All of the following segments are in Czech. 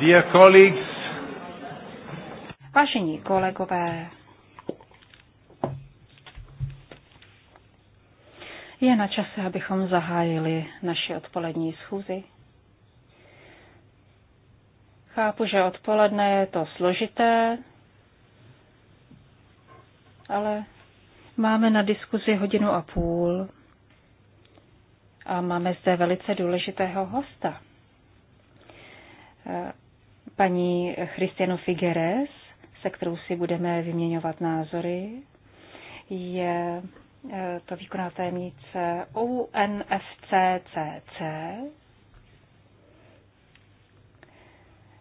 Dear colleagues, Vážení kolegové, je na čase, abychom zahájili naši odpolední schůzi. Chápu, že odpoledne je to složité, ale máme na diskuzi hodinu a půl a máme zde velice důležitého hosta paní Christianu Figueres, se kterou si budeme vyměňovat názory. Je eh, to výkonná tajemnice UNFCCC.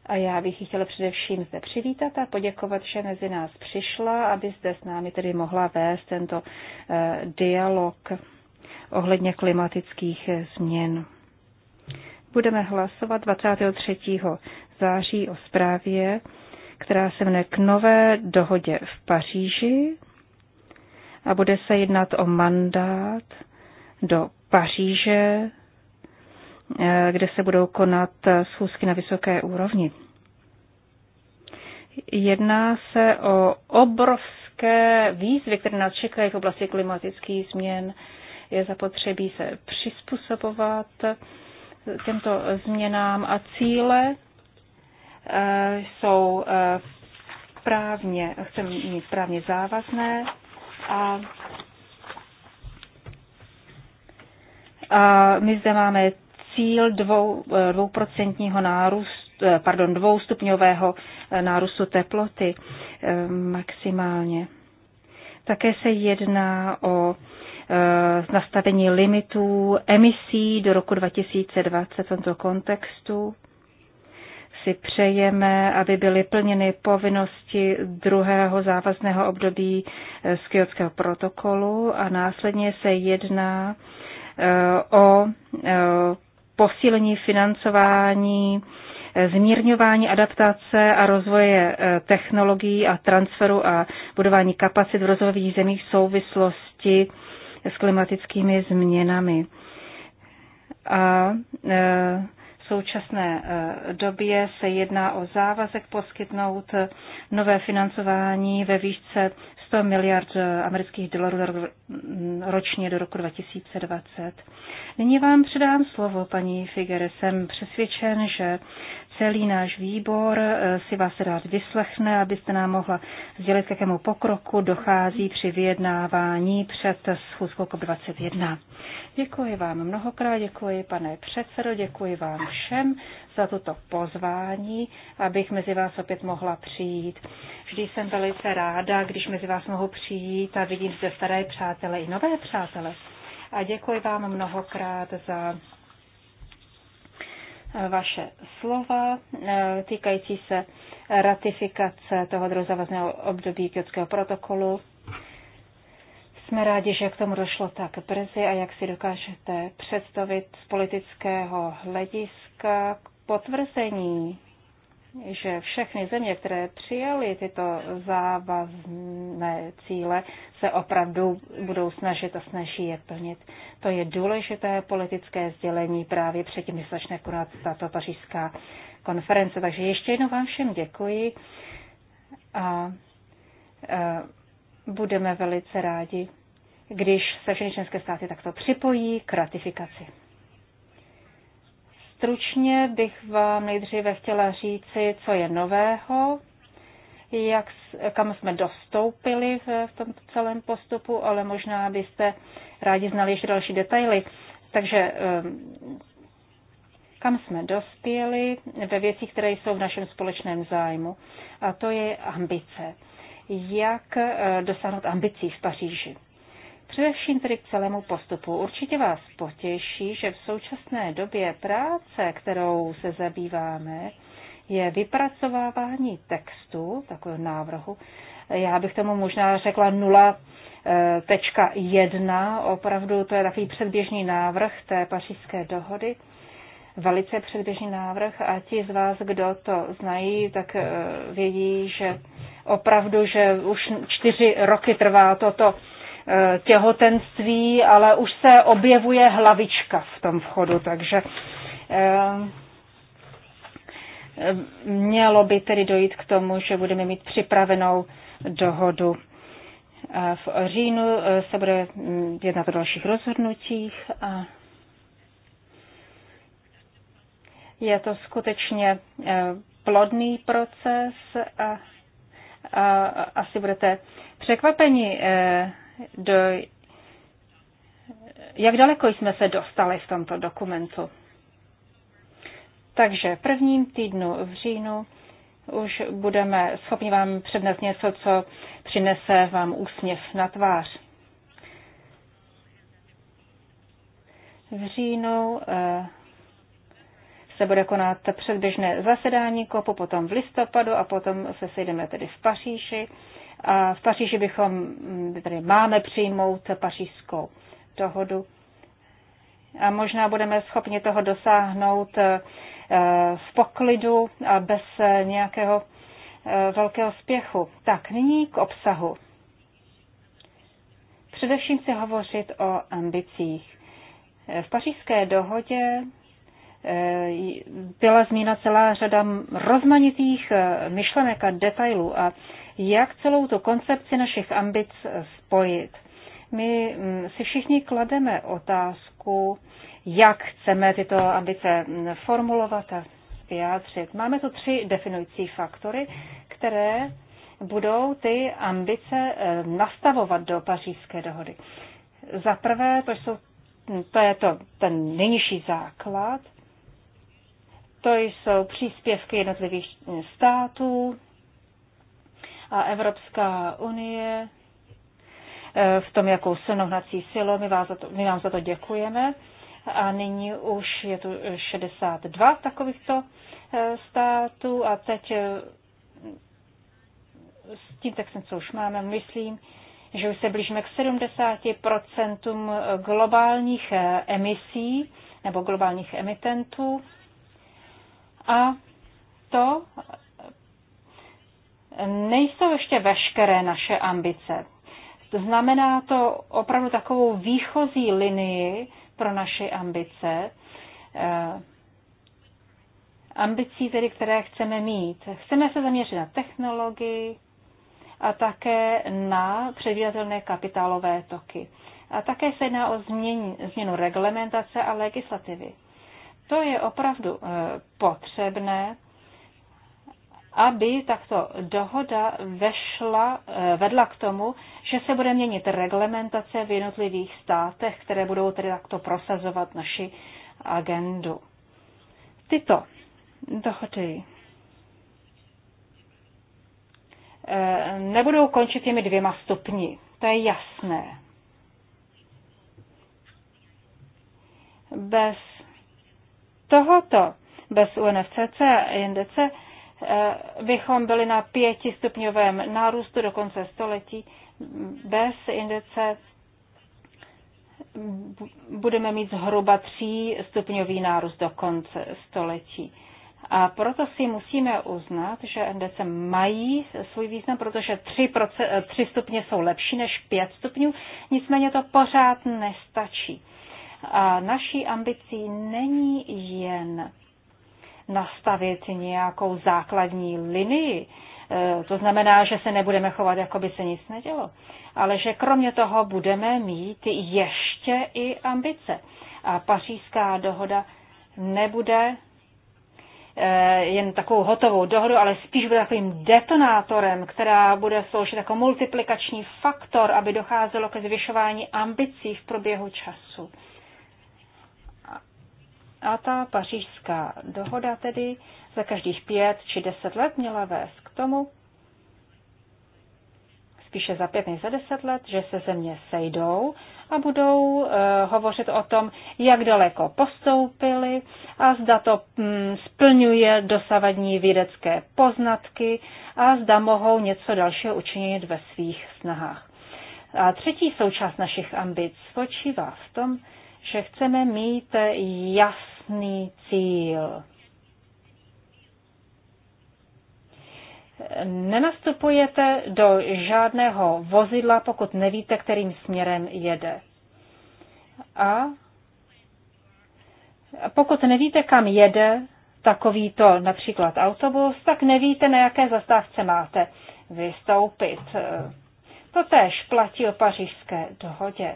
A já bych ji chtěla především zde přivítat a poděkovat, že mezi nás přišla, aby zde s námi tedy mohla vést tento eh, dialog ohledně klimatických změn. Budeme hlasovat 23 září o zprávě, která se mne k nové dohodě v Paříži a bude se jednat o mandát do Paříže, eh, kde se budou konat schůzky na vysoké úrovni. Jedná se o obrovské výzvy, které nás čekají v oblasti klimatických změn. Je zapotřebí se přizpůsobovat těmto změnám a cíle Eh, jsou eh, právně, chceme mít právně závazné a my zde máme cíl dvou, eh, dvouprocentního nárůstu, pardon, dvoustupňového nárůstu teploty maximálně. Také se jedná o nastavení limitů emisí do roku 2020 v tomto kontextu si přejeme, aby byly plněny povinnosti druhého závazného období eh, z Kyotského protokolu a následně se jedná eh, o eh, posílení financování zmírňování adaptace a rozvoje technologií a transferu a budování kapacit v rozvojových zemích v souvislosti s klimatickými změnami. A v současné eh, době se jedná o závazek poskytnout eh, nové financování ve výšce 100 miliard eh, amerických dolarů mm, ročně do roku 2020. Nyní vám předám slovo, paní Figere. Jsem přesvědčen, že Celý náš výbor eh, si vás rád vyslechne, abyste nám mohla sdělit, k jakému pokroku dochází při vyjednávání před schůzkou COP21. Děkuji vám mnohokrát, děkuji pane předsedo, děkuji vám všem za toto pozvání, abych mezi vás opět mohla přijít. Vždy jsem velice ráda, když mezi vás mohu přijít a vidím zde staré přátele i nové přátele. A děkuji vám mnohokrát za vaše slova eh, týkající se ratifikace toho druhozavazného období Kyotského protokolu. Jsme rádi, že k tomu došlo tak brzy a jak si dokážete představit z politického hlediska potvrzení že všechny země, které přijaly tyto závazné cíle, se opravdu budou snažit a snaží je plnit. To je důležité politické sdělení právě předtím, než začne konat tato pařížská konference. Takže ještě jednou vám všem děkuji a budeme velice rádi, když se všechny členské státy takto připojí k ratifikaci. Stručně bych vám nejdříve chtěla říci, co je nového, jak, kam jsme dostoupili v, v tomto celém postupu, ale možná byste rádi znali ještě další detaily. Takže ehm, kam jsme dospěli ve věcích, které jsou v našem společném zájmu. A to je ambice. Jak eh, dosáhnout ambicí v Paříži. Především tedy k celému postupu. Určitě vás potěší, že v současné době práce, kterou se zabýváme, je vypracovávání textu, takového návrhu. Já bych tomu možná řekla 0.1, eh, opravdu to je takový předběžný návrh té pařížské dohody, velice předběžný návrh a ti z vás, kdo to znají, tak eh, vědí, že opravdu, že už čtyři roky trvá toto těhotenství, ale už se objevuje hlavička v tom vchodu, takže eh, mělo by tedy dojít k tomu, že budeme mít připravenou dohodu. V říjnu eh, se bude mm, jednat o dalších rozhodnutích a je to skutečně eh, plodný proces a, a asi budete překvapeni, do, jak daleko jsme se dostali v tomto dokumentu. Takže v prvním týdnu v říjnu už budeme schopni vám přednést něco, co přinese vám úsměv na tvář. V říjnu eh, se bude konat předběžné zasedání KOPu, potom v listopadu a potom se sejdeme tedy v Paříži a v Paříži bychom, mm, tedy máme přijmout pařížskou dohodu. A možná budeme schopni toho dosáhnout eh, v poklidu a bez eh, nějakého eh, velkého spěchu. Tak, nyní k obsahu. Především chci hovořit o ambicích. V pařížské dohodě byla zmíněna celá řada rozmanitých myšlenek a detailů a jak celou tu koncepci našich ambic spojit. My mm, si všichni klademe otázku, jak chceme tyto ambice mm, formulovat a vyjádřit. Máme tu tři definující faktory, které budou ty ambice eh, nastavovat do pařížské dohody. Za prvé, to, jsou, mm, to je to, ten nejnižší základ, to jsou příspěvky jednotlivých států, a Evropská unie eh, v tom, jakou jsou silou. My, vás za to, my vám za to děkujeme. A nyní už je tu 62 eh, takovýchto eh, států a teď s tím textem, co už máme, myslím, že už se blížíme k 70% globálních emisí nebo globálních emitentů. A to nejsou ještě veškeré naše ambice. Znamená to opravdu takovou výchozí linii pro naše ambice, eh, ambicí tedy, které chceme mít. Chceme se zaměřit na technologii a také na předvídatelné kapitálové toky. A také se jedná o změn, změnu reglementace a legislativy. To je opravdu eh, potřebné, aby takto dohoda vešla, eh, vedla k tomu, že se bude měnit reglementace v jednotlivých státech, které budou tedy takto prosazovat naši agendu. Tyto dohody eh, nebudou končit těmi dvěma stupni. To je jasné. Bez tohoto, bez UNFCC a INDC, Eh, bychom byli na pětistupňovém nárůstu do konce století. Bez indice budeme mít zhruba třístupňový nárůst do konce století. A proto si musíme uznat, že NDC mají svůj význam, protože 3, 3 stupně jsou lepší než 5 stupňů, nicméně to pořád nestačí. A naší ambicí není jen nastavit nějakou základní linii. E, to znamená, že se nebudeme chovat, jako by se nic nedělo, ale že kromě toho budeme mít ještě i ambice. A pařížská dohoda nebude e, jen takovou hotovou dohodu, ale spíš bude takovým detonátorem, která bude sloužit jako multiplikační faktor, aby docházelo ke zvyšování ambicí v průběhu času. A ta pařížská dohoda tedy za každých pět či deset let měla vést k tomu, spíše za pět než za deset let, že se země sejdou a budou uh, hovořit o tom, jak daleko postoupili a zda to mm, splňuje dosavadní vědecké poznatky a zda mohou něco dalšího učinit ve svých snahách. A třetí součást našich ambic spočívá v tom, že chceme mít jasný cíl. Nenastupujete do žádného vozidla, pokud nevíte, kterým směrem jede. A pokud nevíte, kam jede takovýto například autobus, tak nevíte, na jaké zastávce máte vystoupit to též platí o pařížské dohodě.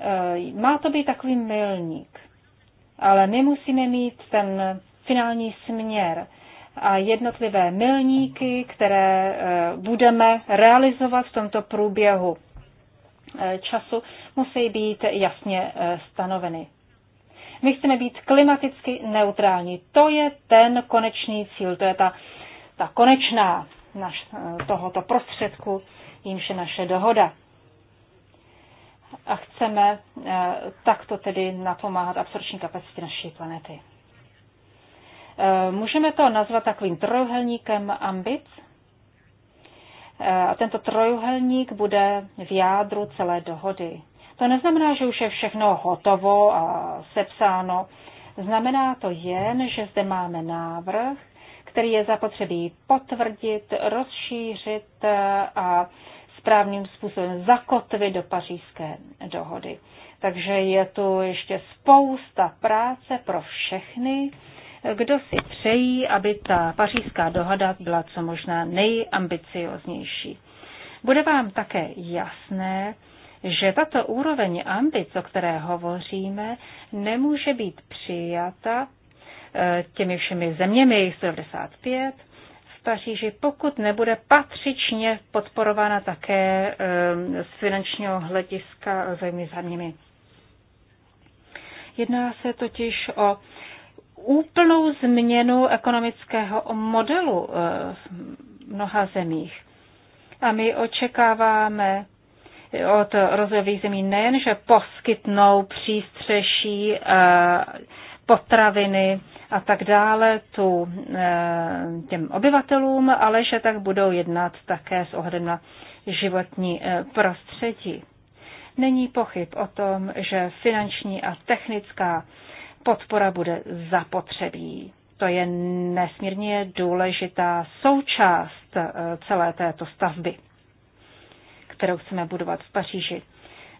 E, má to být takový milník, ale my musíme mít ten finální směr a jednotlivé milníky, které e, budeme realizovat v tomto průběhu e, času, musí být jasně stanoveny. My chceme být klimaticky neutrální. To je ten konečný cíl, to je ta, ta konečná naš, tohoto prostředku jimž je naše dohoda. A chceme eh, takto tedy napomáhat absorpční kapacitě naší planety. Eh, můžeme to nazvat takovým trojuhelníkem ambic. Eh, a tento trojuhelník bude v jádru celé dohody. To neznamená, že už je všechno hotovo a sepsáno. Znamená to jen, že zde máme návrh, který je zapotřebí potvrdit, rozšířit a správným způsobem zakotvit do pařížské dohody. Takže je tu ještě spousta práce pro všechny, kdo si přejí, aby ta pařížská dohoda byla co možná nejambicioznější. Bude vám také jasné, že tato úroveň ambic, o které hovoříme, nemůže být přijata eh, těmi všemi zeměmi, jejich 95, staří, že pokud nebude patřičně podporována také ehm, z finančního hlediska zemi za nimi. Jedná se totiž o úplnou změnu ekonomického modelu eh, v mnoha zemích. A my očekáváme od rozvojových zemí nejen, že poskytnou přístřeší eh, potraviny a tak dále tu, eh, těm obyvatelům, ale že tak budou jednat také s ohledem na životní eh, prostředí. Není pochyb o tom, že finanční a technická podpora bude zapotřebí. To je nesmírně důležitá součást eh, celé této stavby, kterou chceme budovat v Paříži.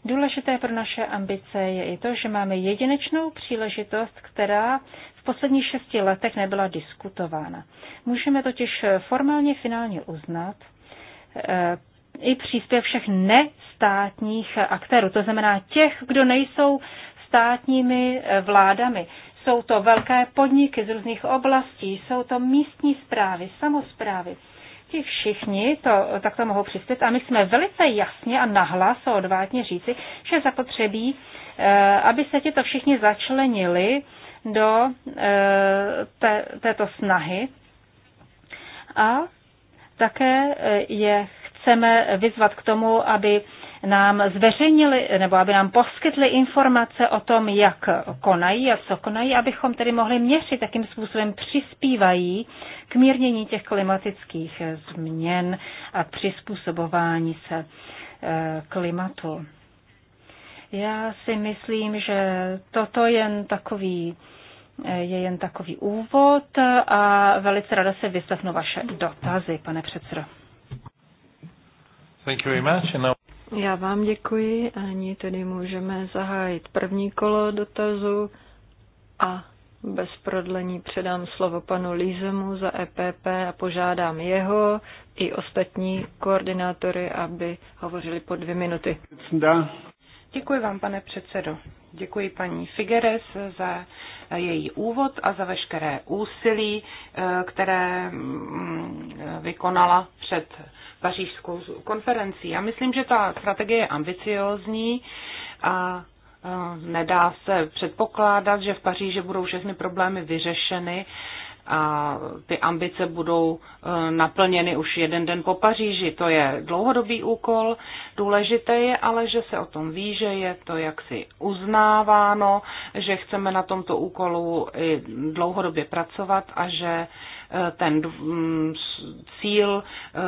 Důležité pro naše ambice je i to, že máme jedinečnou příležitost, která v posledních šesti letech nebyla diskutována. Můžeme totiž formálně finálně uznat eh, i příspěv všech nestátních aktérů, to znamená těch, kdo nejsou státními eh, vládami. Jsou to velké podniky z různých oblastí, jsou to místní zprávy, samozprávy ti všichni to takto mohou přispět a my jsme velice jasně a nahlas a odvátně říci, že zapotřebí, eh, aby se ti to všichni začlenili do eh, té, této snahy a také eh, je chceme vyzvat k tomu, aby nám zveřejnili nebo aby nám poskytli informace o tom, jak konají a co konají, abychom tedy mohli měřit, jakým způsobem přispívají k mírnění těch klimatických změn a přizpůsobování se e, klimatu. Já si myslím, že toto jen takový e, je jen takový úvod a velice ráda se vyslechnu vaše dotazy, pane předsedo. Thank you very much. And now... Já vám děkuji a nyní tedy můžeme zahájit první kolo dotazu a bez prodlení předám slovo panu Lízemu za EPP a požádám jeho i ostatní koordinátory, aby hovořili po dvě minuty. Děkuji vám, pane předsedo. Děkuji paní Figueres za její úvod a za veškeré úsilí, eh, které mm, vykonala před pařížskou konferencí. Já myslím, že ta strategie je ambiciózní a nedá se předpokládat, že v Paříži budou všechny problémy vyřešeny a ty ambice budou e, naplněny už jeden den po Paříži. To je dlouhodobý úkol. Důležité je ale, že se o tom ví, že je to jaksi uznáváno, že chceme na tomto úkolu i dlouhodobě pracovat a že Eh, ten mm, cíl eh,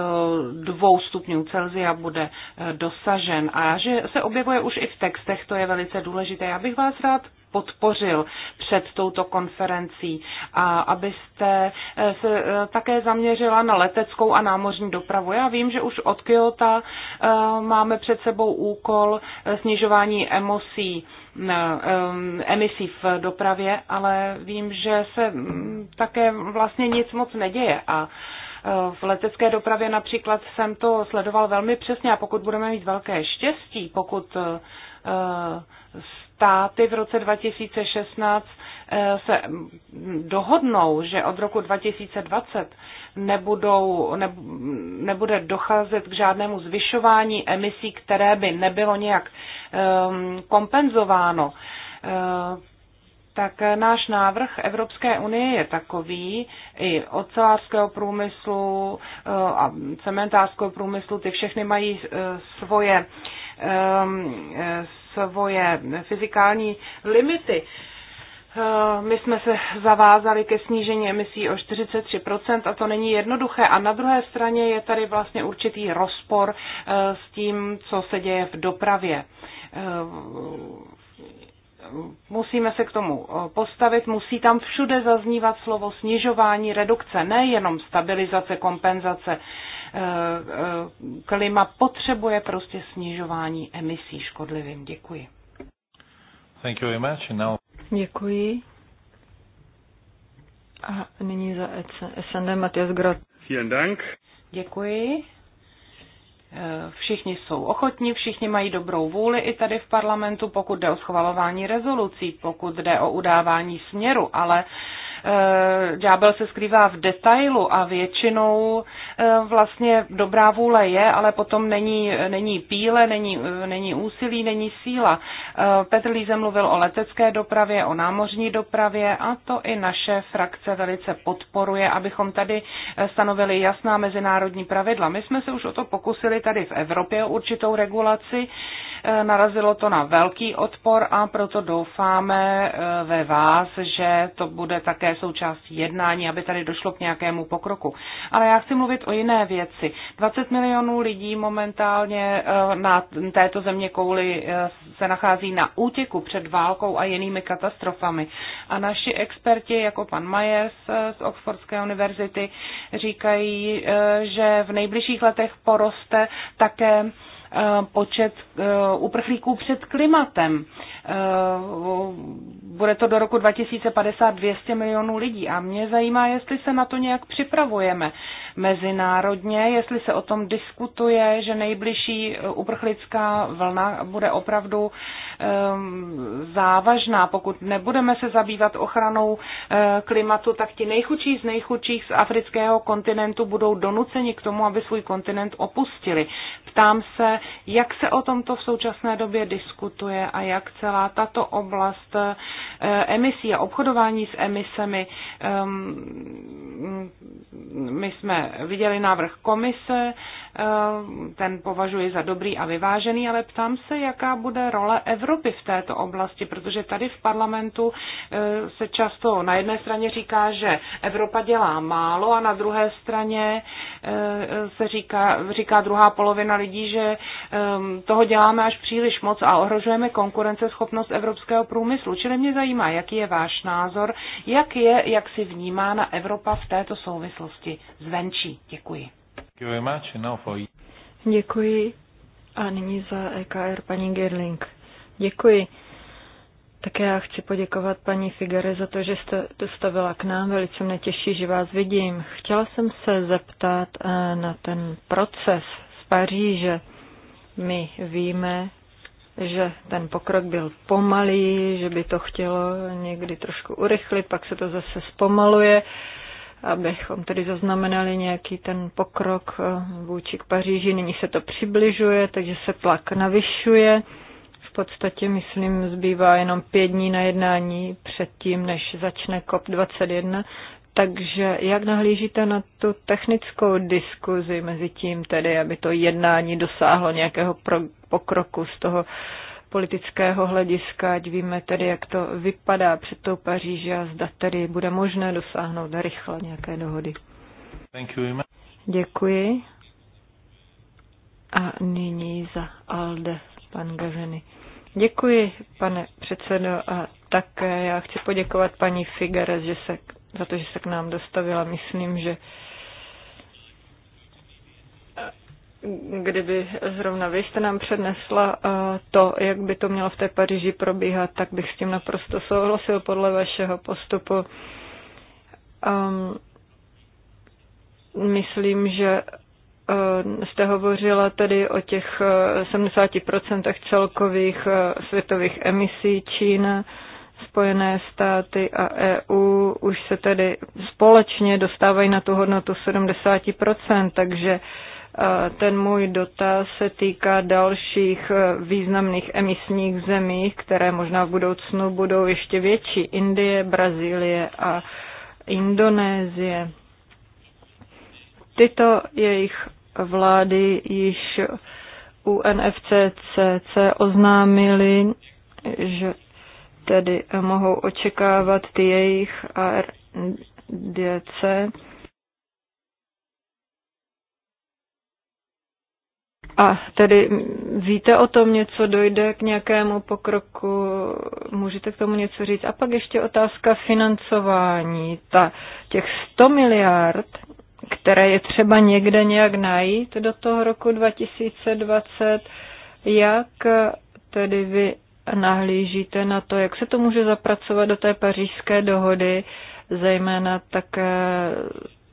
dvou stupňů Celzia bude eh, dosažen a že se objevuje už i v textech, to je velice důležité. Já bych vás rád podpořil před touto konferencí a abyste se také zaměřila na leteckou a námořní dopravu. Já vím, že už od Kyoto máme před sebou úkol snižování emosí emisí v dopravě, ale vím, že se mm, také vlastně nic moc neděje a e, v letecké dopravě například jsem to sledoval velmi přesně a pokud budeme mít velké štěstí, pokud e, státy v roce 2016 e, se dohodnou, že od roku 2020 nebudou, ne, nebude docházet k žádnému zvyšování emisí, které by nebylo nějak um, kompenzováno. Uh, tak náš návrh Evropské unie je takový, i ocelářského průmyslu ehm, a cementářského průmyslu, ty všechny mají eh, svoje, eh, svoje fyzikální limity. Eh, my jsme se zavázali ke snížení emisí o 43% a to není jednoduché. A na druhé straně je tady vlastně určitý rozpor eh, s tím, co se děje v dopravě eh, musíme se k tomu postavit, musí tam všude zaznívat slovo snižování, redukce, nejenom stabilizace, kompenzace. Klima potřebuje prostě snižování emisí škodlivým. Děkuji. Thank you very much. Now... Děkuji. A nyní za SND Matias Grad. Vielen Dank. Děkuji. E, všichni jsou ochotní, všichni mají dobrou vůli i tady v parlamentu, pokud jde o schvalování rezolucí, pokud jde o udávání směru, ale Eh, ďábel se skrývá v detailu a většinou eh, vlastně dobrá vůle je, ale potom není, není píle, není, eh, není úsilí, není síla. Petr Líze mluvil o letecké dopravě, o námořní dopravě a to i naše frakce velice podporuje, abychom tady stanovili jasná mezinárodní pravidla. My jsme se už o to pokusili tady v Evropě o určitou regulaci, narazilo to na velký odpor a proto doufáme ve vás, že to bude také je součástí jednání, aby tady došlo k nějakému pokroku. Ale já chci mluvit o jiné věci. 20 milionů lidí momentálně eh, na této země kouli eh, se nachází na útěku před válkou a jinými katastrofami. A naši experti, jako pan Majers eh, z Oxfordské univerzity, říkají, že v nejbližších letech poroste také Eh, počet eh, uprchlíků před klimatem. Eh, bude to do roku 2050 200 milionů lidí a mě zajímá, jestli se na to nějak připravujeme mezinárodně, jestli se o tom diskutuje, že nejbližší uprchlická vlna bude opravdu um, závažná. Pokud nebudeme se zabývat ochranou uh, klimatu, tak ti nejchudší z nejchudších z afrického kontinentu budou donuceni k tomu, aby svůj kontinent opustili. Ptám se, jak se o tomto v současné době diskutuje a jak celá tato oblast uh, emisí a obchodování s emisemi um, my jsme viděli návrh komise, eh, ten považuji za dobrý a vyvážený, ale ptám se, jaká bude role Evropy v této oblasti, protože tady v parlamentu eh, se často na jedné straně říká, že Evropa dělá málo a na druhé straně eh, se říká, říká druhá polovina lidí, že ehm, toho děláme až příliš moc a ohrožujeme konkurenceschopnost evropského průmyslu. Čili mě zajímá, jaký je váš názor, jak je, jak si vnímána Evropa v této souvislosti zvenčí končí. Děkuji. Děkuji. A nyní za EKR paní Gerling. Děkuji. Také já chci poděkovat paní Figare za to, že jste dostavila k nám. Velice mě těší, že vás vidím. Chtěla jsem se zeptat eh, na ten proces z Paříže. My víme, že ten pokrok byl pomalý, že by to chtělo někdy trošku urychlit, pak se to zase zpomaluje. Uh, abychom tedy zaznamenali nějaký ten pokrok eh, vůči k Paříži. Nyní se to přibližuje, takže se tlak navyšuje. V podstatě, myslím, zbývá jenom pět dní na jednání předtím, než začne COP21. Takže jak nahlížíte na tu technickou diskuzi mezi tím, tedy, aby to jednání dosáhlo nějakého pokroku z toho politického hlediska, ať víme tedy, jak to vypadá před tou Paříži a zda tedy bude možné dosáhnout rychle nějaké dohody. Thank you. Děkuji. A nyní za Alde, pan Gaveny. Děkuji, pane předsedo, a také já chci poděkovat paní Figueres, že se, za to, že se k nám dostavila. Myslím, že kdyby zrovna vy jste nám přednesla eh, to, jak by to mělo v té Paříži probíhat, tak bych s tím naprosto souhlasil podle vašeho postupu. Um, myslím, že eh, jste hovořila tedy o těch 70% eh, celkových světových emisí Čína, Spojené státy a EU už se tedy společně dostávají na tu hodnotu 70%, takže uh, ten můj dotaz se týká dalších e, významných emisních zemí, které možná v budoucnu budou ještě větší. Indie, Brazílie a Indonésie. Tyto jejich vlády již UNFCCC oznámili, že tedy mohou očekávat ty jejich ARDC A tedy víte o tom něco, dojde k nějakému pokroku, můžete k tomu něco říct. A pak ještě otázka financování. Ta, těch 100 miliard, které je třeba někde nějak najít do toho roku 2020, jak tedy vy nahlížíte na to, jak se to může zapracovat do té pařížské dohody, zejména také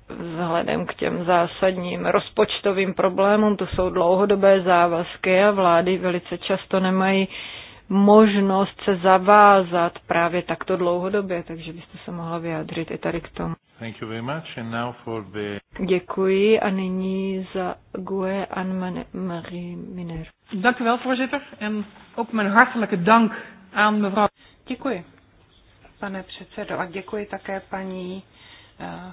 vzhledem k těm zásadním rozpočtovým problémům, to jsou dlouhodobé závazky a vlády velice často nemají možnost se zavázat právě takto dlouhodobě, takže byste se mohla vyjádřit i tady k tomu. Thank you very much. And now for the... Děkuji a nyní za Gue Anne-Marie Miner. Dank u wel, voorzitter. En ook mijn hartelijke dank aan mevrouw. Děkuji, pane předsedo, a děkuji také paní eh,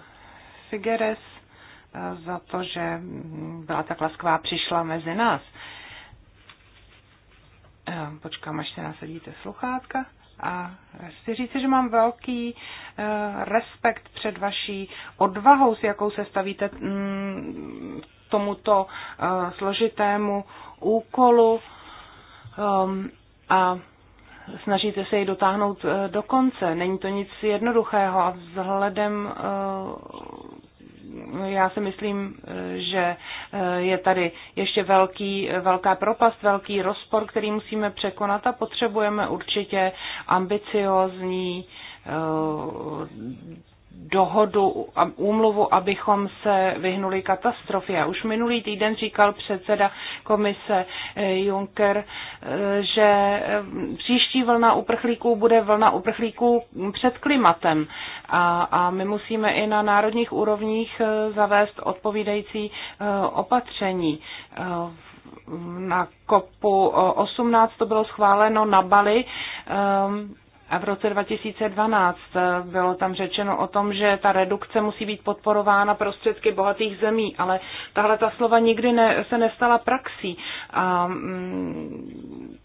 Figueres eh, za to, že byla tak lasková, přišla mezi nás. Eh, počkám, až se nasadíte sluchátka. A chci říci, že mám velký eh, respekt před vaší odvahou, s jakou se stavíte mm, tomuto složitému úkolu ehm, a snažíte se jej dotáhnout do konce. Není to nic jednoduchého a vzhledem já si myslím, že eh, je tady ještě velký, velká propast, velký rozpor, který musíme překonat a potřebujeme určitě ambiciozní eh, dohodu, úmluvu, abychom se vyhnuli katastrofě. A už minulý týden říkal předseda komise eh, Juncker, eh, že eh, příští vlna uprchlíků bude vlna uprchlíků před klimatem. A, a my musíme i na národních úrovních zavést odpovídající opatření na kopu 18 to bylo schváleno na Bali. A v roce 2012 eh, bylo tam řečeno o tom, že ta redukce musí být podporována prostředky bohatých zemí, ale tahle ta slova nikdy ne, se nestala praxí. A, mm,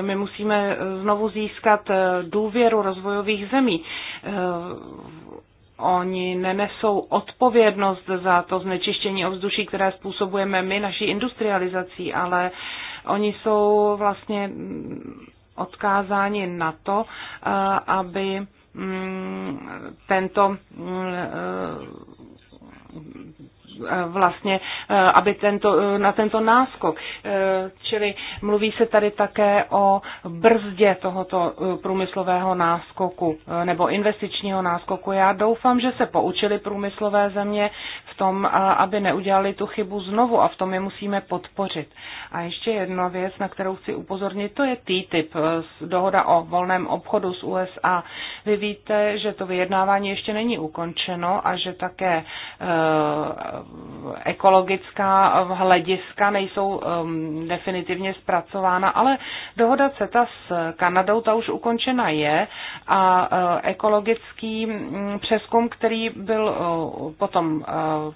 my musíme eh, znovu získat eh, důvěru rozvojových zemí. Oni nenesou odpovědnost za to znečištění ovzduší, které způsobujeme my naší industrializací, ale oni jsou vlastně odkázáni na to, eh, aby mm, tento mm, Eh, vlastně, eh, aby tento, eh, na tento náskok. Čili mluví se tady také o brzdě tohoto průmyslového náskoku nebo investičního náskoku. Já doufám, že se poučili průmyslové země v tom, aby neudělali tu chybu znovu a v tom je musíme podpořit. A ještě jedna věc, na kterou chci upozornit, to je TTIP, dohoda o volném obchodu s USA. Vy víte, že to vyjednávání ještě není ukončeno a že také ekologická hlediska nejsou um, definitivně zpracována, ale dohoda CETA s Kanadou ta už ukončena je a uh, ekologický um, přeskum, který byl uh, potom uh,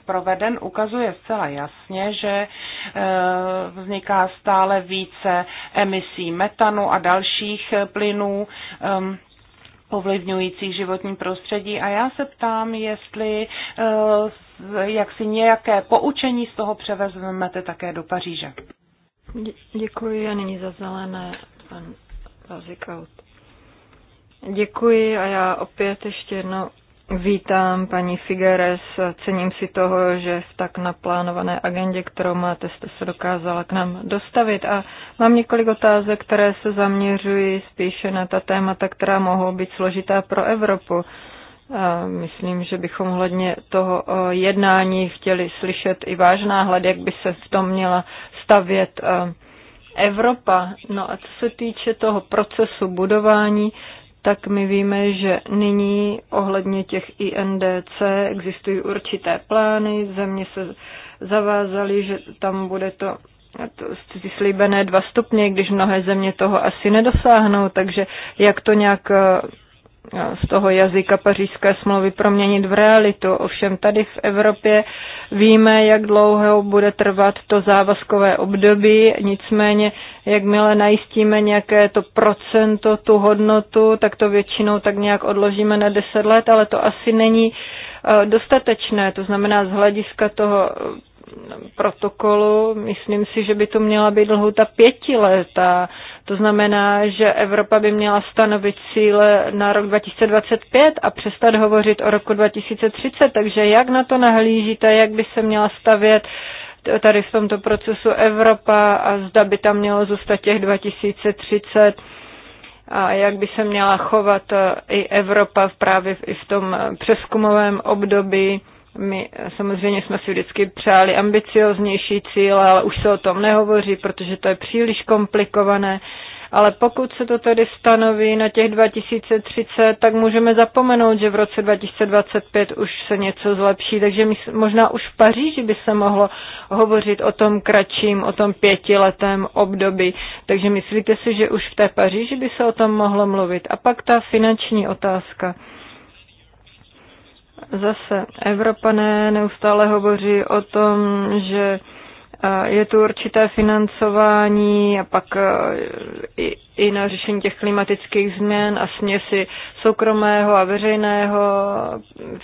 proveden, ukazuje zcela jasně, že uh, vzniká stále více emisí metanu a dalších plynů. Um, ovlivňujících životní prostředí. A já se ptám, jestli eh, jak si nějaké poučení z toho převezmete také do Paříže. Děkuji a nyní za zelené pan Vazikaut. Děkuji a já opět ještě jednou Vítám paní Figueres, cením si toho, že v tak naplánované agendě, kterou máte, jste se dokázala k nám dostavit. A mám několik otázek, které se zaměřují spíše na ta témata, která mohou být složitá pro Evropu. A myslím, že bychom hledně toho jednání chtěli slyšet i váš náhled, jak by se v tom měla stavět Evropa. No a co se týče toho procesu budování, tak my víme, že nyní ohledně těch INDC existují určité plány, země se zavázaly, že tam bude to ty slíbené dva stupně, když mnohé země toho asi nedosáhnou, takže jak to nějak z toho jazyka pařížské smlouvy proměnit v realitu. Ovšem tady v Evropě víme, jak dlouho bude trvat to závazkové období, nicméně jakmile najistíme nějaké to procento, tu hodnotu, tak to většinou tak nějak odložíme na 10 let, ale to asi není eh, dostatečné, to znamená z hlediska toho eh, protokolu, myslím si, že by to měla být lhuta pěti let a to znamená, že Evropa by měla stanovit cíle na rok 2025 a přestat hovořit o roku 2030. Takže jak na to nahlížíte, jak by se měla stavět tady v tomto procesu Evropa a zda by tam mělo zůstat těch 2030 a jak by se měla chovat i Evropa právě i v tom přeskumovém období my samozřejmě jsme si vždycky přáli ambicioznější cíle, ale už se o tom nehovoří, protože to je příliš komplikované. Ale pokud se to tedy stanoví na těch 2030, tak můžeme zapomenout, že v roce 2025 už se něco zlepší. Takže možná už v Paříži by se mohlo hovořit o tom kratším, o tom pětiletém období. Takže myslíte si, že už v té Paříži by se o tom mohlo mluvit? A pak ta finanční otázka. Zase Evropané neustále hovoří o tom, že je tu určité financování a pak i, i na řešení těch klimatických změn a směsi soukromého a veřejného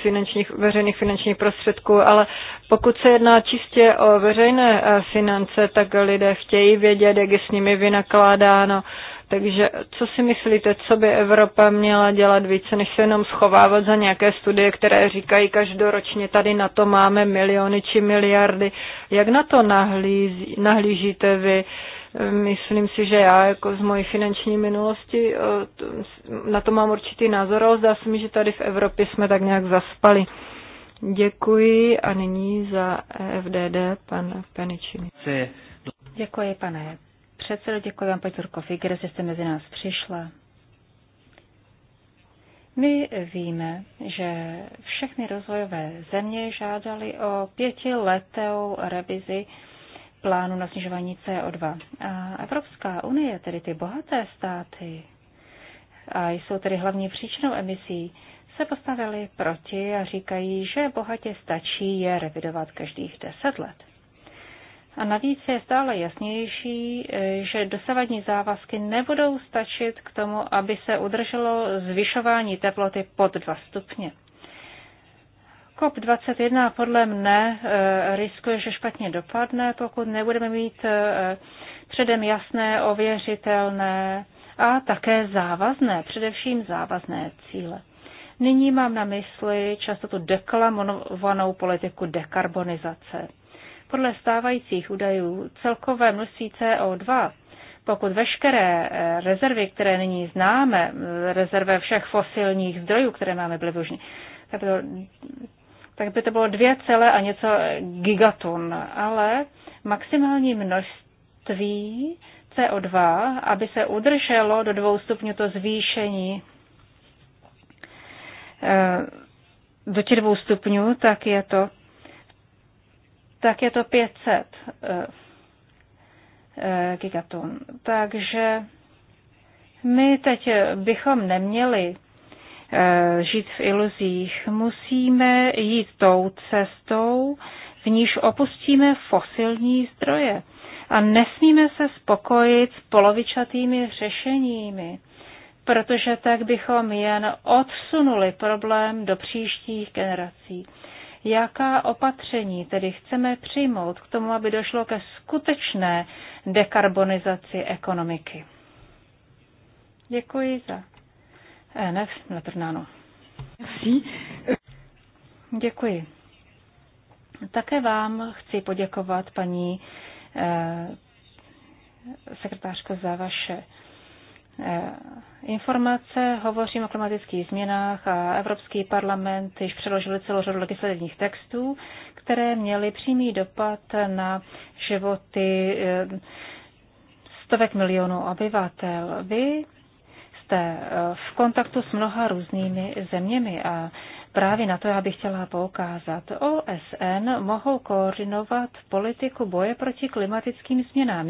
finančních, veřejných finančních prostředků, ale pokud se jedná čistě o veřejné finance, tak lidé chtějí vědět, jak je s nimi vynakládáno takže co si myslíte, co by Evropa měla dělat více, než se jenom schovávat za nějaké studie, které říkají každoročně, tady na to máme miliony či miliardy. Jak na to nahlízí, nahlížíte vy? Myslím si, že já jako z mojí finanční minulosti eh, na to mám určitý názor, ale zdá se mi, že tady v Evropě jsme tak nějak zaspali. Děkuji a nyní za FDD pan Peničiny. Děkuji, pane předsedo, děkuji vám, paní Turko Figer, že jste mezi nás přišla. My víme, že všechny rozvojové země žádaly o pětiletou revizi plánu na snižování CO2. A Evropská unie, tedy ty bohaté státy, a jsou tedy hlavní příčinou emisí, se postavili proti a říkají, že bohatě stačí je revidovat každých deset let. A navíc je stále jasnější, že dosavadní závazky nebudou stačit k tomu, aby se udrželo zvyšování teploty pod 2 stupně. COP21 podle mne eh, riskuje, že špatně dopadne, pokud nebudeme mít eh, předem jasné, ověřitelné a také závazné, především závazné cíle. Nyní mám na mysli často tu deklamovanou politiku dekarbonizace podle stávajících údajů celkové množství CO2, pokud veškeré eh, rezervy, které nyní známe, eh, rezerve všech fosilních zdrojů, které máme, byly využní, tak, by tak by to bylo dvě celé a něco gigatun, ale maximální množství CO2, aby se udrželo do dvou stupňů to zvýšení eh, do těch dvou stupňů, tak je to tak je to 500 eh, eh, gigaton. Takže my teď bychom neměli eh, žít v iluzích. Musíme jít tou cestou, v níž opustíme fosilní zdroje. A nesmíme se spokojit s polovičatými řešeními, protože tak bychom jen odsunuli problém do příštích generací jaká opatření tedy chceme přijmout k tomu, aby došlo ke skutečné dekarbonizaci ekonomiky. Děkuji za ENF Letrnáno. Děkuji. Také vám chci poděkovat, paní eh, sekretářko, za vaše Eh, informace, hovořím o klimatických změnách a Evropský parlament již předložil celou řadu legislativních textů, které měly přímý dopad na životy eh, stovek milionů obyvatel. Vy jste eh, v kontaktu s mnoha různými zeměmi a Právě na to já bych chtěla poukázat. OSN mohou koordinovat politiku boje proti klimatickým změnám.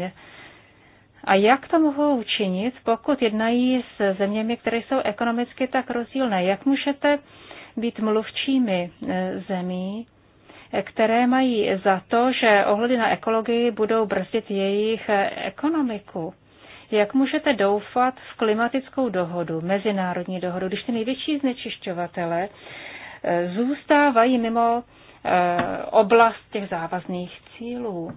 A jak to mohou učinit, pokud jednají s zeměmi, které jsou ekonomicky tak rozdílné? Jak můžete být mluvčími e, zemí, které mají za to, že ohledy na ekologii budou brzdit jejich e, ekonomiku? Jak můžete doufat v klimatickou dohodu, mezinárodní dohodu, když ty největší znečišťovatele e, zůstávají mimo oblast těch závazných cílů?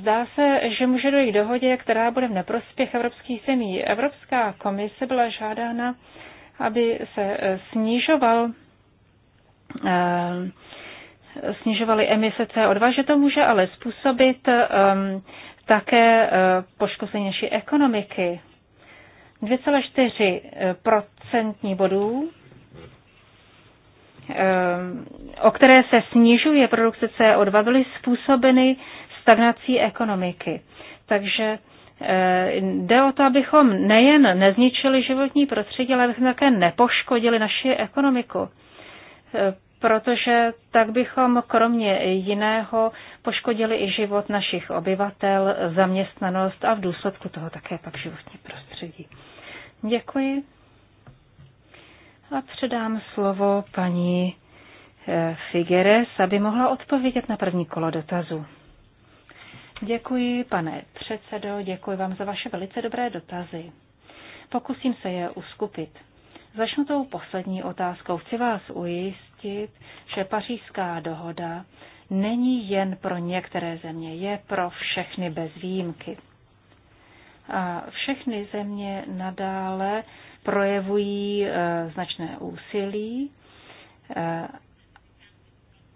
Zdá se, že může dojít k dohodě, která bude v neprospěch evropských zemí. Evropská komise byla žádána, aby se eh, snižoval eh, snižovaly emise CO2, že to může ale způsobit um, také eh, poškození naší ekonomiky. 2,4 bodů, ehm, o které se snižuje produkce CO2, byly způsobeny stagnací ekonomiky. Takže eh, jde o to, abychom nejen nezničili životní prostředí, ale abychom také nepoškodili naši ekonomiku. Eh, protože tak bychom kromě jiného poškodili i život našich obyvatel, zaměstnanost a v důsledku toho také pak životní prostředí. Děkuji. A předám slovo paní eh, Figueres, aby mohla odpovědět na první kolo dotazu. Děkuji, pane předsedo, děkuji vám za vaše velice dobré dotazy. Pokusím se je uskupit. Začnu tou poslední otázkou. Chci vás ujistit, že pařížská dohoda není jen pro některé země, je pro všechny bez výjimky. A všechny země nadále projevují e, značné úsilí e,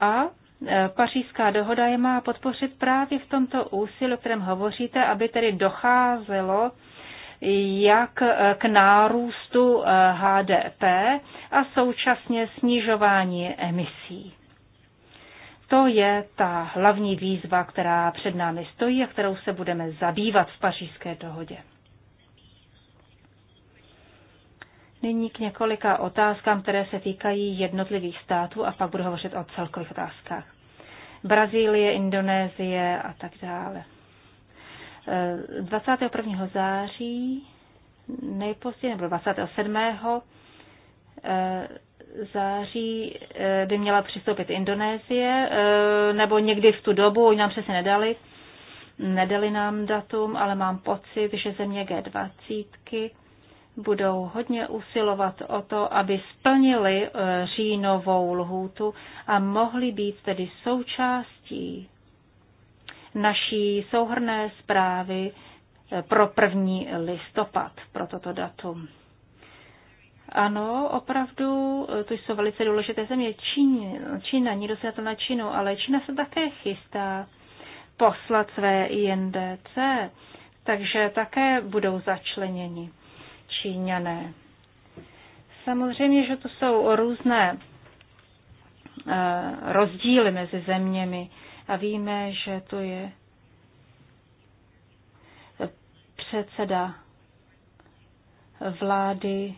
a Eh, pařížská dohoda je má podpořit právě v tomto úsilí, o kterém hovoříte, aby tedy docházelo jak eh, k nárůstu HDP eh, a současně snižování emisí. To je ta hlavní výzva, která před námi stojí a kterou se budeme zabývat v pařížské dohodě. Nyní k několika otázkám, které se týkají jednotlivých států a pak budu hovořit o celkových otázkách. Brazílie, Indonésie a tak dále. 21. Eh, září nejpozději, nebo 27. Eh, září eh, by měla přistoupit Indonésie, nebo někdy v tu dobu, oni nám přesně nedali, nedali nám datum, ale mám pocit, že země G20 budou hodně usilovat o to, aby splnili eh, říjnovou lhůtu a mohli být tedy součástí naší souhrné zprávy eh, pro první listopad, pro toto datum. Ano, opravdu, eh, to jsou velice důležité země. Čína, nikdo se na to na Čínu, ale Čína se také chystá poslat své INDC, takže také budou začleněni. Číňané. Samozřejmě, že to jsou různé eh, rozdíly mezi zeměmi a víme, že to je předseda vlády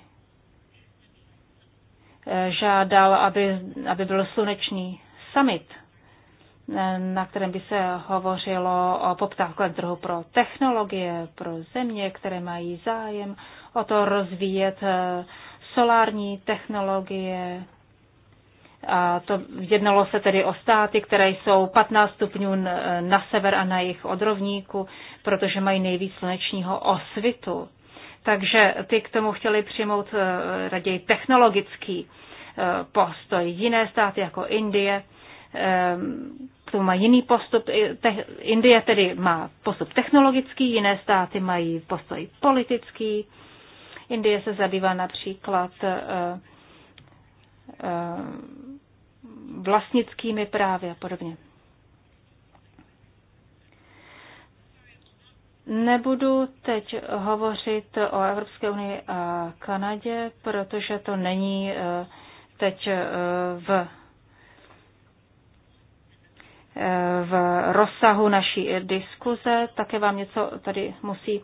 eh, žádal, aby, aby byl sluneční summit, eh, na kterém by se hovořilo o poptávkovém trhu pro technologie, pro země, které mají zájem o to rozvíjet eh, solární technologie. A to jednalo se tedy o státy, které jsou 15 stupňů eh, na sever a na jich od rovníku, protože mají nejvíc slunečního osvitu. Takže ty k tomu chtěli přijmout eh, raději technologický postoj. Jiné státy jako Indie ehm, k tomu má jiný postup. Indie tedy má postup technologický, jiné státy mají postoj politický. Indie se zabývá například eh, eh, vlastnickými právy a podobně. Nebudu teď hovořit o Evropské unii a Kanadě, protože to není eh, teď v, v rozsahu naší diskuze. Také vám něco tady musí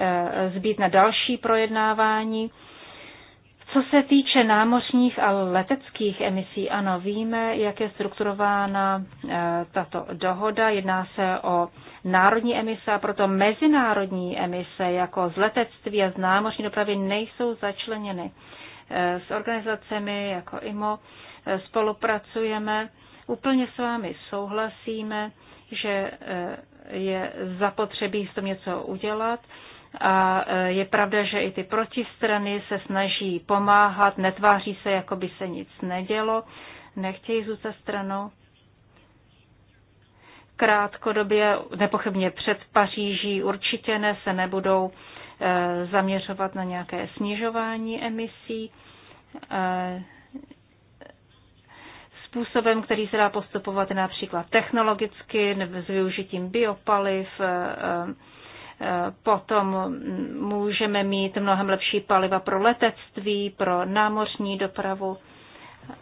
Eh, zbýt na další projednávání. Co se týče námořních a leteckých emisí, ano, víme, jak je strukturována eh, tato dohoda. Jedná se o národní emise a proto mezinárodní emise jako z letectví a z námořní dopravy nejsou začleněny. Eh, s organizacemi jako IMO spolupracujeme. Úplně s vámi souhlasíme, že je zapotřebí s tom něco udělat. A e, je pravda, že i ty protistrany se snaží pomáhat, netváří se, jako by se nic nedělo, nechtějí zůstat stranou. Krátkodobě, nepochybně před Paříží, určitě ne, se nebudou e, zaměřovat na nějaké snižování emisí e, způsobem, který se dá postupovat například technologicky, s využitím biopaliv, Potom můžeme mít mnohem lepší paliva pro letectví, pro námořní dopravu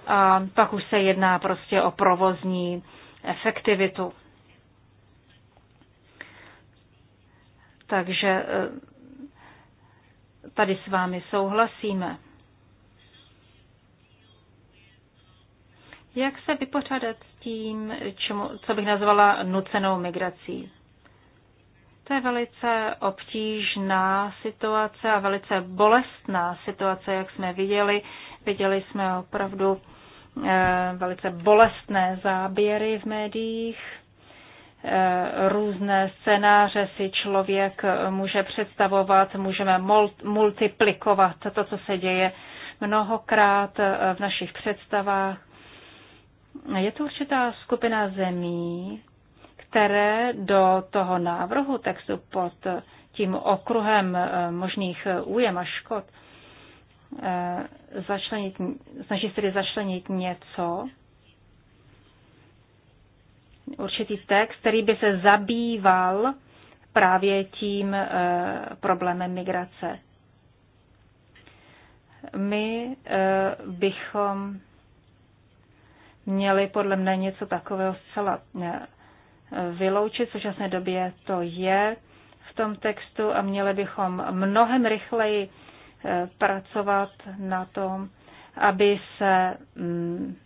a pak už se jedná prostě o provozní efektivitu. Takže eh, tady s vámi souhlasíme. Jak se vypořádat s tím, čemu, co bych nazvala nucenou migrací? To je velice obtížná situace a velice bolestná situace, jak jsme viděli. Viděli jsme opravdu eh, velice bolestné záběry v médiích. Eh, různé scénáře si člověk může představovat, můžeme multiplikovat to, co se děje mnohokrát eh, v našich představách. Je to určitá skupina zemí, které do toho návrhu textu pod tím okruhem eh, možných eh, újem a škod eh, začlenit, snaží se tedy začlenit něco, určitý text, který by se zabýval právě tím problémem migrace. My bychom měli podle mne něco takového zcela vyloučit. V současné době to je v tom textu a měli bychom mnohem rychleji eh, pracovat na tom, aby se, mm,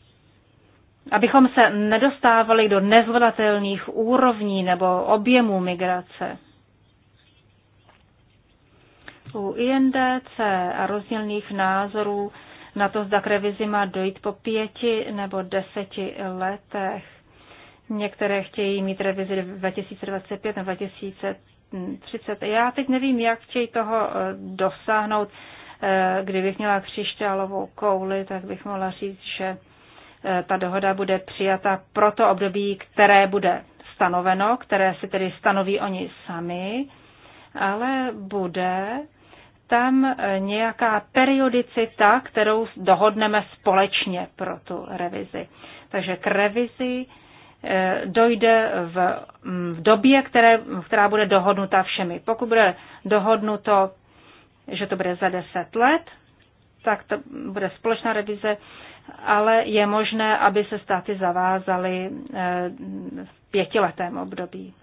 abychom se nedostávali do nezvladatelných úrovní nebo objemů migrace. U INDC a rozdílných názorů na to, zda k revizi má dojít po pěti nebo deseti letech. Některé chtějí mít revizi 2025 na 2030. Já teď nevím, jak chtějí toho eh, dosáhnout. Eh, kdybych měla křišťálovou kouli, tak bych mohla říct, že eh, ta dohoda bude přijata pro to období, které bude stanoveno, které si tedy stanoví oni sami, ale bude tam nějaká periodicita, kterou dohodneme společně pro tu revizi. Takže k revizi Eh, dojde v, v době, které, která bude dohodnuta všemi. Pokud bude dohodnuto, že to bude za deset let, tak to bude společná revize, ale je možné, aby se státy zavázaly eh, v pětiletém období.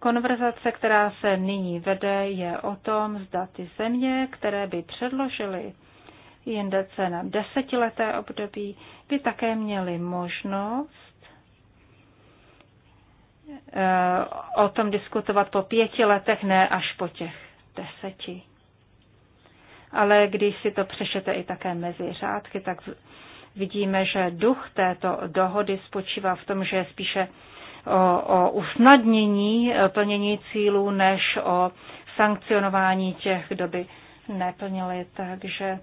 Konverzace, která se nyní vede, je o tom, zda ty země, které by předložily jinde na desetileté období, by také měli možnost eh, o tom diskutovat po pěti letech, ne až po těch deseti. Ale když si to přešete i také mezi řádky, tak vidíme, že duch této dohody spočívá v tom, že je spíše o, o usnadnění plnění cílů, než o sankcionování těch, kdo by neplnili. Takže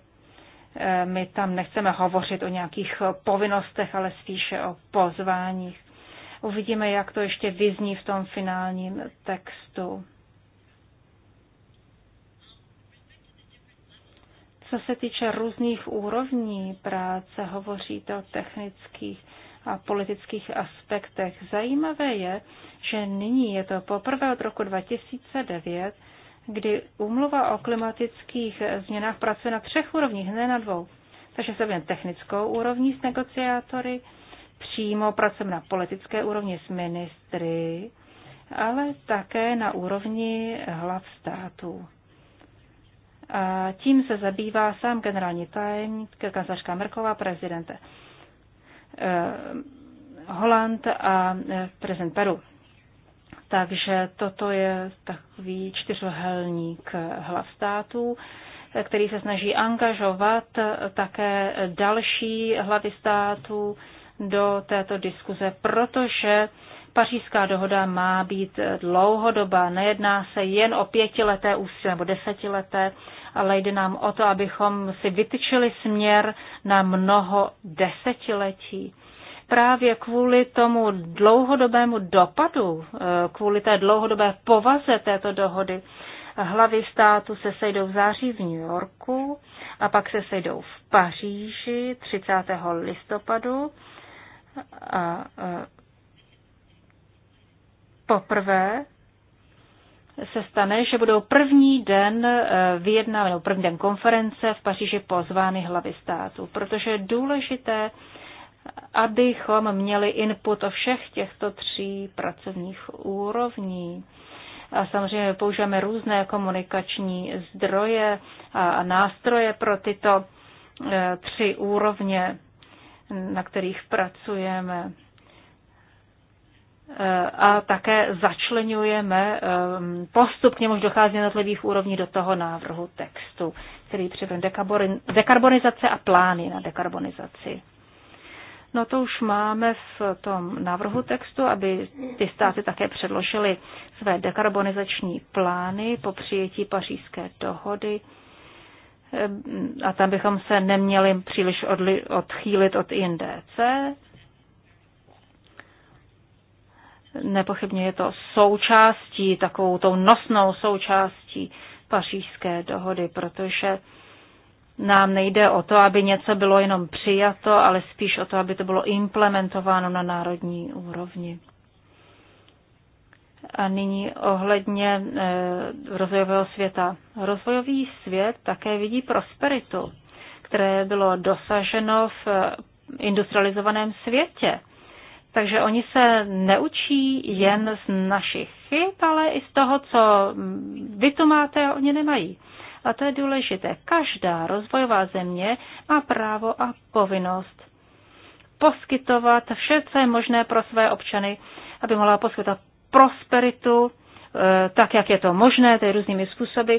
my tam nechceme hovořit o nějakých povinnostech, ale spíše o pozváních. Uvidíme, jak to ještě vyzní v tom finálním textu. Co se týče různých úrovní práce, hovoříte o technických a politických aspektech. Zajímavé je, že nyní je to poprvé od roku 2009, kdy úmluva o klimatických změnách pracuje na třech úrovních, ne na dvou. Takže se věnujeme technickou úrovní s negociátory, přímo pracujeme na politické úrovni s ministry, ale také na úrovni hlav států. A tím se zabývá sám generální tajemník, kancelářka Merková, prezident eh, Holand a eh, prezident Peru. Takže toto je takový čtyřohelník hlav států, který se snaží angažovat také další hlavy států do této diskuze, protože pařížská dohoda má být dlouhodobá. Nejedná se jen o pětileté úsilí nebo desetileté, ale jde nám o to, abychom si vytyčili směr na mnoho desetiletí právě kvůli tomu dlouhodobému dopadu, eh, kvůli té dlouhodobé povaze této dohody, hlavy státu se sejdou v září v New Yorku a pak se sejdou v Paříži 30. listopadu. A, eh, poprvé se stane, že budou první den eh, vyjednávanou, první den konference v Paříži pozvány hlavy státu, protože je důležité abychom měli input o všech těchto tří pracovních úrovní. A samozřejmě používáme různé komunikační zdroje a nástroje pro tyto e, tři úrovně, na kterých pracujeme. E, a také začlenujeme e, postupně, možná dochází na jednotlivých úrovní do toho návrhu textu, který přivedl dekarbonizace a plány na dekarbonizaci. No to už máme v tom návrhu textu, aby ty státy také předložily své dekarbonizační plány po přijetí pařížské dohody. Ehm, a tam bychom se neměli příliš odli, odchýlit od INDC. Nepochybně je to součástí, takovou tou nosnou součástí pařížské dohody, protože nám nejde o to, aby něco bylo jenom přijato, ale spíš o to, aby to bylo implementováno na národní úrovni. A nyní ohledně eh, rozvojového světa. Rozvojový svět také vidí prosperitu, které bylo dosaženo v eh, industrializovaném světě. Takže oni se neučí jen z našich chyb, ale i z toho, co mm, vy tu máte, oni nemají. A to je důležité. Každá rozvojová země má právo a povinnost poskytovat vše, co je možné pro své občany, aby mohla poskytovat prosperitu, eh, tak, jak je to možné, tedy různými způsoby,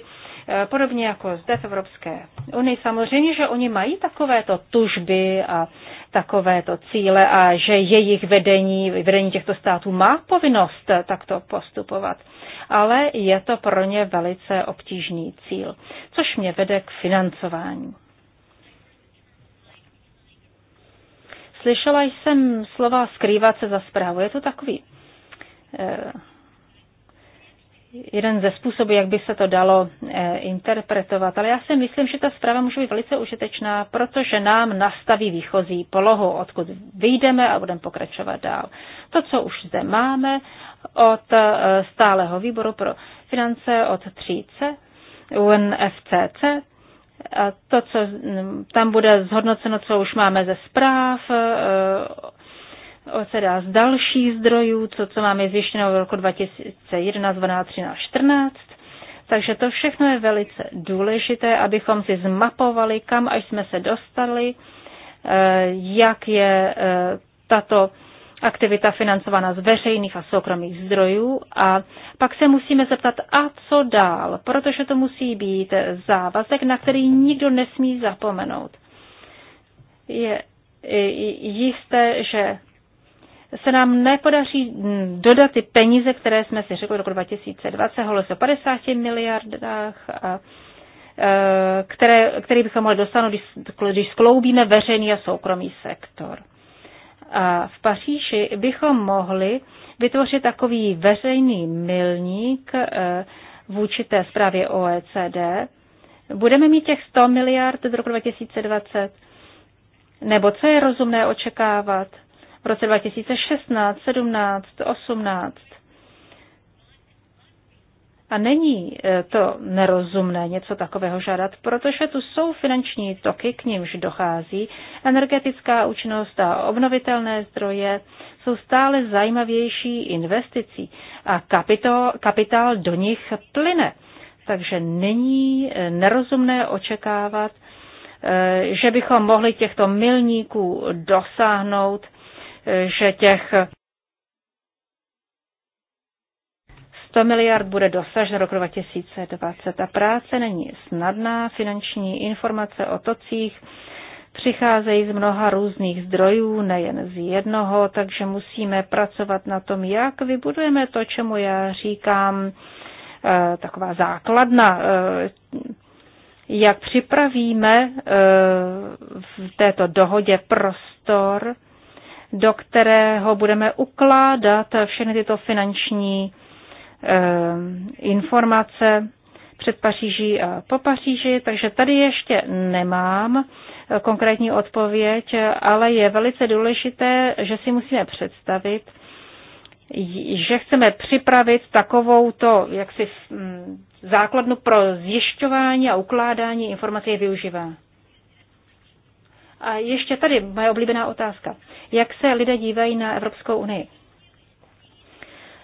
Eh, podobně jako zde v Evropské unii. Samozřejmě, že oni mají takovéto tužby a takovéto cíle a že jejich vedení, vedení těchto států má povinnost takto postupovat. Ale je to pro ně velice obtížný cíl, což mě vede k financování. Slyšela jsem slova skrývat se za zprávu. Je to takový eh, jeden ze způsobů, jak by se to dalo eh, interpretovat. Ale já si myslím, že ta zpráva může být velice užitečná, protože nám nastaví výchozí polohu, odkud vyjdeme a budeme pokračovat dál. To, co už zde máme od eh, stáleho výboru pro finance od 3C, UNFCC, a to, co mm, tam bude zhodnoceno, co už máme ze zpráv eh, teda z dalších zdrojů, co, co máme zjištěno v roku 2011, 12, 13, 14. Takže to všechno je velice důležité, abychom si zmapovali, kam až jsme se dostali, eh, jak je eh, tato aktivita financována z veřejných a soukromých zdrojů a pak se musíme zeptat, a co dál, protože to musí být závazek, na který nikdo nesmí zapomenout. Je jisté, že se nám nepodaří hm, dodat ty peníze, které jsme si řekli roku 2020, se o 50 miliardách, a, e, které, které bychom mohli dostanout, když, když skloubíme veřejný a soukromý sektor. A v Paříži bychom mohli vytvořit takový veřejný milník e, vůči té zprávě OECD. Budeme mít těch 100 miliard do roku 2020? Nebo co je rozumné očekávat? v roce 2016, 17, 18. A není e, to nerozumné něco takového žádat, protože tu jsou finanční toky, k nímž dochází. Energetická účinnost a obnovitelné zdroje jsou stále zajímavější investicí a kapitál, kapitál do nich plyne. Takže není e, nerozumné očekávat, e, že bychom mohli těchto milníků dosáhnout že těch 100 miliard bude dosaženo roku 2020. Ta práce není snadná, finanční informace o tocích přicházejí z mnoha různých zdrojů, nejen z jednoho, takže musíme pracovat na tom, jak vybudujeme to, čemu já říkám eh, taková základna, eh, jak připravíme eh, v této dohodě prostor do kterého budeme ukládat všechny tyto finanční ehm, informace před Paříží a po Paříži, takže tady ještě nemám eh, konkrétní odpověď, ale je velice důležité, že si musíme představit, že chceme připravit takovou jak jaksi mm, základnu pro zjišťování a ukládání informací a využívání. A ještě tady moje oblíbená otázka. Jak se lidé dívají na Evropskou unii?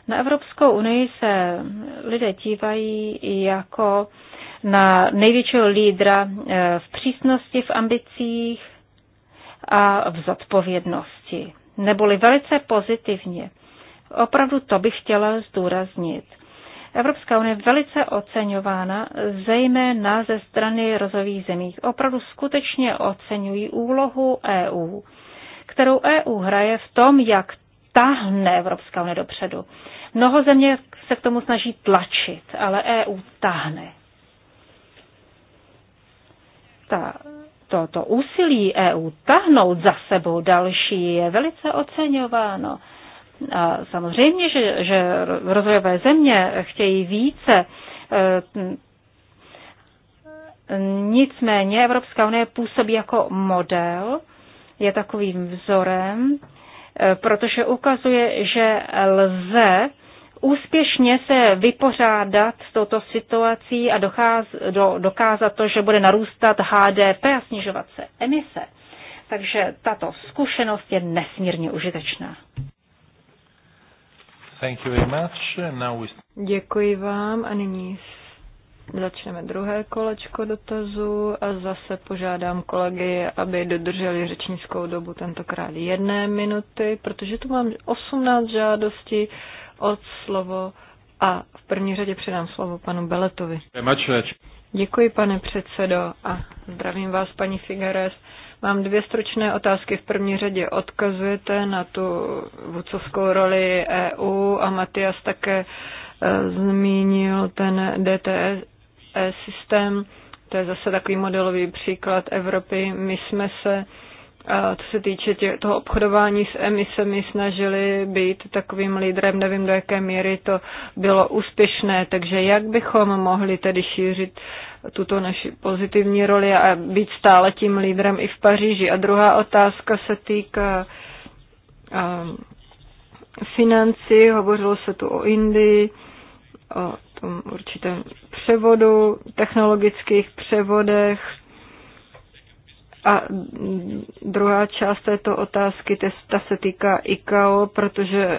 Na Evropskou unii se lidé dívají jako na největšího lídra eh, v přísnosti, v ambicích a v zodpovědnosti. Neboli velice pozitivně. Opravdu to bych chtěla zdůraznit. Evropská unie velice oceňována, zejména ze strany rozových zemí. Opravdu skutečně oceňují úlohu EU, kterou EU hraje v tom, jak tahne Evropská unie dopředu. Mnoho země se k tomu snaží tlačit, ale EU tahne. Ta, to, to úsilí EU tahnout za sebou další je velice oceňováno samozřejmě, že, že rozvojové země chtějí více. Eh, nicméně Evropská unie působí jako model, je takovým vzorem, eh, protože ukazuje, že lze úspěšně se vypořádat s touto situací a docház, do, dokázat to, že bude narůstat HDP a snižovat se emise. Takže tato zkušenost je nesmírně užitečná. Thank you very much. Now we... Děkuji vám a nyní začneme druhé kolečko dotazu a zase požádám kolegy, aby dodrželi řečnickou dobu tentokrát jedné minuty, protože tu mám 18 žádostí od slovo a v první řadě předám slovo panu Beletovi. Uh, Děkuji, pane předsedo, a zdravím vás, paní Figueres. Mám dvě stručné otázky. V první řadě odkazujete na tu vůcovskou roli EU a Matias také e, zmínil ten DTS e systém. To je zase takový modelový příklad Evropy. My jsme se co se týče tě, toho obchodování s emisemi, snažili být takovým lídrem, nevím do jaké míry to bylo úspěšné, takže jak bychom mohli tedy šířit tuto naši pozitivní roli a být stále tím lídrem i v Paříži. A druhá otázka se týká um, financí, hovořilo se tu o Indii, o tom určitém převodu, technologických převodech. A druhá část této otázky, ta se týká ICAO, protože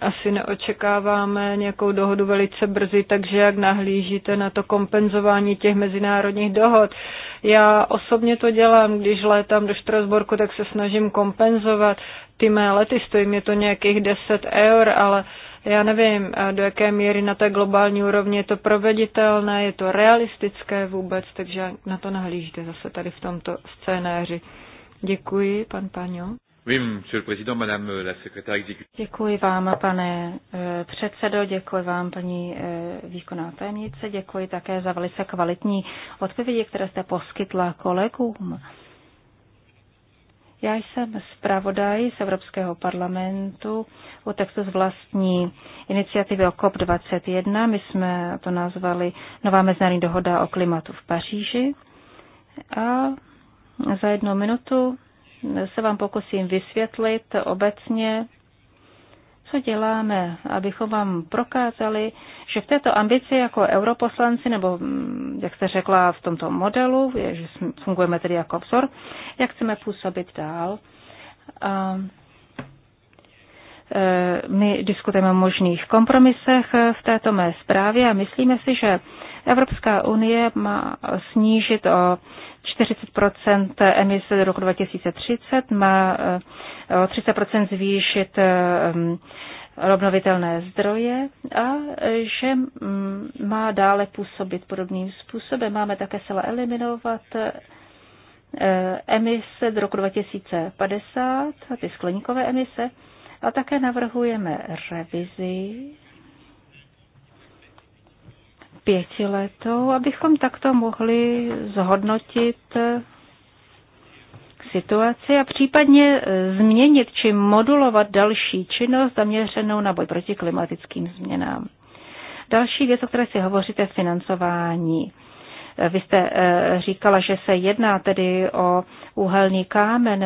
asi neočekáváme nějakou dohodu velice brzy, takže jak nahlížíte na to kompenzování těch mezinárodních dohod? Já osobně to dělám, když létám do Štrasborku, tak se snažím kompenzovat ty mé lety, stojí mě to nějakých 10 eur, ale já nevím, do jaké míry na té globální úrovni je to proveditelné, je to realistické vůbec, takže na to nahlížíte zase tady v tomto scénáři. Děkuji, pan Paňo. Euh, děkuji vám, pane eh, předsedo, děkuji vám, paní eh, výkonná tajemnice, děkuji také za velice kvalitní odpovědi, které jste poskytla kolegům. Já jsem zpravodaj z Evropského parlamentu o textu z vlastní iniciativy o COP21. My jsme to nazvali Nová mezinárodní dohoda o klimatu v Paříži. A za jednu minutu se vám pokusím vysvětlit obecně, co děláme, abychom vám prokázali, že v této ambici jako europoslanci, nebo mm, jak jste řekla v tomto modelu, je, že fungujeme tedy jako vzor, jak chceme působit dál. A e, my diskutujeme o možných kompromisech v této mé zprávě a myslíme si, že Evropská unie má snížit o 40 emise do roku 2030, má eh, o 30 zvýšit eh, mm, obnovitelné zdroje a eh, že mm, má dále působit podobným způsobem. Máme také celé eliminovat emise do roku 2050, ty skleníkové emise, a také navrhujeme revizi pětiletou, abychom takto mohli zhodnotit eh, situaci a případně eh, změnit či modulovat další činnost zaměřenou na boj proti klimatickým změnám. Další věc, o které si hovoříte, je financování. Eh, vy jste říkala, že se jedná tedy o úhelný kámen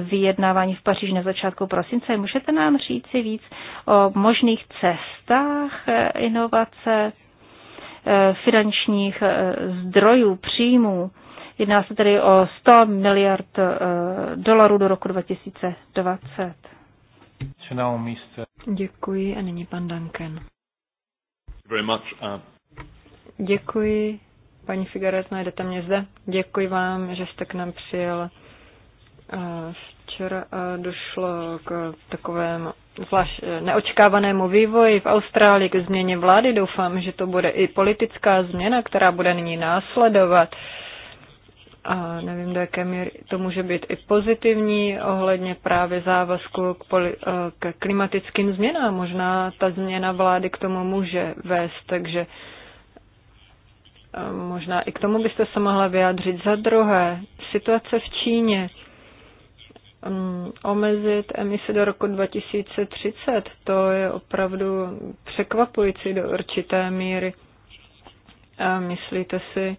vyjednávání v Paříži na začátku prosince. Můžete nám říci víc o možných cestách inovace? Eh, finančních eh, zdrojů příjmů. Jedná se tedy o 100 miliard eh, dolarů do roku 2020. Děkuji a nyní pan Duncan. Uh, Děkuji. Paní Figaret, najdete mě zde. Děkuji vám, že jste k nám přijel. Včera došlo k takovému zvlášť eh, neočekávanému vývoji v Austrálii, k změně vlády. Doufám, že to bude i politická změna, která bude nyní následovat. A nevím, do jaké míry to může být i pozitivní ohledně právě závazku k, poli, eh, k klimatickým změnám. Možná ta změna vlády k tomu může vést, takže eh, možná i k tomu byste se mohla vyjádřit. Za druhé, situace v Číně. Mm, omezit emise do roku 2030. To je opravdu překvapující do určité míry. A myslíte si,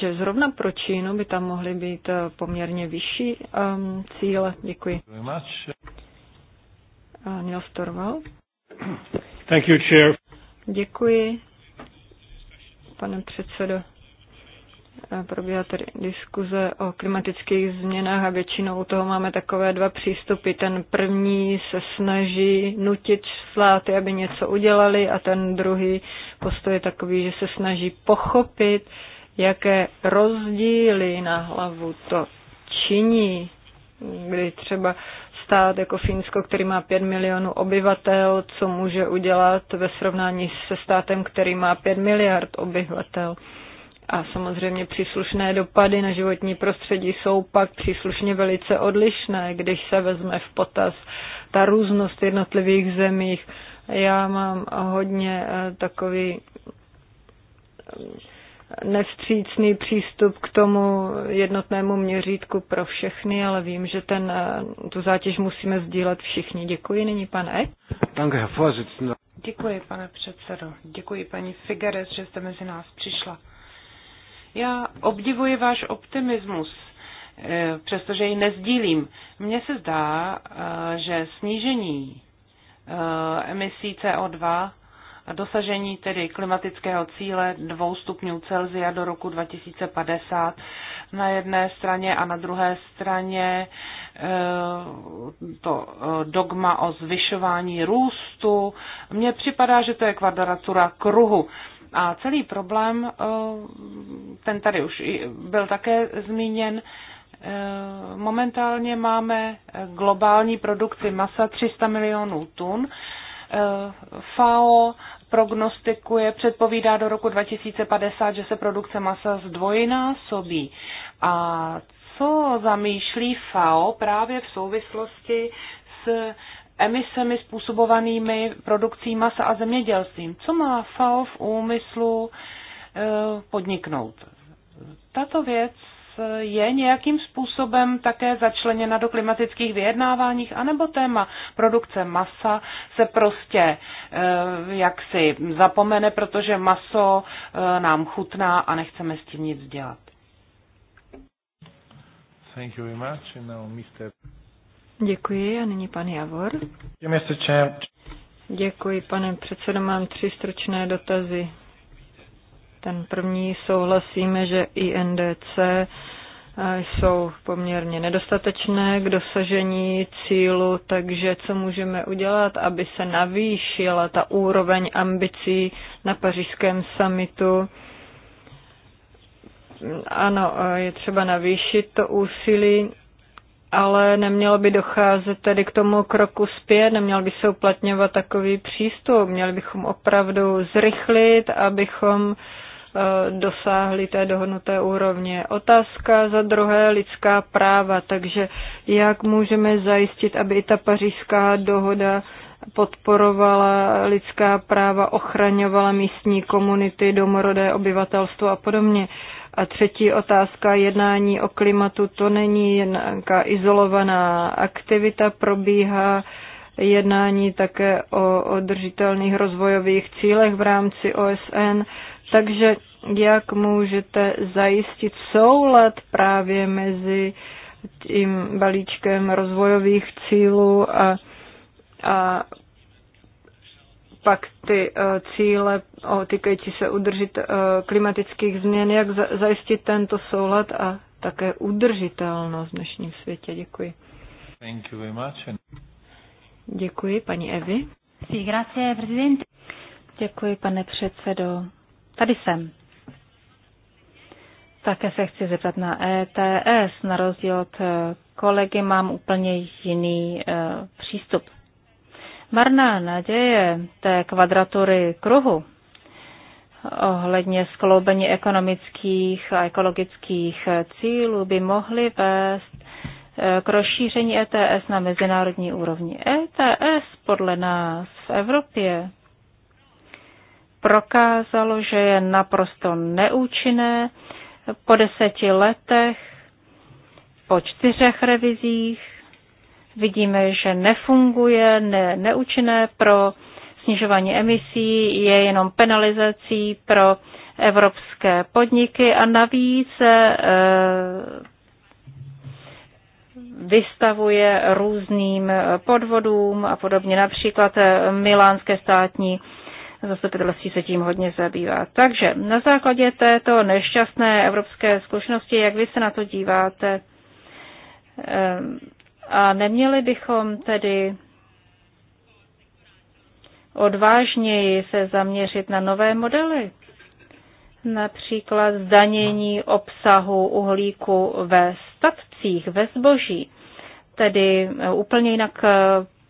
že zrovna pro Čínu by tam mohly být eh, poměrně vyšší um, cíle? Děkuji. A Torval. Děkuji, pane předsedo. Eh, probíhá tedy diskuze o klimatických změnách a většinou u toho máme takové dva přístupy. Ten první se snaží nutit státy, aby něco udělali a ten druhý postoj je takový, že se snaží pochopit, jaké rozdíly na hlavu to činí, kdy třeba stát jako Finsko, který má 5 milionů obyvatel, co může udělat ve srovnání se státem, který má 5 miliard obyvatel. A samozřejmě příslušné dopady na životní prostředí jsou pak příslušně velice odlišné, když se vezme v potaz ta různost v jednotlivých zemích. Já mám hodně eh, takový eh, nevstřícný přístup k tomu jednotnému měřítku pro všechny, ale vím, že ten, eh, tu zátěž musíme sdílet všichni. Děkuji, nyní pan E. Děkuji, pane předsedo. Děkuji, paní Figares, že jste mezi nás přišla. Já obdivuji váš optimismus, eh, přestože ji nezdílím. Mně se zdá, eh, že snížení eh, emisí CO2 a dosažení tedy klimatického cíle 2 stupňů Celzia do roku 2050 na jedné straně a na druhé straně to dogma o zvyšování růstu. Mně připadá, že to je kvadratura kruhu. A celý problém, eh, ten tady už byl také zmíněn, eh, momentálně máme globální produkci masa 300 milionů tun. Eh, FAO prognostikuje, předpovídá do roku 2050, že se produkce masa zdvojnásobí. A co zamýšlí FAO právě v souvislosti s emisemi způsobovanými produkcí masa a zemědělstvím. Co má FAO v úmyslu eh, podniknout? Tato věc je nějakým způsobem také začleněna do klimatických vyjednáváních, anebo téma produkce masa se prostě eh, jaksi zapomene, protože maso eh, nám chutná a nechceme s tím nic dělat. Thank you very much. And now Mr. Děkuji a nyní pan Javor. Děkuji, pane předsedo. Mám tři stručné dotazy. Ten první souhlasíme, že INDC eh, jsou poměrně nedostatečné k dosažení cílu, takže co můžeme udělat, aby se navýšila ta úroveň ambicí na pařížském samitu? Ano, eh, je třeba navýšit to úsilí ale nemělo by docházet tedy k tomu kroku zpět, neměl by se uplatňovat takový přístup, měli bychom opravdu zrychlit, abychom e, dosáhli té dohodnuté úrovně. Otázka za druhé lidská práva, takže jak můžeme zajistit, aby i ta pařížská dohoda podporovala lidská práva, ochraňovala místní komunity, domorodé obyvatelstvo a podobně. Uh, a třetí otázka, jednání o klimatu, to není nějaká izolovaná aktivita, probíhá jednání také o održitelných rozvojových cílech v rámci OSN. Takže jak můžete zajistit soulad právě mezi tím balíčkem rozvojových cílů a, a pak ty eh, cíle týkající se udržit eh, klimatických změn, jak zajistit tento soulad a také udržitelnost v dnešním světě. Děkuji. Thank you very much. Děkuji, paní Evi. Sí, grazie, prezident. Děkuji, pane předsedo. Tady jsem. Také se chci zeptat na ETS. Na rozdíl od kolegy mám úplně jiný uh, přístup Marná naděje té kvadratury kruhu ohledně skloubení ekonomických a ekologických cílů by mohly vést eh, k rozšíření ETS na mezinárodní úrovni. ETS podle nás v Evropě prokázalo, že je naprosto neúčinné po deseti letech, po čtyřech revizích Vidíme, že nefunguje, ne, neúčinné pro snižování emisí, je jenom penalizací pro evropské podniky a navíc e, vystavuje různým podvodům a podobně. Například eh, milánské státní zastupitelství se tím hodně zabývá. Takže na základě této nešťastné evropské zkušenosti, jak vy se na to díváte, eh, a neměli bychom tedy odvážněji se zaměřit na nové modely, například zdanění obsahu uhlíku ve statcích, ve zboží, tedy eh, úplně jinak eh,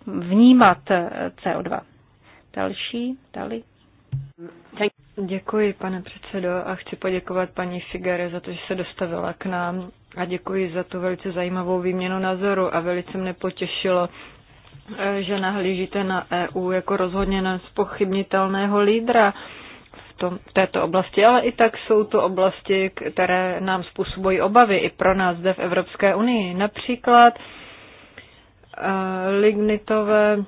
vnímat eh, CO2. Další, dali. Děkuji, pane předsedo, a chci poděkovat paní Figare za to, že se dostavila k nám a děkuji za tu velice zajímavou výměnu názoru a velice mne potěšilo, eh, že nahlížíte na EU jako rozhodně nespochybnitelného lídra v tom, této oblasti, ale i tak jsou to oblasti, které nám způsobují obavy i pro nás zde v Evropské unii. Například uh, lignitové uh,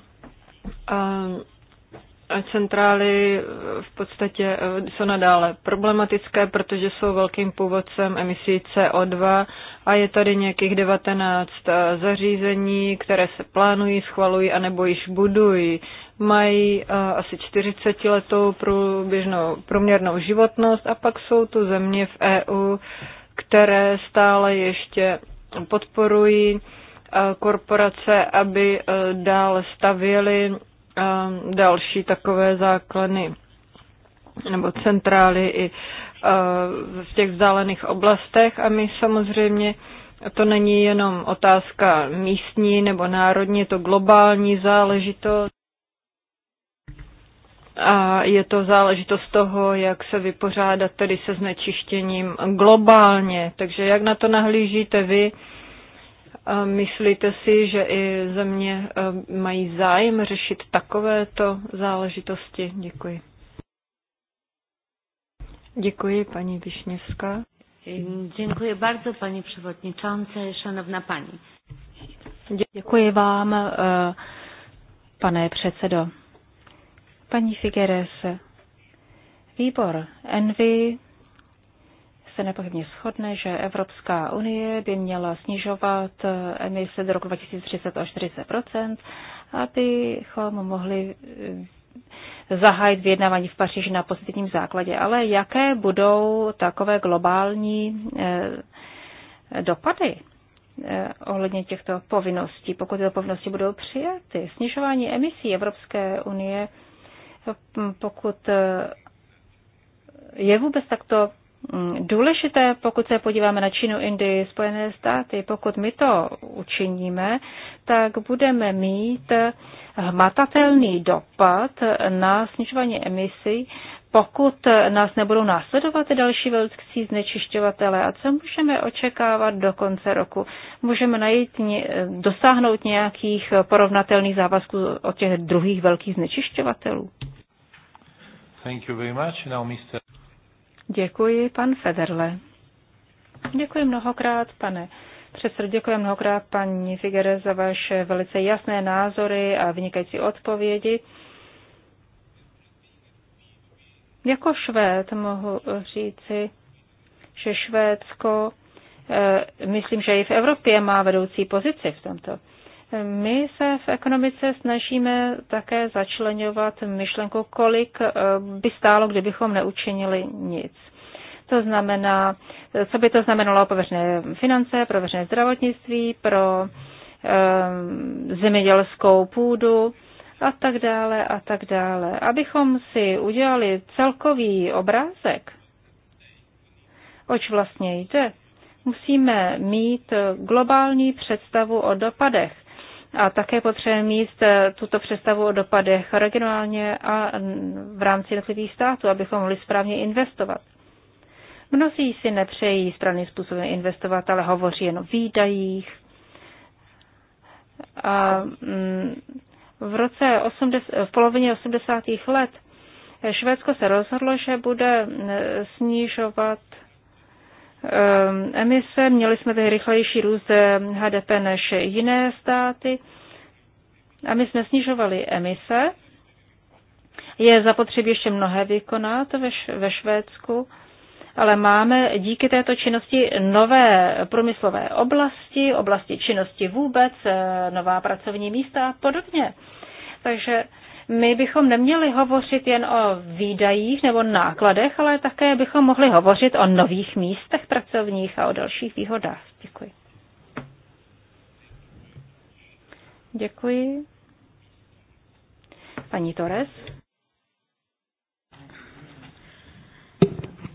centrály eh, v podstatě eh, jsou nadále problematické, protože jsou velkým původcem emisí CO2 a je tady nějakých 19 eh, zařízení, které se plánují, schvalují a nebo již budují. Mají asi 40 letou průběžnou průměrnou životnost a pak jsou tu země v EU, které stále ještě podporují korporace, aby dále stavěly další takové základny nebo centrály i e, v těch vzdálených oblastech a my samozřejmě to není jenom otázka místní nebo národní, je to globální záležitost. A je to záležitost toho, jak se vypořádat tedy se znečištěním globálně. Takže jak na to nahlížíte vy? Myslíte si, že i země e, mají zájem řešit takovéto záležitosti? Děkuji. Děkuji, paní Višněvská. Děkuji bardzo, paní předsedající, šanovná paní. Děkuji vám, e, pane předsedo. Paní Figueres, výbor Envy se nepochybně shodne, že Evropská unie by měla snižovat emise do roku 2030 o 40 abychom mohli zahájit vyjednávání v Paříži na pozitivním základě. Ale jaké budou takové globální eh, dopady eh, ohledně těchto povinností, pokud tyto povinnosti budou přijaty? Snižování emisí Evropské unie, eh, pokud je vůbec takto Mm, důležité, pokud se podíváme na Čínu, Indii, Spojené státy, pokud my to učiníme, tak budeme mít hmatatelný dopad na snižování emisí, pokud nás nebudou následovat další velcí znečišťovatele. A co můžeme očekávat do konce roku? Můžeme najít, dosáhnout nějakých porovnatelných závazků od těch druhých velkých znečišťovatelů? Thank you very much. Now, Mr. Děkuji, pan Federle. Děkuji mnohokrát, pane předsedo, děkuji mnohokrát, paní Figere, za vaše velice jasné názory a vynikající odpovědi. Jako Švéd mohu říci, že Švédsko, eh, myslím, že i v Evropě má vedoucí pozici v tomto. My se v ekonomice snažíme také začlenovat myšlenku, kolik eh, by stálo, kdybychom neučinili nic. To znamená, eh, co by to znamenalo pro veřejné finance, pro veřejné zdravotnictví, pro eh, zemědělskou půdu a tak dále a tak dále. Abychom si udělali celkový obrázek, oč vlastně jde, musíme mít globální představu o dopadech a také potřebujeme mít eh, tuto představu o dopadech regionálně a v rámci jednotlivých států, abychom mohli správně investovat. Mnozí si nepřejí správným způsobem investovat, ale hovoří jen o výdajích. A mm, v, roce 80, v polovině 80. let Švédsko se rozhodlo, že bude snižovat Ehm, emise. Měli jsme tedy rychlejší růst HDP než jiné státy a my jsme snižovali emise. Je zapotřebí ještě mnohé vykonat ve, Švédsku, ale máme díky této činnosti nové průmyslové oblasti, oblasti činnosti vůbec, eh, nová pracovní místa a podobně. Takže my bychom neměli hovořit jen o výdajích nebo nákladech, ale také bychom mohli hovořit o nových místech pracovních a o dalších výhodách. Děkuji. Děkuji. Paní Torres.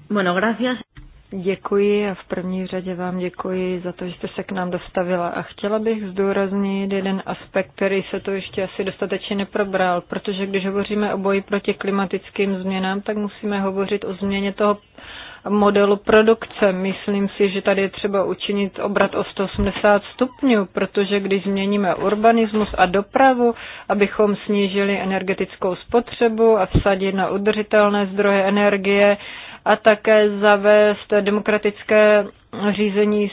Bueno, gracias. Děkuji a v první řadě vám děkuji za to, že jste se k nám dostavila. A chtěla bych zdůraznit jeden aspekt, který se tu ještě asi dostatečně neprobral, protože když hovoříme o boji proti klimatickým změnám, tak musíme hovořit o změně toho modelu produkce. Myslím si, že tady je třeba učinit obrat o 180 stupňů, protože když změníme urbanismus a dopravu, abychom snížili energetickou spotřebu a vsadit na udržitelné zdroje energie, a také zavést demokratické řízení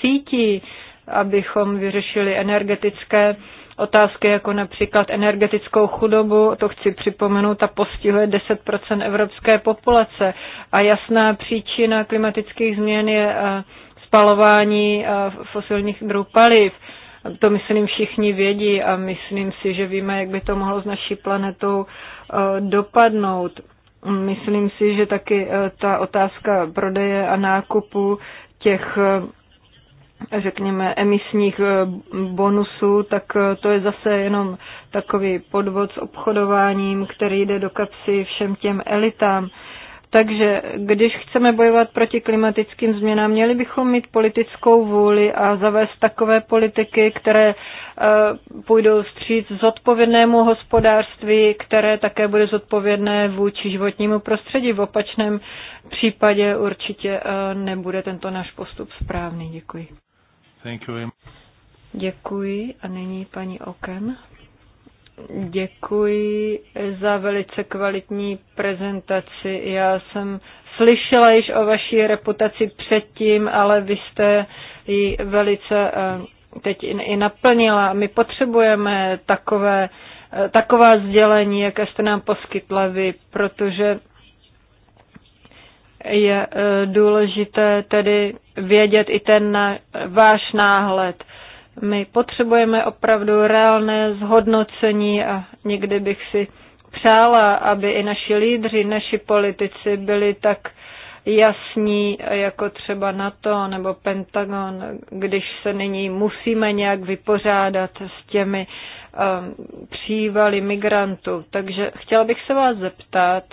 sítí, abychom vyřešili energetické otázky, jako například energetickou chudobu, to chci připomenout, a postihuje 10 evropské populace. A jasná příčina klimatických změn je eh, spalování eh, fosilních druhů paliv. To myslím všichni vědí a myslím si, že víme, jak by to mohlo s naší planetou eh, dopadnout. Myslím si, že taky eh, ta otázka prodeje a nákupu těch eh, řekněme, emisních eh, bonusů, tak to je zase jenom takový podvod s obchodováním, který jde do kapsy všem těm elitám. Takže když chceme bojovat proti klimatickým změnám, měli bychom mít politickou vůli a zavést takové politiky, které eh, půjdou vstříc zodpovědnému hospodářství, které také bude zodpovědné vůči životnímu prostředí. V opačném případě určitě eh, nebude tento náš postup správný. Děkuji. Thank you. Děkuji a nyní paní Oken. Děkuji za velice kvalitní prezentaci. Já jsem slyšela již o vaší reputaci předtím, ale vy jste ji velice eh, teď i naplnila. My potřebujeme takové, eh, taková sdělení, jaké jste nám poskytla vy, protože je eh, důležité tedy vědět i ten na, váš náhled. My potřebujeme opravdu reálné zhodnocení a někdy bych si přála, aby i naši lídři, naši politici byli tak jasní, jako třeba NATO nebo Pentagon, když se nyní musíme nějak vypořádat s těmi um, přívaly migrantů. Takže chtěla bych se vás zeptat,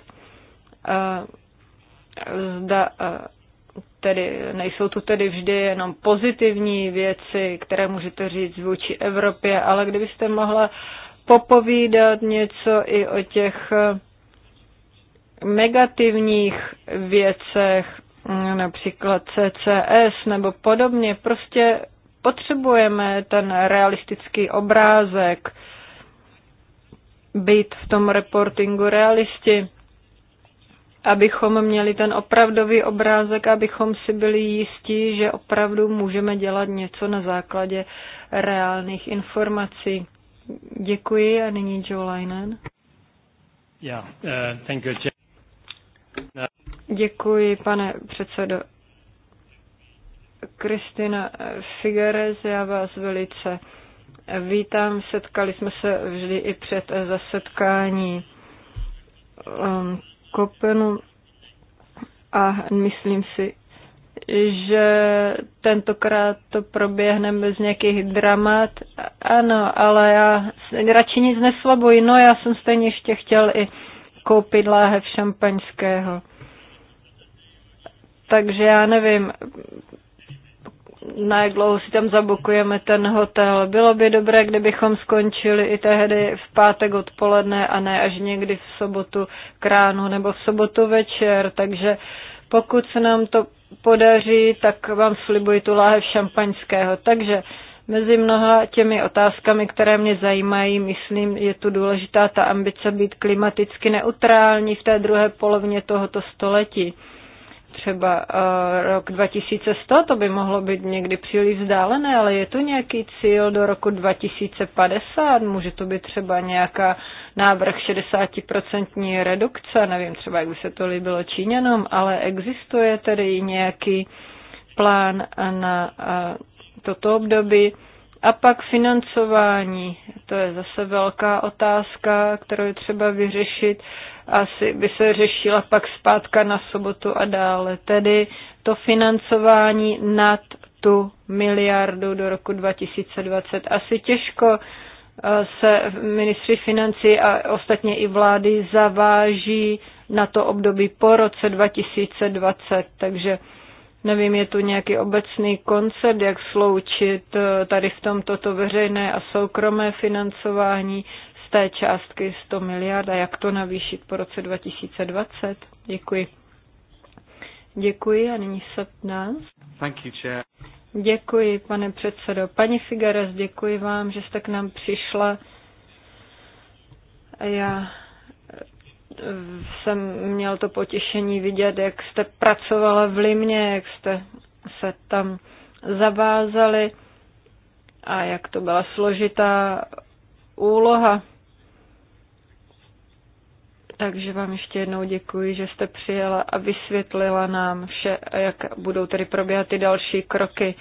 uh, zda uh, tedy, nejsou tu tedy vždy jenom pozitivní věci, které můžete říct vůči Evropě, ale kdybyste mohla popovídat něco i o těch eh, negativních věcech, mm, například CCS nebo podobně. Prostě potřebujeme ten realistický obrázek, být v tom reportingu realisti abychom měli ten opravdový obrázek, abychom si byli jistí, že opravdu můžeme dělat něco na základě reálných informací. Děkuji a nyní Joe Linen. Yeah, uh, thank you. Děkuji, pane předsedo. Kristina Figueres, já vás velice vítám. Setkali jsme se vždy i před zasetkání um, Kopenu a myslím si, že tentokrát to proběhne bez nějakých dramat. Ano, ale já radši nic neslabuji. No, já jsem stejně ještě chtěl i koupit láhev šampaňského. Takže já nevím, na jak dlouho si tam zabukujeme ten hotel. Bylo by dobré, kdybychom skončili i tehdy v pátek odpoledne a ne až někdy v sobotu k ránu nebo v sobotu večer, takže pokud se nám to podaří, tak vám slibuji tu láhev šampaňského. Takže mezi mnoha těmi otázkami, které mě zajímají, myslím, je tu důležitá ta ambice být klimaticky neutrální v té druhé polovině tohoto století třeba eh, rok 2100, to by mohlo být někdy příliš vzdálené, ale je to nějaký cíl do roku 2050, může to být třeba nějaká návrh 60% redukce, nevím třeba, jak by se to líbilo Číňanům, ale existuje tedy nějaký plán na eh, toto období. A pak financování, to je zase velká otázka, kterou je třeba vyřešit asi by se řešila pak zpátka na sobotu a dále. Tedy to financování nad tu miliardu do roku 2020. Asi těžko eh, se ministři financí a ostatně i vlády zaváží na to období po roce 2020. Takže nevím, je tu nějaký obecný koncept, jak sloučit eh, tady v tomto to veřejné a soukromé financování té částky 100 miliard a jak to navýšit po roce 2020? Děkuji. Děkuji a nyní se nás. Thank you, chair. Děkuji, pane předsedo. Paní Figueres, děkuji vám, že jste k nám přišla. Já eh, jsem měl to potěšení vidět, jak jste pracovala v Limě, jak jste se tam zavázali a jak to byla složitá úloha. Takže vám ještě jednou děkuji, že jste přijela a vysvětlila nám vše, jak budou tedy probíhat ty další kroky.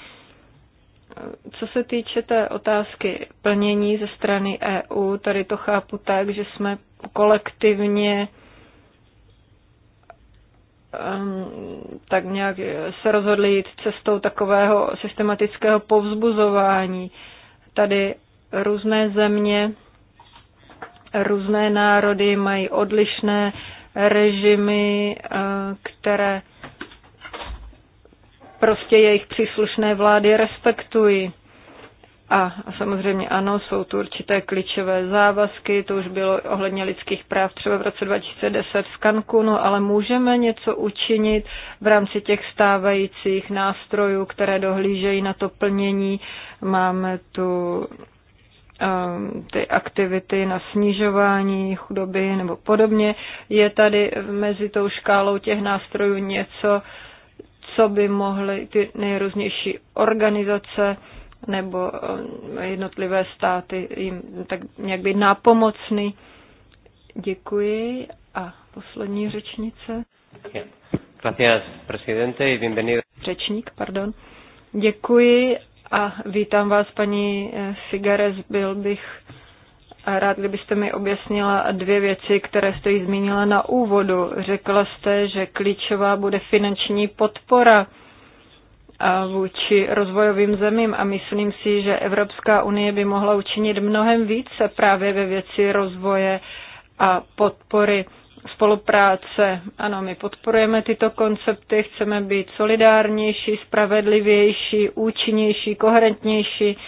Co se týče té otázky plnění ze strany EU, tady to chápu tak, že jsme kolektivně um, tak nějak se rozhodli jít cestou takového systematického povzbuzování. Tady různé země Různé národy mají odlišné režimy, eh, které prostě jejich příslušné vlády respektují. A, a samozřejmě ano, jsou tu určité klíčové závazky, to už bylo ohledně lidských práv třeba v roce 2010 v Cancunu, ale můžeme něco učinit v rámci těch stávajících nástrojů, které dohlížejí na to plnění. Máme tu Ehm, ty aktivity na snižování chudoby nebo podobně. Je tady mezi tou škálou těch nástrojů něco, co by mohly ty nejrůznější organizace nebo ehm, jednotlivé státy jim tak nějak být nápomocný. Děkuji. A poslední řečnice. Gracias, presidente, y bienvenido. Řečník, pardon. Děkuji a vítám vás, paní eh, Figares. Byl bych rád, kdybyste mi objasnila dvě věci, které jste jí zmínila na úvodu. Řekla jste, že klíčová bude finanční podpora eh, vůči rozvojovým zemím a myslím si, že Evropská unie by mohla učinit mnohem více právě ve věci rozvoje a podpory spolupráce. Ano, my podporujeme tyto koncepty, chceme být solidárnější, spravedlivější, účinnější, koherentnější.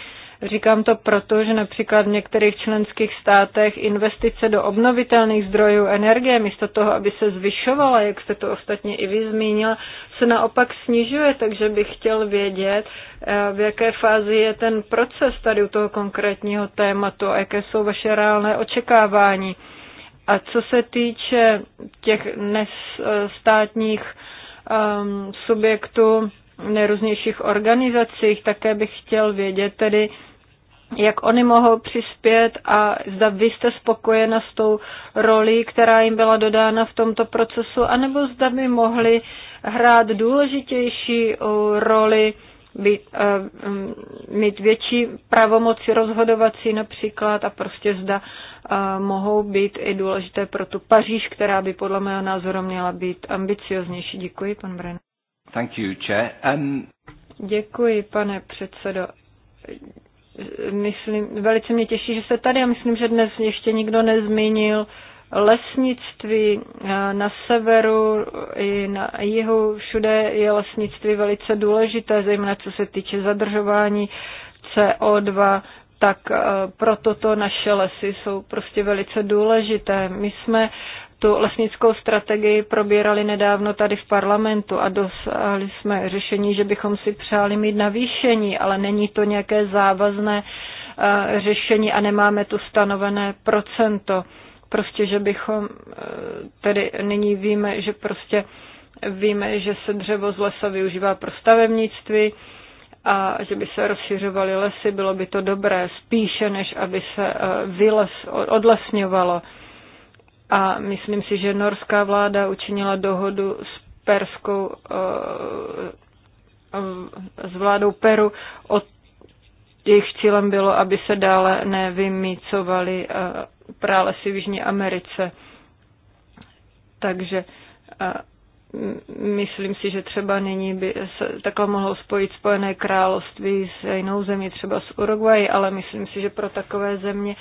Říkám to proto, že například v některých členských státech investice do obnovitelných zdrojů energie, místo toho, aby se zvyšovala, jak jste to ostatně i vy zmínil, se naopak snižuje, takže bych chtěl vědět, eh, v jaké fázi je ten proces tady u toho konkrétního tématu a jaké jsou vaše reálné očekávání. A co se týče těch nestátních um, subjektů, nejrůznějších organizacích, také bych chtěl vědět tedy, jak oni mohou přispět a zda vy jste spokojena s tou rolí, která jim byla dodána v tomto procesu, anebo zda by mohli hrát důležitější uh, roli být, uh, eh, mm, mít větší pravomoci rozhodovací například a prostě zda uh, mohou být i důležité pro tu Paříž, která by podle mého názoru měla být ambicioznější. Děkuji, pan Brenner. Thank you, Chair. Um... Děkuji, pane předsedo. Myslím, velice mě těší, že jste tady a myslím, že dnes ještě nikdo nezmínil uh, lesnictví eh, na severu i na jihu, všude je lesnictví velice důležité, zejména co se týče zadržování CO2, tak eh, proto to naše lesy jsou prostě velice důležité. My jsme tu lesnickou strategii probírali nedávno tady v parlamentu a dosáhli jsme řešení, že bychom si přáli mít navýšení, ale není to nějaké závazné eh, řešení a nemáme tu stanovené procento. Prostě, že bychom, eh, tedy nyní víme, že prostě víme, že se dřevo z lesa využívá pro stavebnictví a že by se rozšiřovaly lesy, bylo by to dobré spíše, než aby se eh, vyles, odlesňovalo. A myslím si, že norská vláda učinila dohodu s perskou, eh, s vládou Peru o jejich cílem bylo, aby se dále nevymícovaly pralesy v Jižní Americe. Takže myslím si, že třeba nyní by se takhle mohlo spojit Spojené království s jinou zemí, třeba s Uruguay, ale myslím si, že pro takové země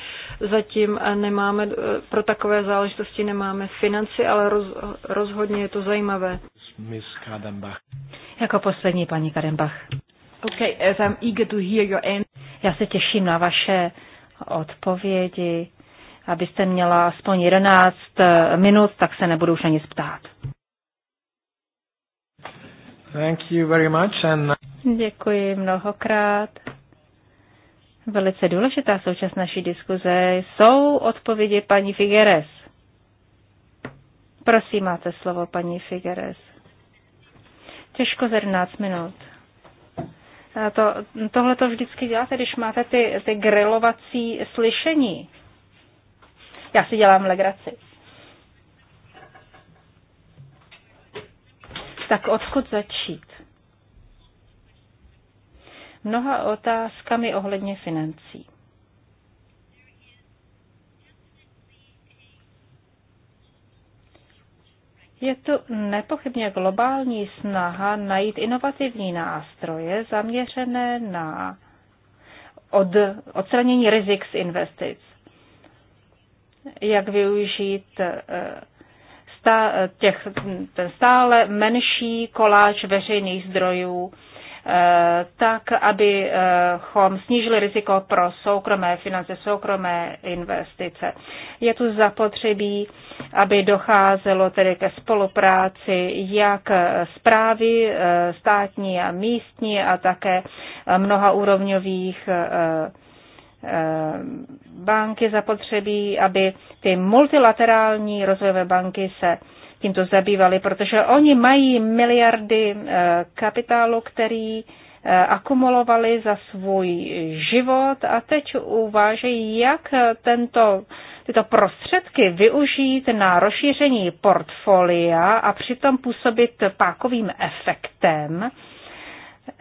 zatím nemáme, pro takové záležitosti nemáme financi, ale roz, rozhodně je to zajímavé. Miss Kadenbach. Jako poslední paní Kadenbach. Okay, as I'm eager to hear your end. Já se těším na vaše odpovědi abyste měla aspoň 11 eh, minut, tak se nebudu už ani ptát. Thank you very much and... Děkuji mnohokrát. Velice důležitá součást naší diskuze jsou odpovědi paní Figueres. Prosím, máte slovo, paní Figueres. Těžko za 11 minut. To, tohle to vždycky děláte, když máte ty, ty grilovací slyšení. Já si dělám legraci. Tak odkud začít? Mnoha otázkami ohledně financí. Je to nepochybně globální snaha najít inovativní nástroje zaměřené na od, odstranění rizik z investic jak využít eh, stá, těch, ten stále menší koláč veřejných zdrojů, eh, tak, abychom snížili riziko pro soukromé finance, soukromé investice. Je tu zapotřebí, aby docházelo tedy ke spolupráci jak zprávy eh, státní a místní a také mnoha úrovňových Eh, banky zapotřebí, aby ty multilaterální rozvojové banky se tímto zabývaly, protože oni mají miliardy eh, kapitálu, který eh, akumulovali za svůj život a teď uvážejí, jak tento, tyto prostředky využít na rozšíření portfolia a přitom působit pákovým efektem,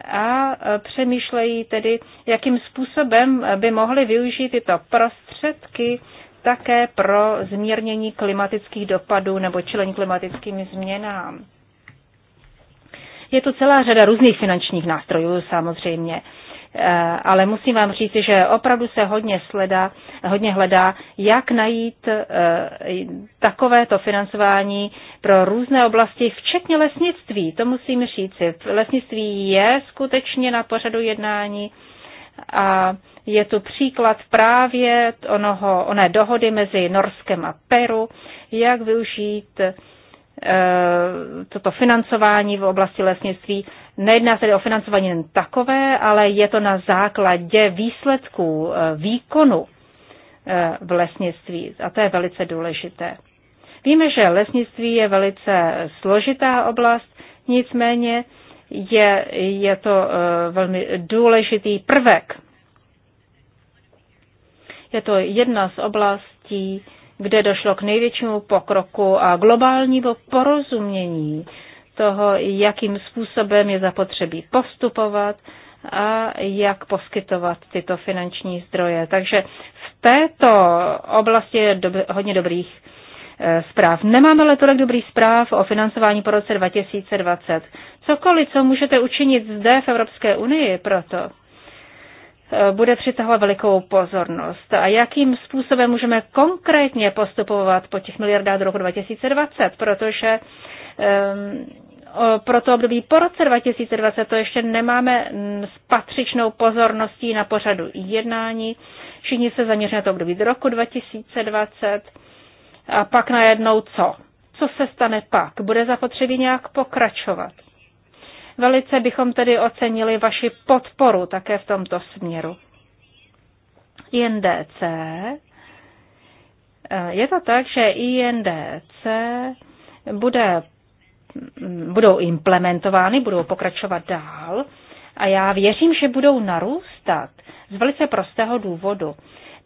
a e, přemýšlejí tedy, jakým způsobem by mohly využít tyto prostředky také pro zmírnění klimatických dopadů nebo čelení klimatickým změnám. Je tu celá řada různých finančních nástrojů samozřejmě. Eh, ale musím vám říct, že opravdu se hodně, sleda, hodně hledá, jak najít eh, takovéto financování pro různé oblasti, včetně lesnictví. To musím říci. Lesnictví je skutečně na pořadu jednání a je tu příklad právě onoho, oné dohody mezi Norskem a Peru, jak využít eh, toto financování v oblasti lesnictví Nejedná se tedy o financování jen takové, ale je to na základě výsledků eh, výkonu eh, v lesnictví a to je velice důležité. Víme, že lesnictví je velice složitá oblast, nicméně je, je to eh, velmi důležitý prvek. Je to jedna z oblastí, kde došlo k největšímu pokroku a globálnímu porozumění toho, jakým způsobem je zapotřebí postupovat a jak poskytovat tyto finanční zdroje. Takže v této oblasti je dob- hodně dobrých eh, zpráv. Nemáme ale tolik dobrých zpráv o financování po roce 2020. Cokoliv, co můžete učinit zde v Evropské unii proto, eh, bude přitahovat velikou pozornost. A jakým způsobem můžeme konkrétně postupovat po těch miliardách do roku 2020, protože um, pro to období po roce 2020 to ještě nemáme s patřičnou pozorností na pořadu jednání. Všichni se zaměří na to období do roku 2020 a pak najednou co? Co se stane pak? Bude zapotřebí nějak pokračovat. Velice bychom tedy ocenili vaši podporu také v tomto směru. INDC. E, je to tak, že INDC bude budou implementovány, budou pokračovat dál a já věřím, že budou narůstat z velice prostého důvodu,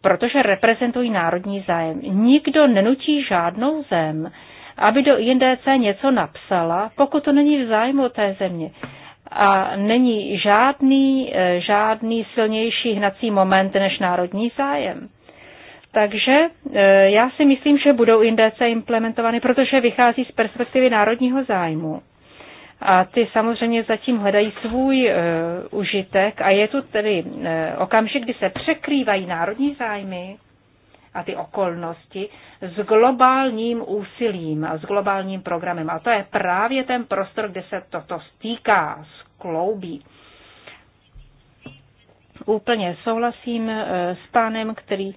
protože reprezentují národní zájem. Nikdo nenutí žádnou zem, aby do INDC něco napsala, pokud to není v zájmu té země. A není žádný, eh, žádný silnější hnací moment než národní zájem. Takže e, já si myslím, že budou indice implementovány, protože vychází z perspektivy národního zájmu. A ty samozřejmě zatím hledají svůj e, užitek a je tu tedy e, okamžik, kdy se překrývají národní zájmy a ty okolnosti s globálním úsilím a s globálním programem. A to je právě ten prostor, kde se toto stýká, skloubí. Úplně souhlasím e, s pánem, který e,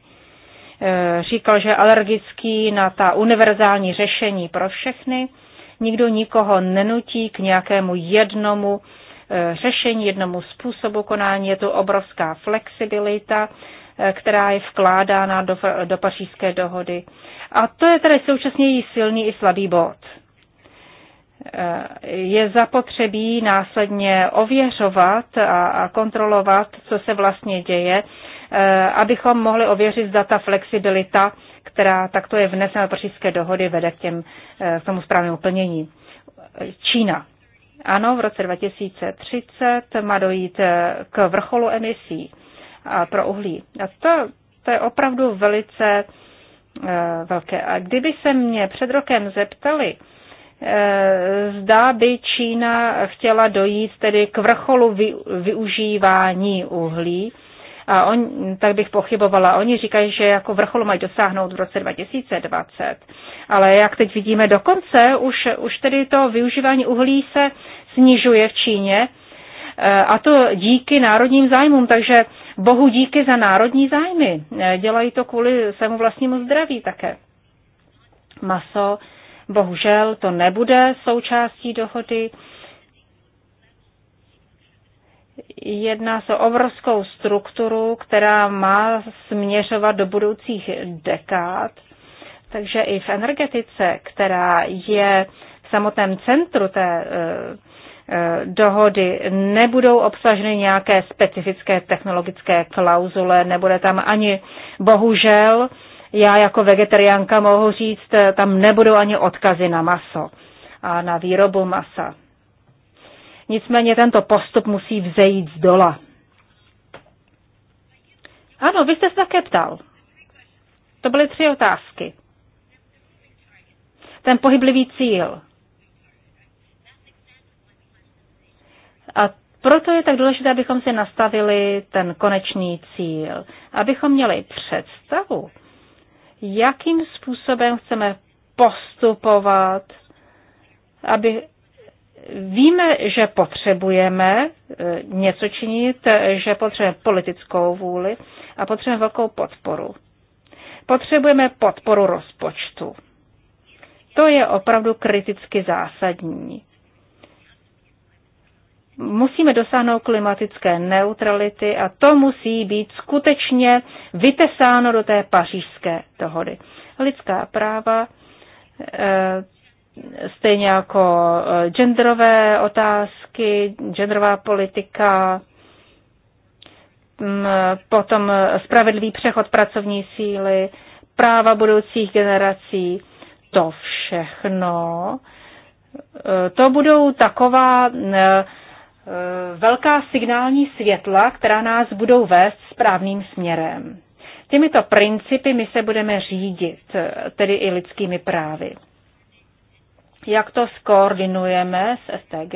Eh, říkal, že je alergický na ta univerzální řešení pro všechny. Nikdo nikoho nenutí k nějakému jednomu eh, řešení, jednomu způsobu konání. Je tu obrovská flexibilita, eh, která je vkládána do, do pařížské dohody. A to je tedy současně její silný i slabý bod. Je zapotřebí následně ověřovat a kontrolovat, co se vlastně děje Eh, abychom mohli ověřit, zda ta flexibilita, která takto je vnesena do pařížské dohody, vede k, těm, eh, k tomu správnému plnění. Čína. Ano, v roce 2030 má dojít eh, k vrcholu emisí pro uhlí. A to, to je opravdu velice velké. A kdyby se mě před rokem zeptali, zdá by Čína chtěla dojít tedy k vrcholu využívání uhlí, a on, tak bych pochybovala. Oni říkají, že jako vrcholu mají dosáhnout v roce 2020. Ale jak teď vidíme dokonce, už, už tedy to využívání uhlí se snižuje v Číně e, a to díky národním zájmům, takže bohu díky za národní zájmy. E, dělají to kvůli svému vlastnímu zdraví také. Maso, bohužel, to nebude součástí dohody. Jedná se o obrovskou strukturu, která má směřovat do budoucích dekád. Takže i v energetice, která je v samotném centru té eh, eh, dohody nebudou obsaženy nějaké specifické technologické klauzule, nebude tam ani, bohužel, já jako vegetariánka mohu říct, tam nebudou ani odkazy na maso a na výrobu masa. Nicméně tento postup musí vzejít z dola. Ano, vy jste se také ptal. To byly tři otázky. Ten pohyblivý cíl. A proto je tak důležité, abychom si nastavili ten konečný cíl, abychom měli představu, jakým způsobem chceme postupovat, aby, Víme, že potřebujeme e, něco činit, e, že potřebujeme politickou vůli a potřebujeme velkou podporu. Potřebujeme podporu rozpočtu. To je opravdu kriticky zásadní. Musíme dosáhnout klimatické neutrality a to musí být skutečně vytesáno do té pařížské dohody. Lidská práva, e, stejně jako eh, genderové otázky, genderová politika, mm, potom eh, spravedlivý přechod pracovní síly, práva budoucích generací, to všechno. Eh, to budou taková velká signální světla, která nás budou vést správným směrem. Těmito principy my se budeme řídit, tedy i lidskými právy jak to skoordinujeme s STG.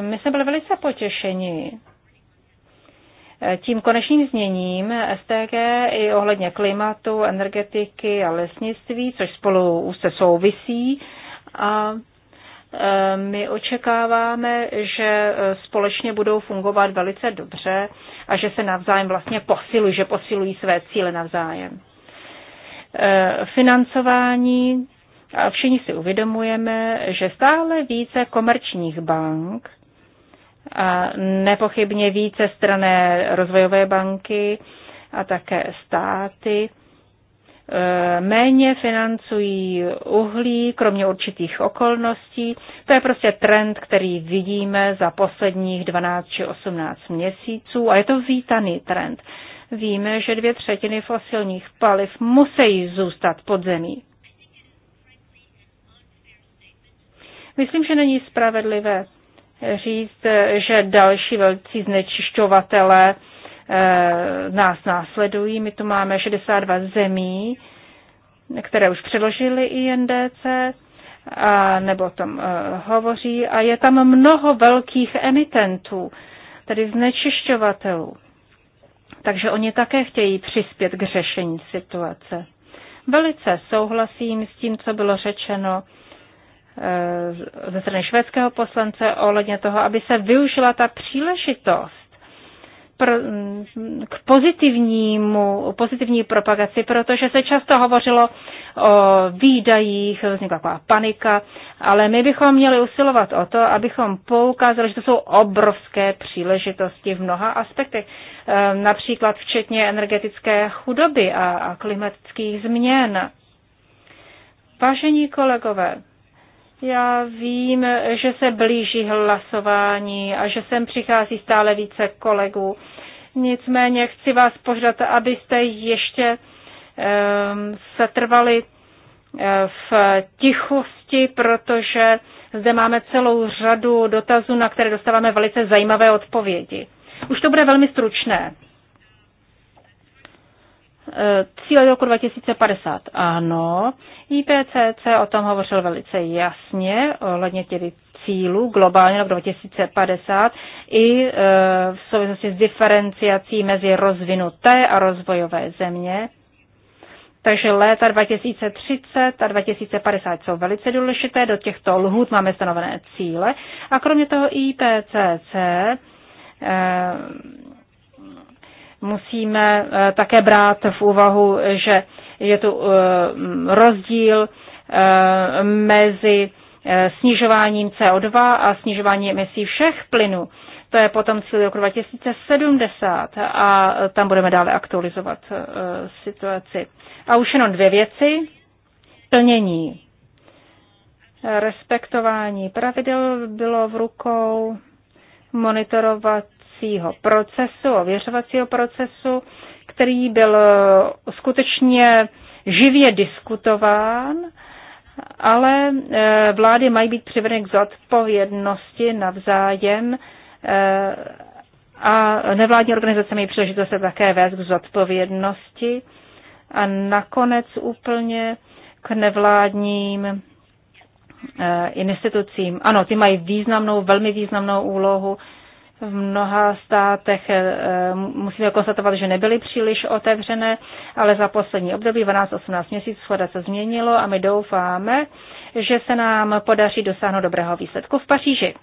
My jsme byli velice potěšeni tím konečným změním STG i ohledně klimatu, energetiky a lesnictví, což spolu se souvisí. A e, my očekáváme, že společně budou fungovat velice dobře a že se navzájem vlastně posilují, že posilují své cíle navzájem. E, financování a všichni si uvědomujeme, že stále více komerčních bank a nepochybně více strané rozvojové banky a také státy e, méně financují uhlí, kromě určitých okolností. To je prostě trend, který vidíme za posledních 12 či 18 měsíců a je to vítaný trend. Víme, že dvě třetiny fosilních paliv musí zůstat pod zemí. Myslím, že není spravedlivé říct, že další velcí znečišťovatele eh, nás následují. My tu máme 62 zemí, které už předložili INDC, a, nebo o tom eh, hovoří, a je tam mnoho velkých emitentů, tedy znečišťovatelů. Takže oni také chtějí přispět k řešení situace. Velice souhlasím s tím, co bylo řečeno ze strany švédského poslance ohledně toho, aby se využila ta příležitost pro, k pozitivnímu, pozitivní propagaci, protože se často hovořilo o výdajích, vznikla taková panika, ale my bychom měli usilovat o to, abychom poukázali, že to jsou obrovské příležitosti v mnoha aspektech, eh, například včetně energetické chudoby a, a klimatických změn. Vážení kolegové, já vím, že se blíží hlasování a že sem přichází stále více kolegů. Nicméně chci vás požádat, abyste ještě um, setrvali eh, v tichosti, protože zde máme celou řadu dotazů, na které dostáváme velice zajímavé odpovědi. Už to bude velmi stručné. Eh, cíle roku 2050. Ano, IPCC o tom hovořil velice jasně, ohledně těch cílů globálně rok 2050 i eh, v souvislosti s diferenciací mezi rozvinuté a rozvojové země. Takže léta 2030 a 2050 jsou velice důležité, do těchto lhůt máme stanovené cíle a kromě toho IPCC Musíme eh, také brát v úvahu, že je tu eh, rozdíl eh, mezi snižováním CO2 a snižováním emisí všech plynů. To je potom cíl roku 2070 a tam budeme dále aktualizovat situaci. A už jenom dvě věci. Plnění. Respektování pravidel bylo v rukou monitorovat ověřovacího procesu, ověřovacího procesu, který byl skutečně živě diskutován, ale eh, vlády mají být přivedeny k zodpovědnosti navzájem eh, a nevládní organizace mají příležitost se také vést k zodpovědnosti a nakonec úplně k nevládním eh, institucím. Ano, ty mají významnou, velmi významnou úlohu v mnoha státech eh, musíme konstatovat, že nebyly příliš otevřené, ale za poslední období 12-18 měsíců schoda se změnilo a my doufáme, že se nám podaří dosáhnout dobrého výsledku v Paříži.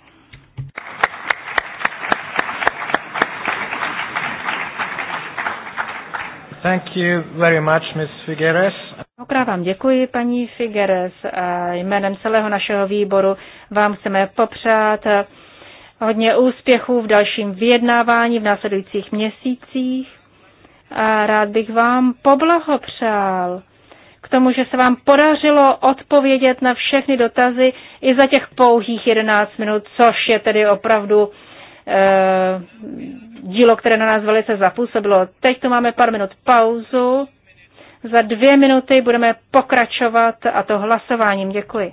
Thank you very much, Ms. Figueres. Mnohokrát vám děkuji, paní Figueres. A jménem celého našeho výboru vám chceme popřát hodně úspěchů v dalším vyjednávání v následujících měsících a rád bych vám poblahopřál k tomu, že se vám podařilo odpovědět na všechny dotazy i za těch pouhých 11 minut, což je tedy opravdu eh, dílo, které na nás velice zapůsobilo. Teď tu máme pár minut pauzu. Za dvě minuty budeme pokračovat a to hlasováním. Děkuji.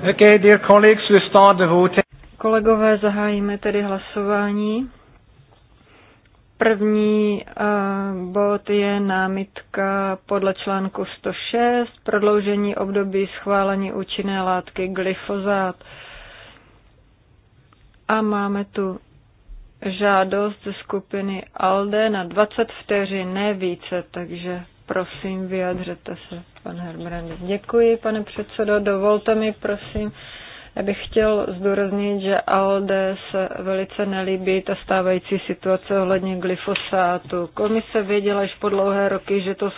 Okay, dear colleagues, we start the voting. Kolegové, zahájíme tedy hlasování. První uh, bod je námitka podle článku 106, prodloužení období schválení účinné látky glyfozát. A máme tu žádost ze skupiny ALDE na 20 vteřin, ne více, takže Prosím, vyjadřete se, pan Hermrand. Děkuji, pane předsedo. Dovolte mi, prosím, já bych chtěl zdůraznit, že ALDE se velice nelíbí ta stávající situace ohledně glyfosátu. Komise věděla již po dlouhé roky, že to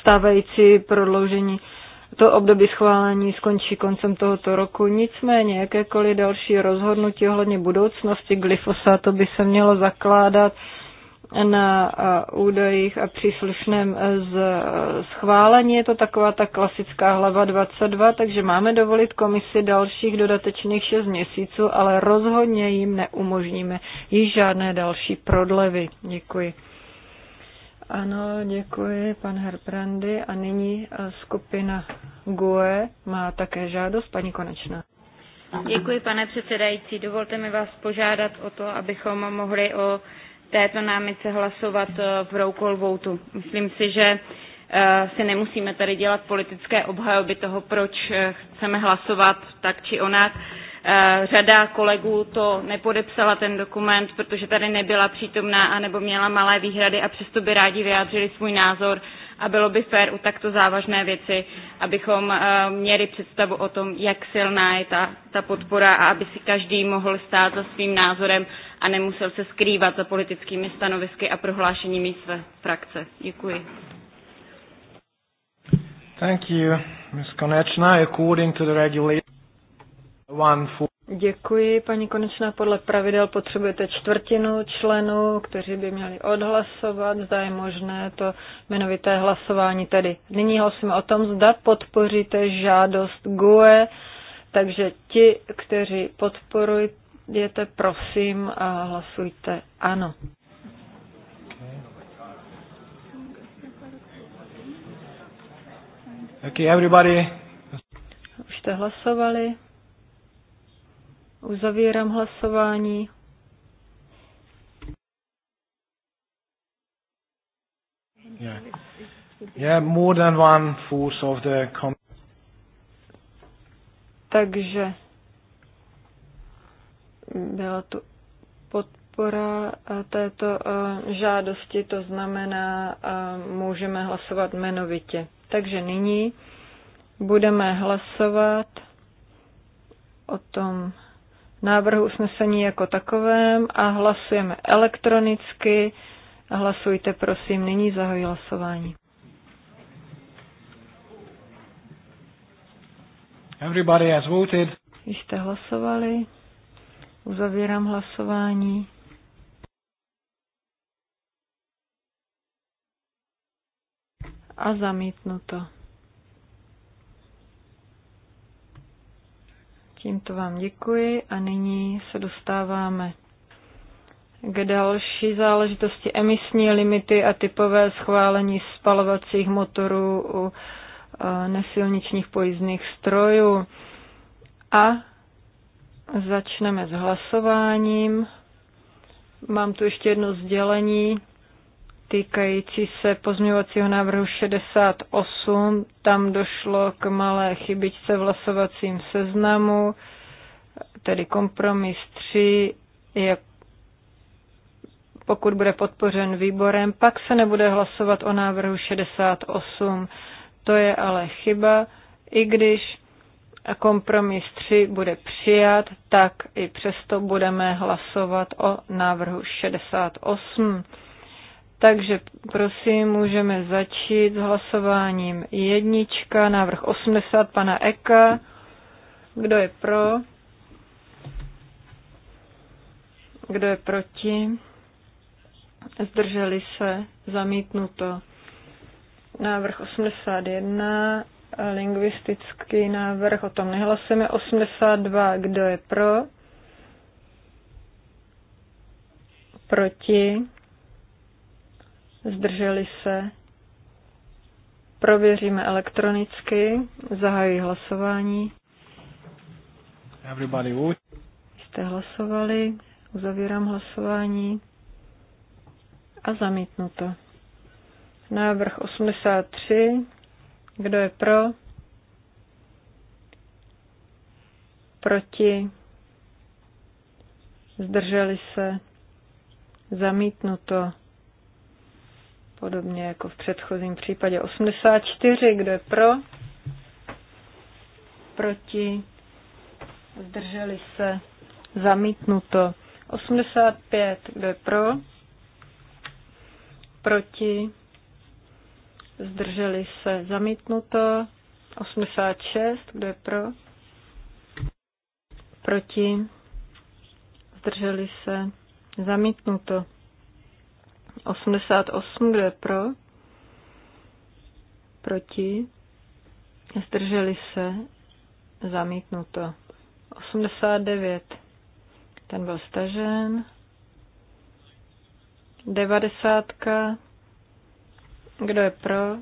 stávající prodloužení to období schválení skončí koncem tohoto roku. Nicméně jakékoliv další rozhodnutí ohledně budoucnosti glyfosátu by se mělo zakládat na eh, údajích a příslušném eh, z eh, schválení. Je to taková ta klasická hlava 22, takže máme dovolit komisi dalších dodatečných 6 měsíců, ale rozhodně jim neumožníme již žádné další prodlevy. Děkuji. Ano, děkuji, pan Herbrandy. A nyní skupina GUE má také žádost, paní Konečná. Děkuji, pane předsedající. Dovolte mi vás požádat o to, abychom mohli o této námice hlasovat eh, v roukol voutu. Myslím si, že eh, si nemusíme tady dělat politické obhajoby toho, proč eh, chceme hlasovat tak či onak. Řada kolegů to nepodepsala ten dokument, protože tady nebyla přítomná anebo měla malé výhrady a přesto by rádi vyjádřili svůj názor a bylo by fér u takto závažné věci, abychom eh, měli představu o tom, jak silná je ta, ta podpora a aby si každý mohl stát za svým názorem a nemusel se skrývat za politickými stanovisky a prohlášeními své frakce. Děkuji. Thank you, Ms. Konečná. According to the regulation, one for Děkuji, paní Konečná. Podle pravidel potřebujete čtvrtinu členů, kteří by měli odhlasovat. Zda je možné to jmenovité hlasování tedy. Nyní hlasujeme o tom, zda podpoříte žádost GUE, takže ti, kteří podporujete, prosím a hlasujte ano. Okay, everybody. Už jste hlasovali? Uzavírám hlasování. Yeah. Yeah, more than one fourth of the Takže byla tu podpora této žádosti, to znamená, můžeme hlasovat jmenovitě. Takže nyní budeme hlasovat o tom návrhu usnesení jako takovém a hlasujeme elektronicky. Hlasujte prosím, nyní zahojí hlasování. Everybody has voted. Již jste hlasovali. Uzavírám hlasování. A zamítnuto. Tímto vám děkuji a nyní se dostáváme k další záležitosti emisní limity a typové schválení spalovacích motorů u e, nesilničních pojízdných strojů. A začneme s hlasováním. Mám tu ještě jedno sdělení týkající se pozměňovacího návrhu 68. Tam došlo k malé chybičce v hlasovacím seznamu, tedy kompromis 3 je pokud bude podpořen výborem, pak se nebude hlasovat o návrhu 68. To je ale chyba, i když kompromis 3 bude přijat, tak i přesto budeme hlasovat o návrhu 68. Takže prosím, můžeme začít s hlasováním jednička, návrh 80 pana Eka. Kdo je pro? Kdo je proti? Zdrželi se? Zamítnuto. Návrh 81, lingvistický návrh, o tom nehlasujeme. 82, kdo je pro? Proti? zdrželi se, prověříme elektronicky, zahají hlasování. Everybody would. Jste hlasovali, uzavírám hlasování a zamítnuto. Návrh 83. Kdo je pro? Proti? Zdrželi se? Zamítnuto. Podobně jako v předchozím případě 84, kdo je pro, proti, zdrželi se, zamítnuto. 85, kdo je pro, proti, zdrželi se, zamítnuto. 86, kdo je pro, proti, zdrželi se, zamítnuto. 88, kdo je pro? Proti? Zdrželi se? Zamítnuto. 89. Ten byl stažen. 90. Kdo je pro?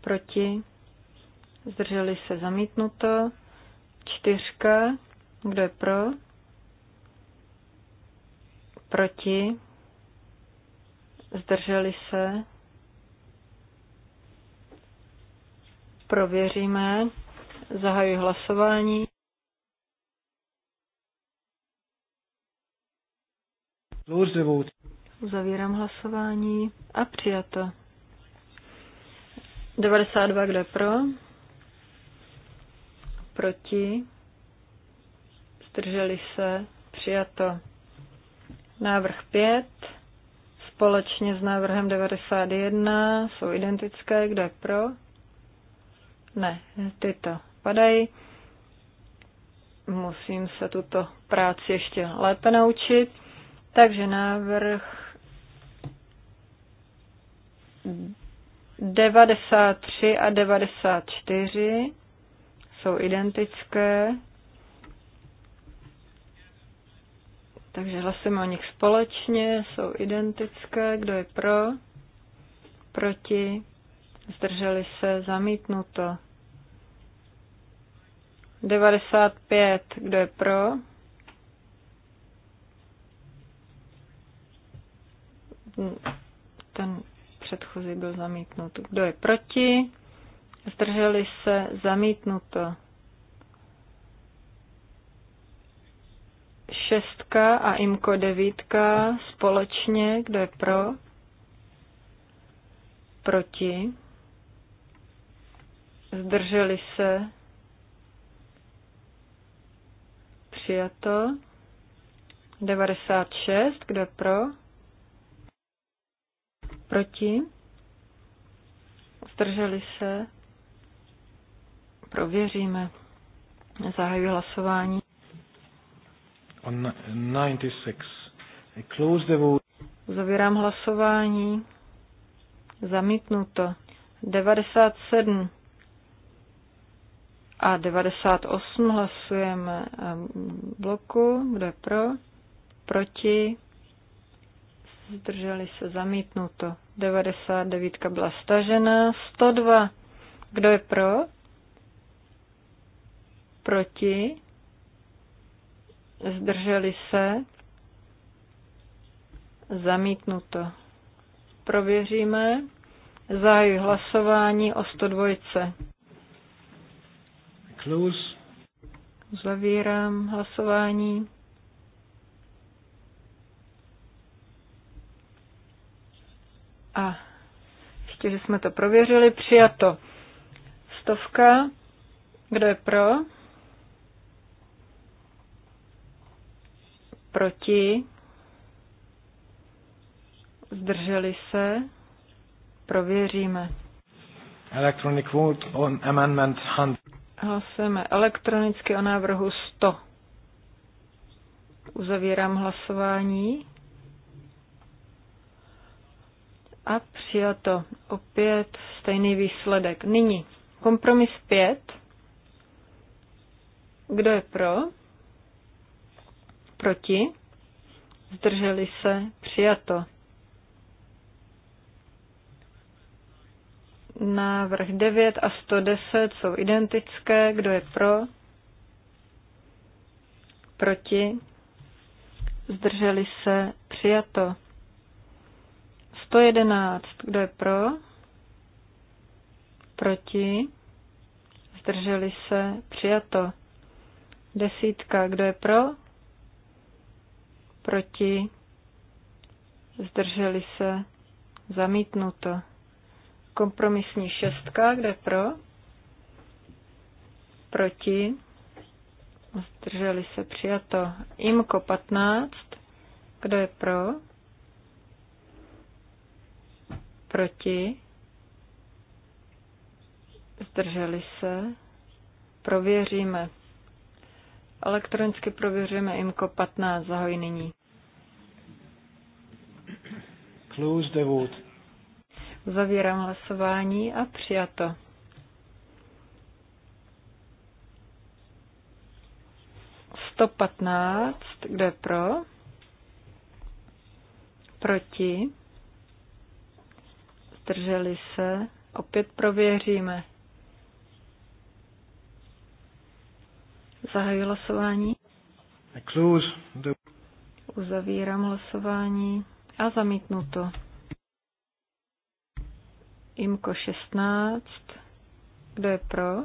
Proti? Zdrželi se? Zamítnuto. 4. Kdo je pro? Proti? zdrželi se, prověříme, zahajuji hlasování. Zavírám hlasování a přijato. 92, kdo je pro? Proti? Zdrželi se? Přijato. Návrh 5 společně s návrhem 91, jsou identické, kde pro? Ne, tyto padají. Musím se tuto práci ještě lépe naučit. Takže návrh 93 a 94 jsou identické. Takže hlasujeme o nich společně, jsou identické. Kdo je pro? Proti? Zdrželi se? Zamítnuto. 95. Kdo je pro? Ten předchozí byl zamítnut. Kdo je proti? Zdrželi se? Zamítnuto. šestka a IMKO devítka společně, kdo je pro, proti, zdrželi se, přijato, 96, kdo je pro, proti, zdrželi se, prověříme, zahajuji hlasování. Zavírám hlasování. Zamítnuto. 97 a 98 hlasujeme bloku. Kdo je pro? Proti? Zdrželi se zamítnuto. 99 byla stažena. 102. Kdo je pro? Proti? zdrželi se, zamítnuto. Prověříme, zahajuji hlasování o 102. Close. Zavírám hlasování. A ještě, že jsme to prověřili, přijato. Stovka. Kdo je pro? proti, zdrželi se, prověříme. Electronic vote on amendment 100. Hlasujeme elektronicky o návrhu 100. Uzavírám hlasování. A přijato opět stejný výsledek. Nyní kompromis 5. Kdo je pro? Proti? Zdrželi se? Přijato. Návrh 9 a 110 jsou identické. Kdo je pro? Proti? Zdrželi se? Přijato. 111. Kdo je pro? Proti? Zdrželi se? Přijato. Desítka. Kdo je pro? proti, zdrželi se, zamítnuto. Kompromisní šestka, kde pro, proti, zdrželi se, přijato. Imko 15, kdo je pro, proti, zdrželi se, prověříme. Elektronicky prověříme IMCO 15, zahoj nyní. Close the vote. Uzavírám hlasování a přijato. Sto patnáct, Kde pro? Proti? Zdrželi se? Opět prověříme. Zahajuji hlasování. Uzavírám hlasování a zamítnuto. Imko 16. Kdo je pro?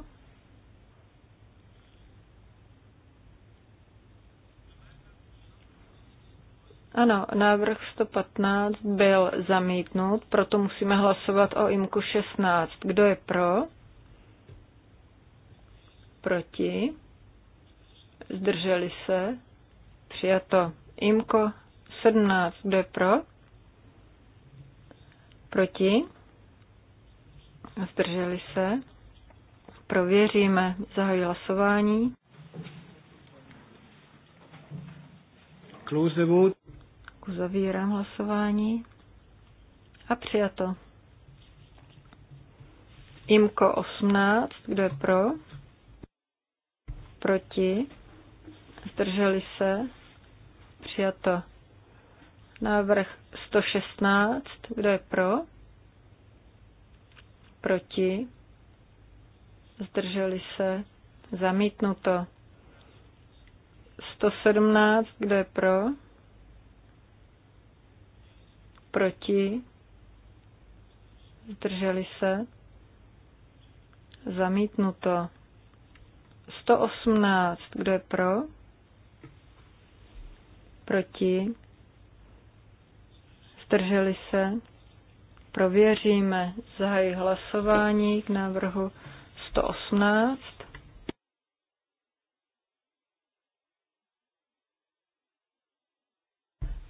Ano, návrh 115 byl zamítnut, proto musíme hlasovat o IMKU 16. Kdo je pro? Proti? Zdrželi se? Přijato. IMKO 17. Kdo je pro? Proti? Zdrželi se? Prověříme. Zahajuji hlasování. Close Uzavírám hlasování. A přijato. Imko 18, kdo je pro? Proti? Zdrželi se? Přijato. Návrh 116, kdo je pro? Proti? Zdrželi se? Zamítnuto. 117, kdo je pro? Proti? Zdrželi se? Zamítnuto. 118, kdo je pro? Proti? zdrželi se, prověříme, zahají hlasování k návrhu 118.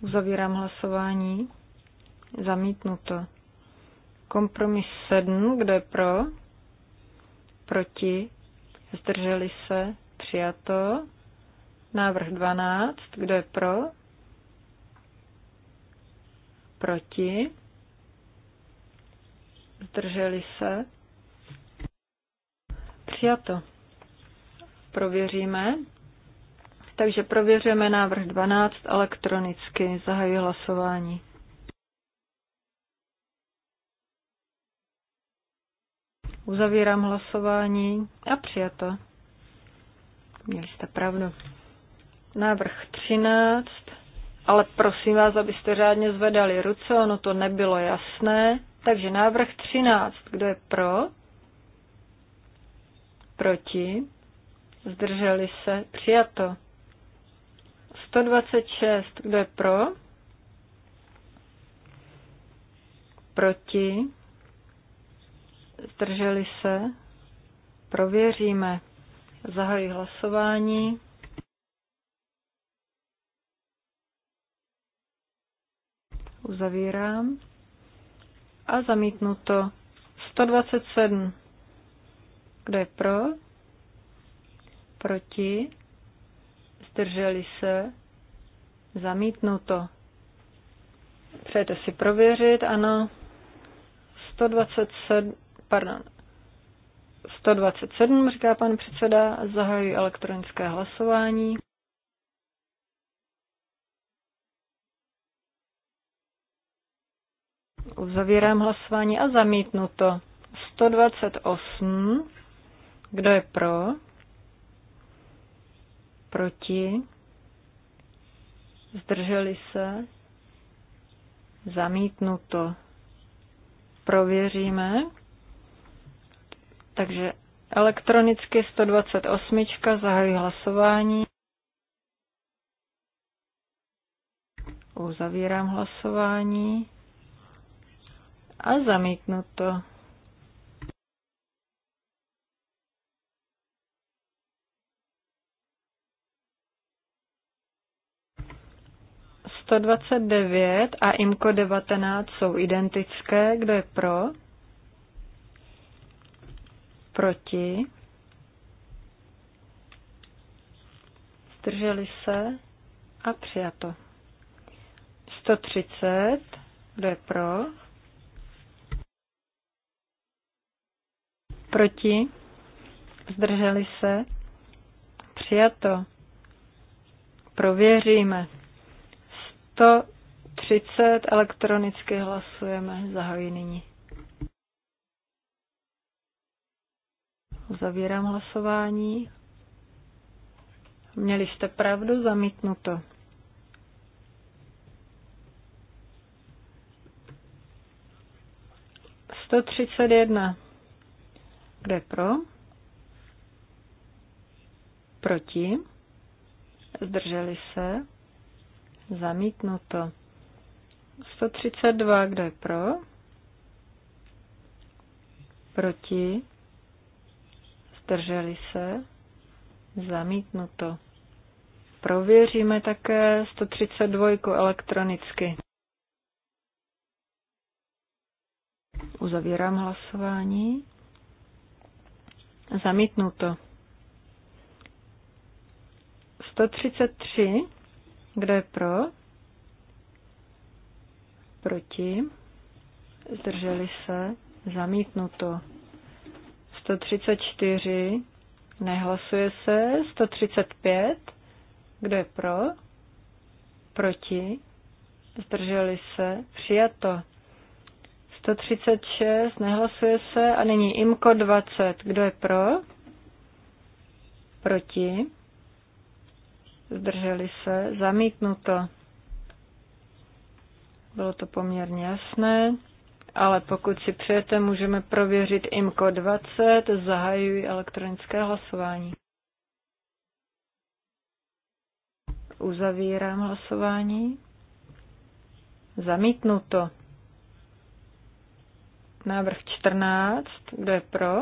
Uzavírám hlasování. Zamítnuto. Kompromis 7, kde pro? Proti? Zdrželi se? Přijato. Návrh 12, kde pro? Proti? Zdrželi se? Přijato. Prověříme. Takže prověříme návrh 12 elektronicky. Zahajuji hlasování. Uzavírám hlasování a přijato. Měli jste pravdu. Návrh 13. Ale prosím vás, abyste řádně zvedali ruce, ono to nebylo jasné. Takže návrh 13. Kdo je pro? Proti? Zdrželi se? Přijato. 126. Kdo je pro? Proti? Zdrželi se? Prověříme. Zahajuji hlasování. Uzavírám. A zamítnu to. 127. Kdo je pro? Proti? Zdrželi se? Zamítnu to. Přejete si prověřit, ano. 127, pardon, 127, říká pan předseda, zahajuji elektronické hlasování. Uzavírám hlasování a zamítnu to. 128. Kdo je pro? Proti? Zdrželi se? Zamítnu to. Prověříme. Takže elektronicky 128. Zahajuji hlasování. Uzavírám hlasování a zamítnuto. Sto dvacet devět a IMKO devatenáct jsou identické. Kdo je pro? Proti? Zdrželi se? A přijato. 130. Kdo je pro? Proti? Zdrželi se? Přijato. Prověříme. 130 elektronicky hlasujeme. Zahajuji nyní. Zavírám hlasování. Měli jste pravdu, zamítnuto. Sto třicet jedna. Kdo je pro? Proti? Zdrželi se? Zamítnuto. 132. Kdo je pro? Proti? Zdrželi se? Zamítnuto. Prověříme také 132 elektronicky. Uzavírám hlasování. Zamítnuto. 133. Kdo je pro? Proti? Zdrželi se? Zamítnuto. 134. Nehlasuje se. 135. Kdo je pro? Proti? Zdrželi se? Přijato. 136, nehlasuje se. A nyní IMKO 20. Kdo je pro? Proti? Zdrželi se. Zamítnuto. Bylo to poměrně jasné, ale pokud si přejete, můžeme prověřit Imko 20, zahajuji elektronické hlasování. Uzavírám hlasování. Zamítnuto. Návrh 14. Kdo je pro?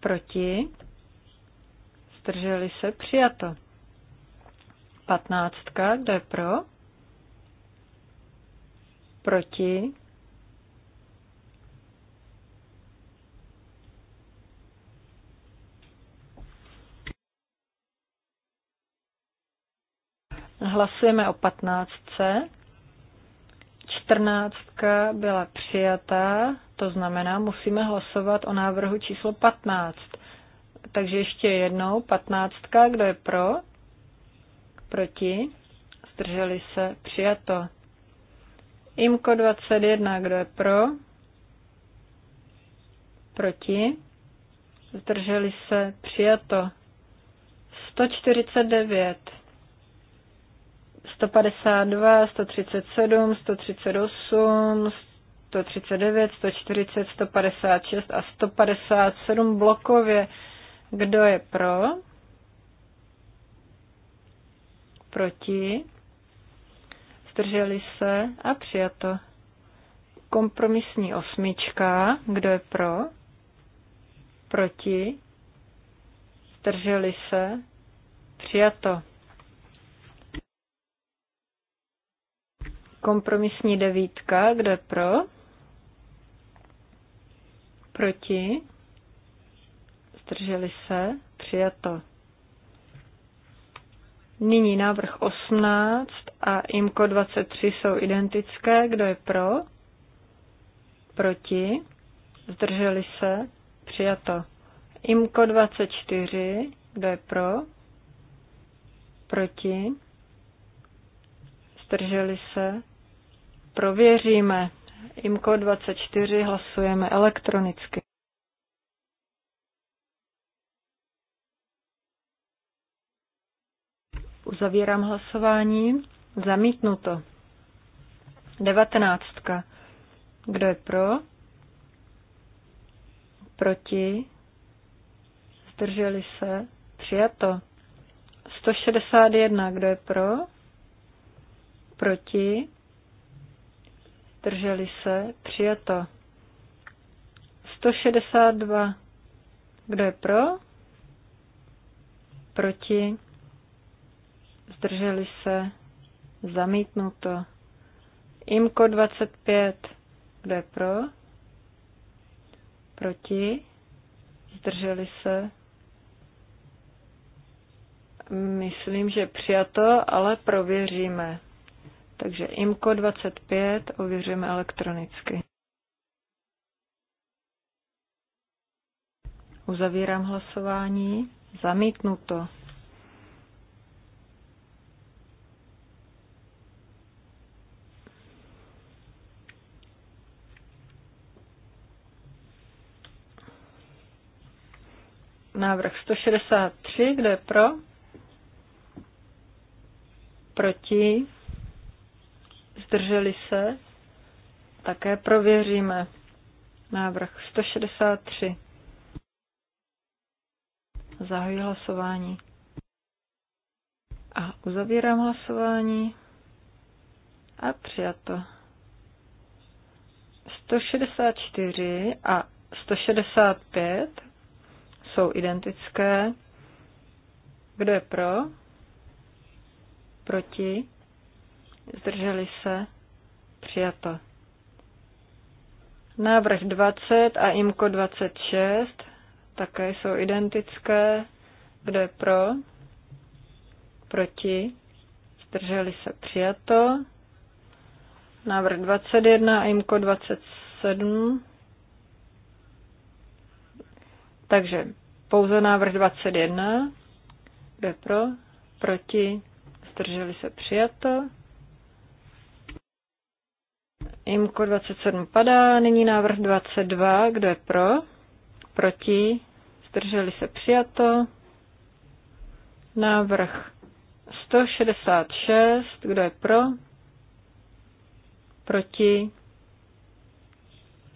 Proti? Zdrželi se? Přijato. 15. Kdo je pro? Proti? Hlasujeme o 15. Čtrnáctka byla přijatá, to znamená, musíme hlasovat o návrhu číslo 15. Takže ještě jednou, patnáctka, kdo je pro? Proti? Zdrželi se, přijato. Imko 21, kdo je pro? Proti? Zdrželi se, přijato. 149 152, 137, 138, 139, 140, 156 a 157 blokově. Kdo je pro? Proti? Zdrželi se a přijato. Kompromisní osmička. Kdo je pro? Proti? Zdrželi se? Přijato. Kompromisní devítka, kdo je pro? Proti? Zdrželi se? Přijato. Nyní návrh 18 a IMKO 23 jsou identické. Kdo je pro? Proti? Zdrželi se? Přijato. IMKO 24. Kdo je pro? Proti? Zdrželi se? prověříme. IMCO 24 hlasujeme elektronicky. Uzavírám hlasování. Zamítnuto. Devatenáctka. Kdo je pro? Proti? Zdrželi se? Přijato. 161. Kdo je pro? Proti? zdrželi se, přijato. 162. Kdo je pro? Proti? Zdrželi se? Zamítnuto. Imko 25. Kdo je pro? Proti? Zdrželi se? Myslím, že přijato, ale prověříme. Takže IMCO 25 ověříme elektronicky. Uzavírám hlasování. Zamítnuto. Návrh 163, kde pro? Proti? zdrželi se, také prověříme. Návrh 163. Zahajuji hlasování. A uzavírám hlasování. A přijato. 164 a 165 jsou identické. Kdo je pro? Proti? zdrželi se, přijato. Návrh 20 a IMKO 26 také jsou identické. Kdo je pro? Proti? Zdrželi se přijato. Návrh 21 a IMKO 27. Takže pouze návrh 21. Kdo je pro? Proti? Zdrželi se přijato. IMKO 27 padá, nyní návrh 22, kdo je pro, proti, zdrželi se přijato. Návrh 166, kdo je pro, proti,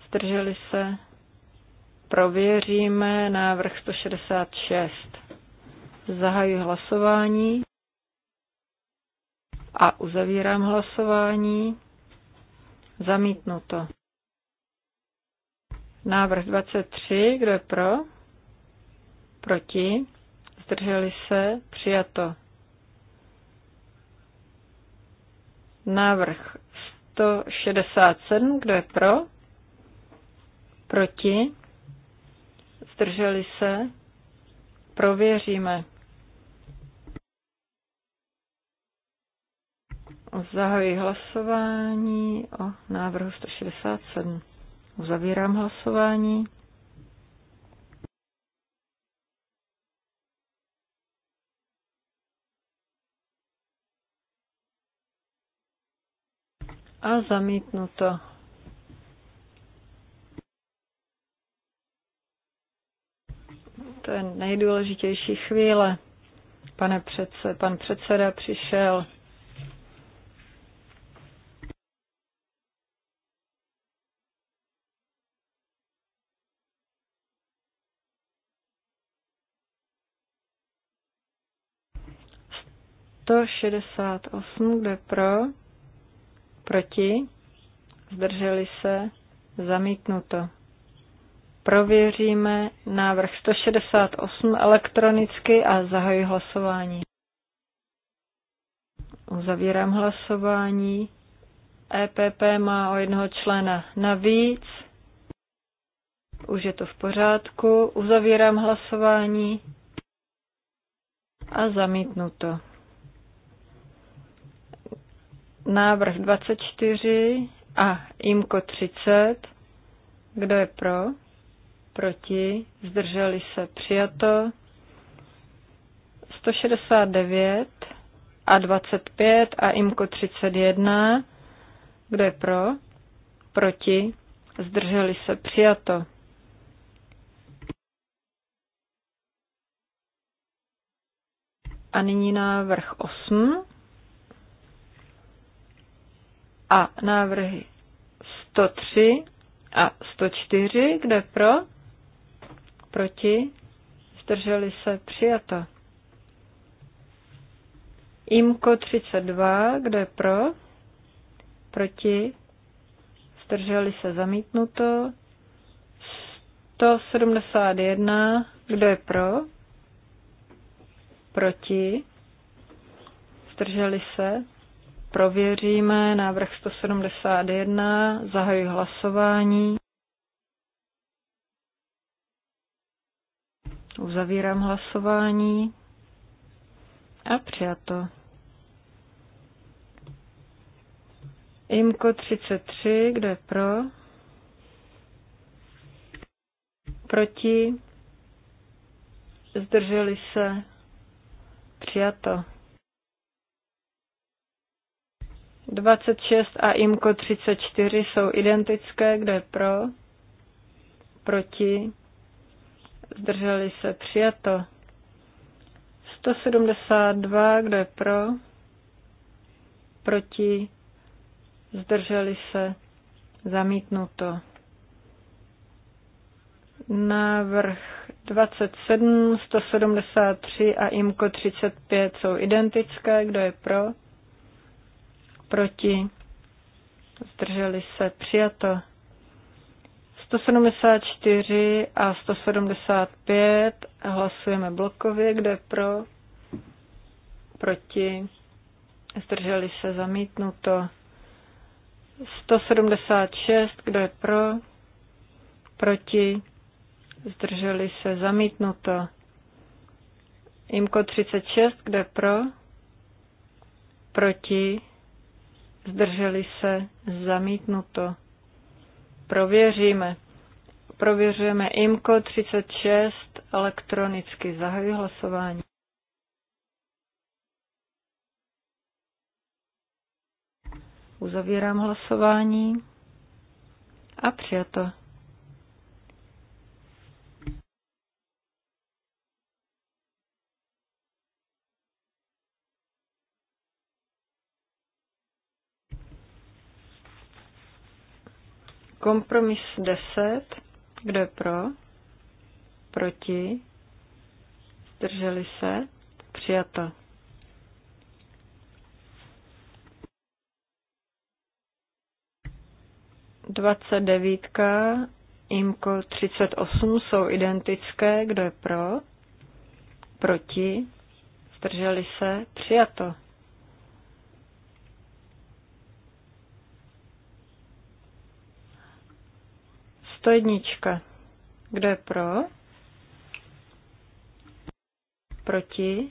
zdrželi se, prověříme návrh 166. Zahajuji hlasování a uzavírám hlasování. Zamítnuto. Návrh 23, kdo je pro? Proti? Zdrželi se? Přijato. Návrh 167, kdo je pro? Proti? Zdrželi se? Prověříme. Zahajuji hlasování o návrhu 167. Uzavírám hlasování. A zamítnuto. To je nejdůležitější chvíle. Pane předse, pan předseda přišel. 168, kde pro, proti, zdrželi se, zamítnuto. Prověříme návrh 168 elektronicky a zahajuji hlasování. Uzavírám hlasování. EPP má o jednoho člena navíc. Už je to v pořádku. Uzavírám hlasování. A zamítnuto. Návrh 24 a IMKO 30. Kdo je pro? Proti? Zdrželi se? Přijato. 169 a 25 a IMKO 31. Kdo je pro? Proti? Zdrželi se? Přijato. A nyní návrh 8 a návrhy 103 a 104, kde pro, proti, zdrželi se, přijato. Imko 32, kde pro, proti, zdrželi se, zamítnuto. 171, kde je pro, proti, zdrželi se, prověříme. Návrh 171, zahajuji hlasování. Uzavírám hlasování. A přijato. IMKO 33, kdo je pro? Proti? Zdrželi se? Přijato. 26 a IMKO 34 jsou identické, kde pro, proti, zdrželi se přijato. 172, kde pro, proti, zdrželi se zamítnuto. Návrh 27, 173 a IMKO 35 jsou identické, kdo je pro, proti, zdrželi se, přijato. 174 a 175 hlasujeme blokově, kde pro, proti, zdrželi se, zamítnuto. 176, kdo je pro, proti, zdrželi se, zamítnuto. Imko 36, kdo je pro, proti, zdrželi se, zamítnuto. Prověříme. Prověřujeme IMCO 36 elektronicky. Zahajuji hlasování. Uzavírám hlasování a přijato. Kompromis 10. Kdo je pro? Proti? Zdrželi se? Přijato. Dvacet devítka, IMKO 38 jsou identické. Kdo je pro? Proti? Zdrželi se? Přijato. jednička. Kdo je pro? Proti?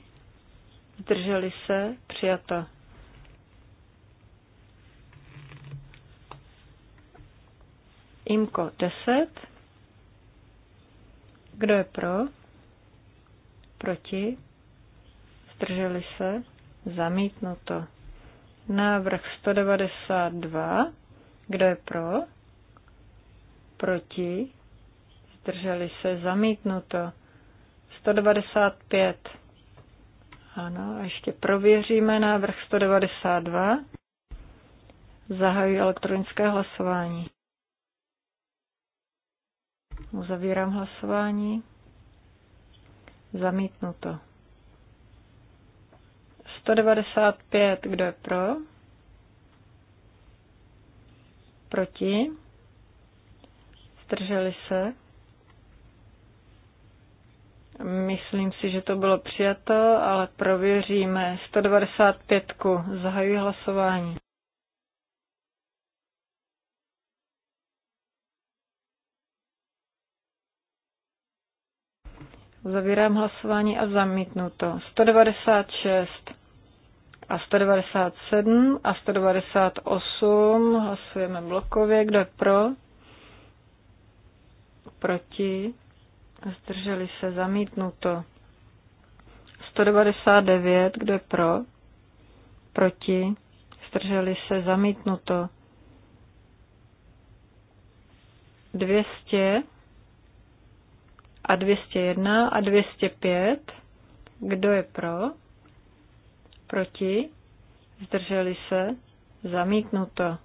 Zdrželi se? Přijata. Imko 10. Kdo je pro? Proti? Zdrželi se? Zamítnuto. Návrh 192. Kdo je pro? proti, zdrželi se, zamítnuto. 195. Ano, a ještě prověříme návrh 192. Zahajuji elektronické hlasování. Uzavírám hlasování. Zamítnuto. 195, kdo je pro? Proti? zdrželi se. Myslím si, že to bylo přijato, ale prověříme. 195. Zahajuji hlasování. Zavírám hlasování a zamítnu to. 196 a 197 a 198 hlasujeme blokově. Kdo je pro? proti, zdrželi se, zamítnuto. 199, kdo je pro, proti, zdrželi se, zamítnuto. 200 a 201 a 205, kdo je pro, proti, zdrželi se, zamítnuto.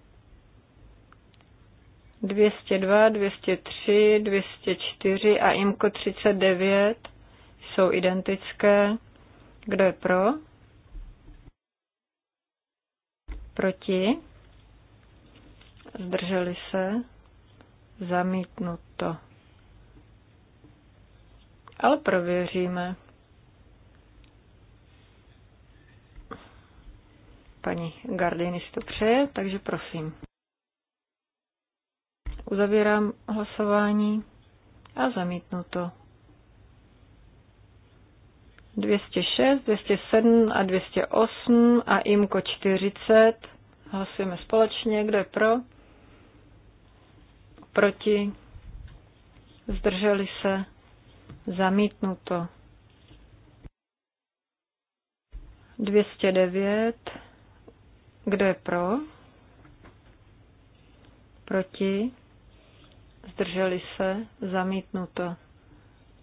202, 203, 204 a IMKO 39 jsou identické. Kdo je pro? Proti? Zdrželi se? Zamítnuto. Ale prověříme. Paní Gardini si to přeje, takže prosím. Uzavírám hlasování a zamítnu to. 206, 207 a 208 a IMKO 40. Hlasujeme společně. Kdo je pro? Proti? Zdrželi se? Zamítnuto. 209. Kdo je pro? Proti? zdrželi se, zamítnuto.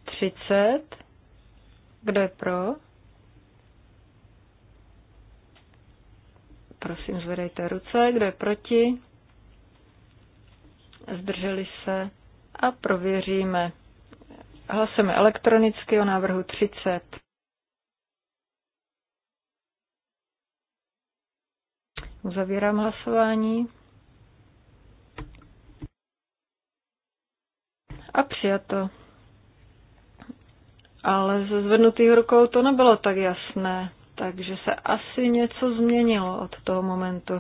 30, kdo je pro? Prosím, zvedejte ruce, kdo je proti? Zdrželi se a prověříme. Hlasujeme elektronicky o návrhu 30. Uzavírám hlasování. a přijato. Ale ze zvednutých rukou to nebylo tak jasné, takže se asi něco změnilo od toho momentu.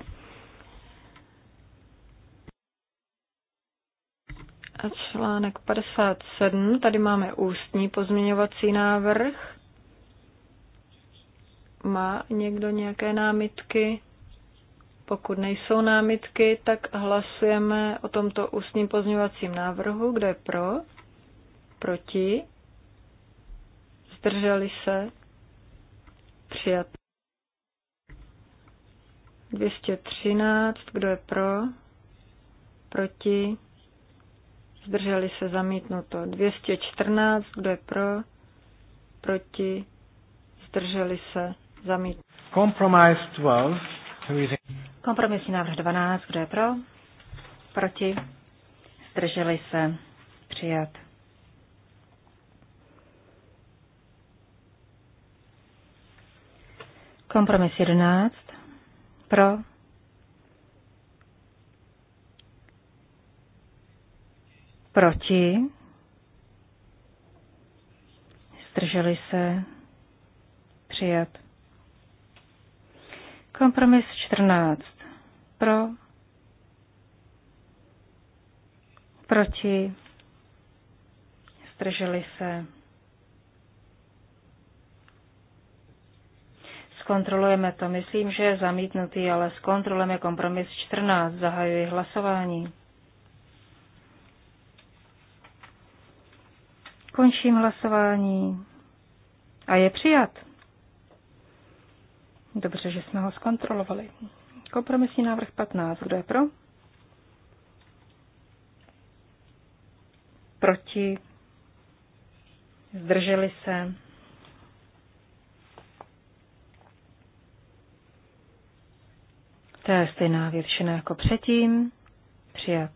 A článek 57, tady máme ústní pozměňovací návrh. Má někdo nějaké námitky? Pokud nejsou námitky, tak hlasujeme o tomto ústním pozměňovacím návrhu. Kdo je pro? Proti? Zdrželi se? Přijat. 213. Kdo je pro? Proti? Zdrželi se zamítnuto. 214. Kdo je pro? Proti? Zdrželi se zamítnuto. Compromise 12. Kompromisní návrh 12, kdo je pro? Proti? Zdrželi se? Přijat. Kompromis 11. Pro. Proti. Zdrželi se. Přijat. Kompromis 14. Pro. Proti. Zdrželi se. Zkontrolujeme to. Myslím, že je zamítnutý, ale zkontrolujeme kompromis 14. Zahajuji hlasování. Končím hlasování. A je přijat. Dobře, že jsme ho zkontrolovali. Kompromisní návrh 15. Kdo je pro? Proti? Zdrželi se? To je stejná většina jako předtím. Přijat.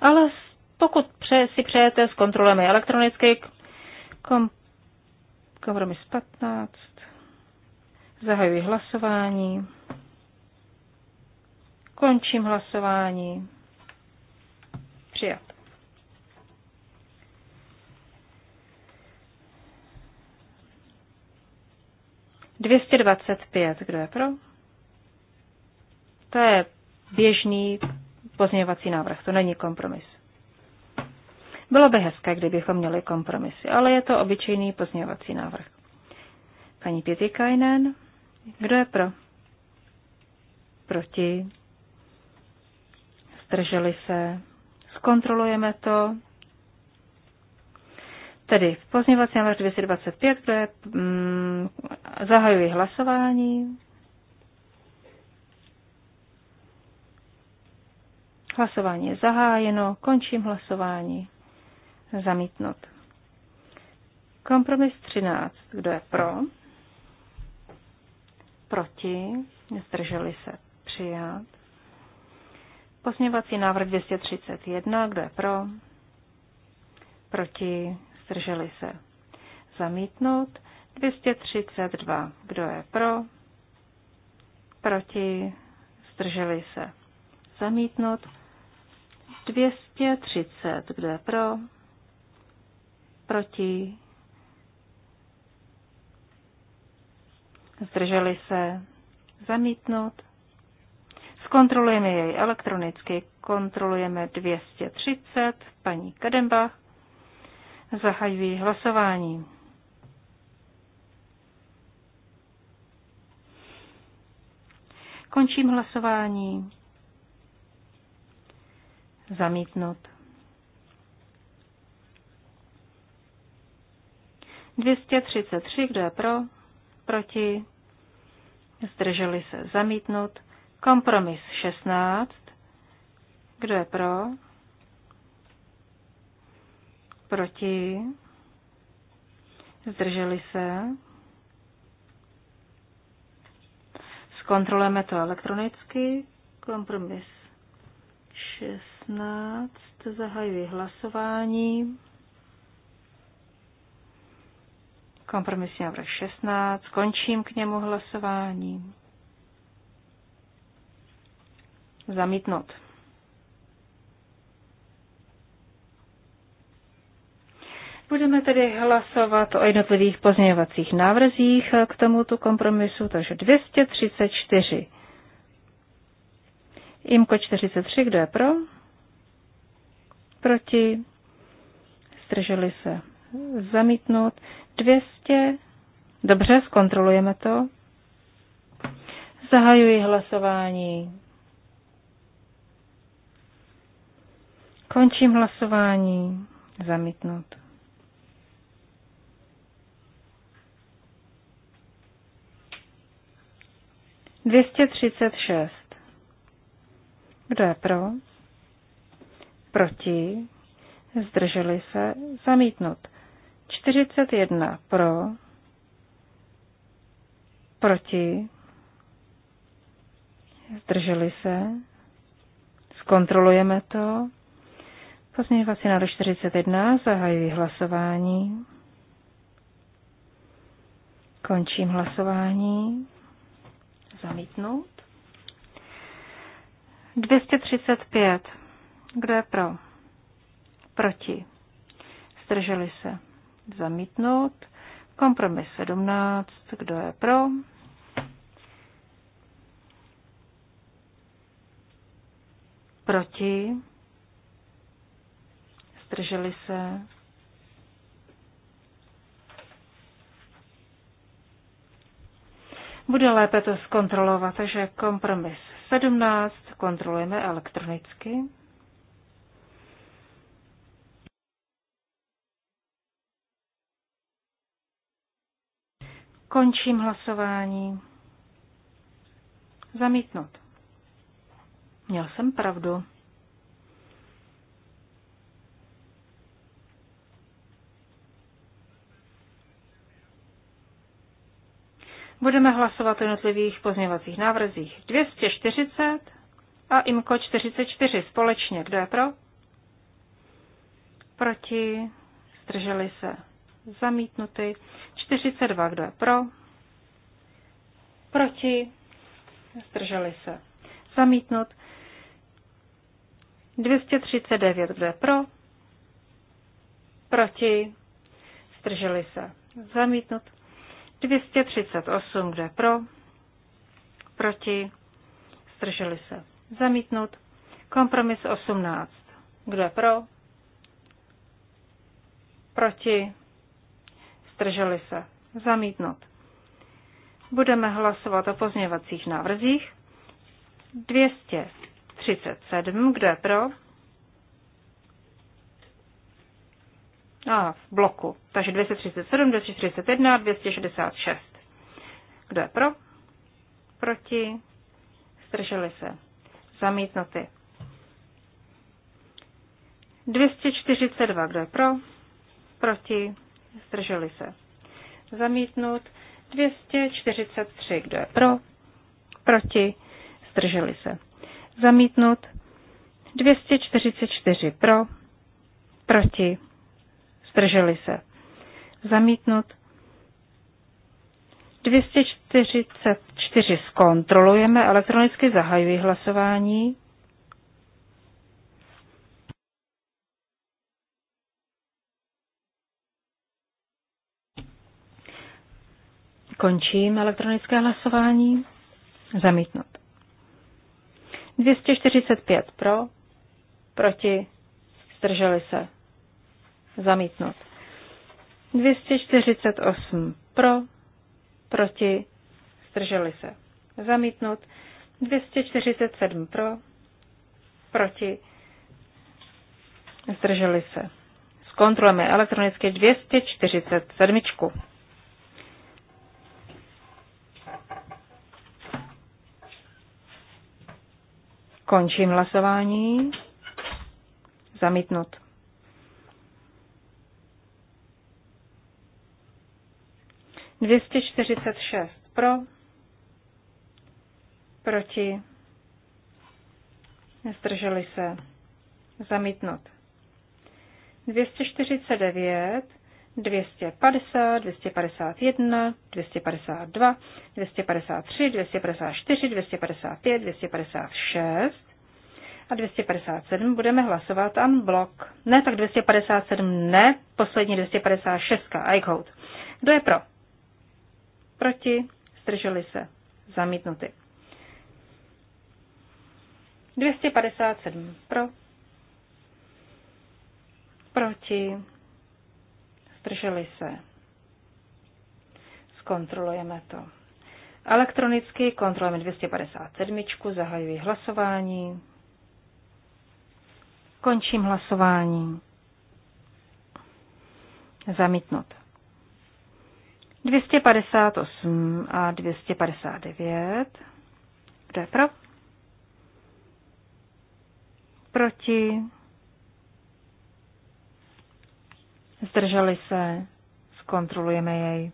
Ale pokud si přejete, zkontrolujeme elektronicky kompromis 15. Zahajuji hlasování. Končím hlasování. Přijat. Dvěstě dvacet pět. Kdo je pro? To je běžný pozměňovací návrh, to není kompromis. Bylo by hezké, kdybychom měli kompromisy, ale je to obyčejný pozměňovací návrh. Paní Pětikajnen. Kajnen. Kdo je pro? Proti? Zdrželi se? Zkontrolujeme to. Tedy pozměňovací návrh 225, kdo je, mm, zahajuji hlasování. Hlasování je zahájeno, končím hlasování. Zamítnut. Kompromis 13. Kdo je pro? proti, zdrželi se přijat. Pozměňovací návrh 231, kdo je pro, proti, zdrželi se zamítnout. 232, kdo je pro, proti, zdrželi se zamítnout. 230, kdo je pro, proti, zdrželi se, zamítnout. Zkontrolujeme jej elektronicky, kontrolujeme 230, paní Kademba, zahajují hlasování. Končím hlasování. Zamítnout. 233, kdo je pro? proti, zdrželi se zamítnut. Kompromis 16, kdo je pro, proti, zdrželi se. Zkontrolujeme to elektronicky. Kompromis 16, zahajuji hlasování. Kompromisní návrh 16. Končím k němu hlasování. Zamítnout. Budeme tedy hlasovat o jednotlivých pozměňovacích návrzích k tomuto kompromisu, takže 234. IMKO 43, kdo je pro? Proti? Strželi se. Zamítnout. 200. Dobře, zkontrolujeme to. Zahajuji hlasování. Končím hlasování. Zamítnout. Dvěstě třicet šest. Kdo je pro? Proti? Zdrželi se? Zamítnout. 41 pro, proti, zdrželi se, zkontrolujeme to. Pozměňovací na 41, zahajuji hlasování. Končím hlasování. Zamítnout. 235. Kdo je pro? Proti. Zdrželi se zamítnout. Kompromis 17, kdo je pro? Proti? Zdrželi se? Bude lépe to zkontrolovat, takže kompromis 17 kontrolujeme elektronicky. Končím hlasování. Zamítnout. Měl jsem pravdu. Budeme hlasovat o jednotlivých pozměvacích návrzích 240 a IMKO 44 společně. Kdo je pro? Proti? Zdrželi se? Zamítnuty. 42, kdo je pro? Proti? Zdrželi se. Zamítnut. 239, kdo je pro? Proti? Zdrželi se. Zamítnut. 238, kdo je pro? Proti? Zdrželi se. Zamítnut. Kompromis 18. Kdo je pro? Proti? zdrželi se, zamítnout. Budeme hlasovat o pozměňovacích návrzích. 237, kdo je pro? A, v bloku. Takže 237, 231, 266. Kdo je pro? Proti? Zdrželi se. Zamítnuty. 242, kdo je pro? Proti? zdrželi se. Zamítnut 243, kdo je pro, proti, zdrželi se. Zamítnut 244 pro, proti, zdrželi se. Zamítnut 244 zkontrolujeme, elektronicky zahajují hlasování. Končím elektronické hlasování. Zamítnut. 245 pro, proti, zdrželi se. Zamítnut. 248 pro, proti, zdrželi se. Zamítnut. 247 pro, proti, zdrželi se. Zkontrolujeme elektronicky 247. Končím hlasování. Zamítnut. Dvěstě čtyřicet šest pro, proti, zdrželi se, zamítnut. 249 250, 251, 252, 253, 254, 255, 256 a 257 budeme hlasovat en blok. Ne, tak 257 ne, poslední 256, Eichhout. Kdo je pro? Proti, zdrželi se, zamítnuty. 257 pro, proti, zdrželi se. Zkontrolujeme to. Elektronicky kontrolujeme 257, zahajuji hlasování. Končím hlasování. Zamítnut. 258 a 259. Kdo je pro? Proti? zdrželi se, zkontrolujeme jej.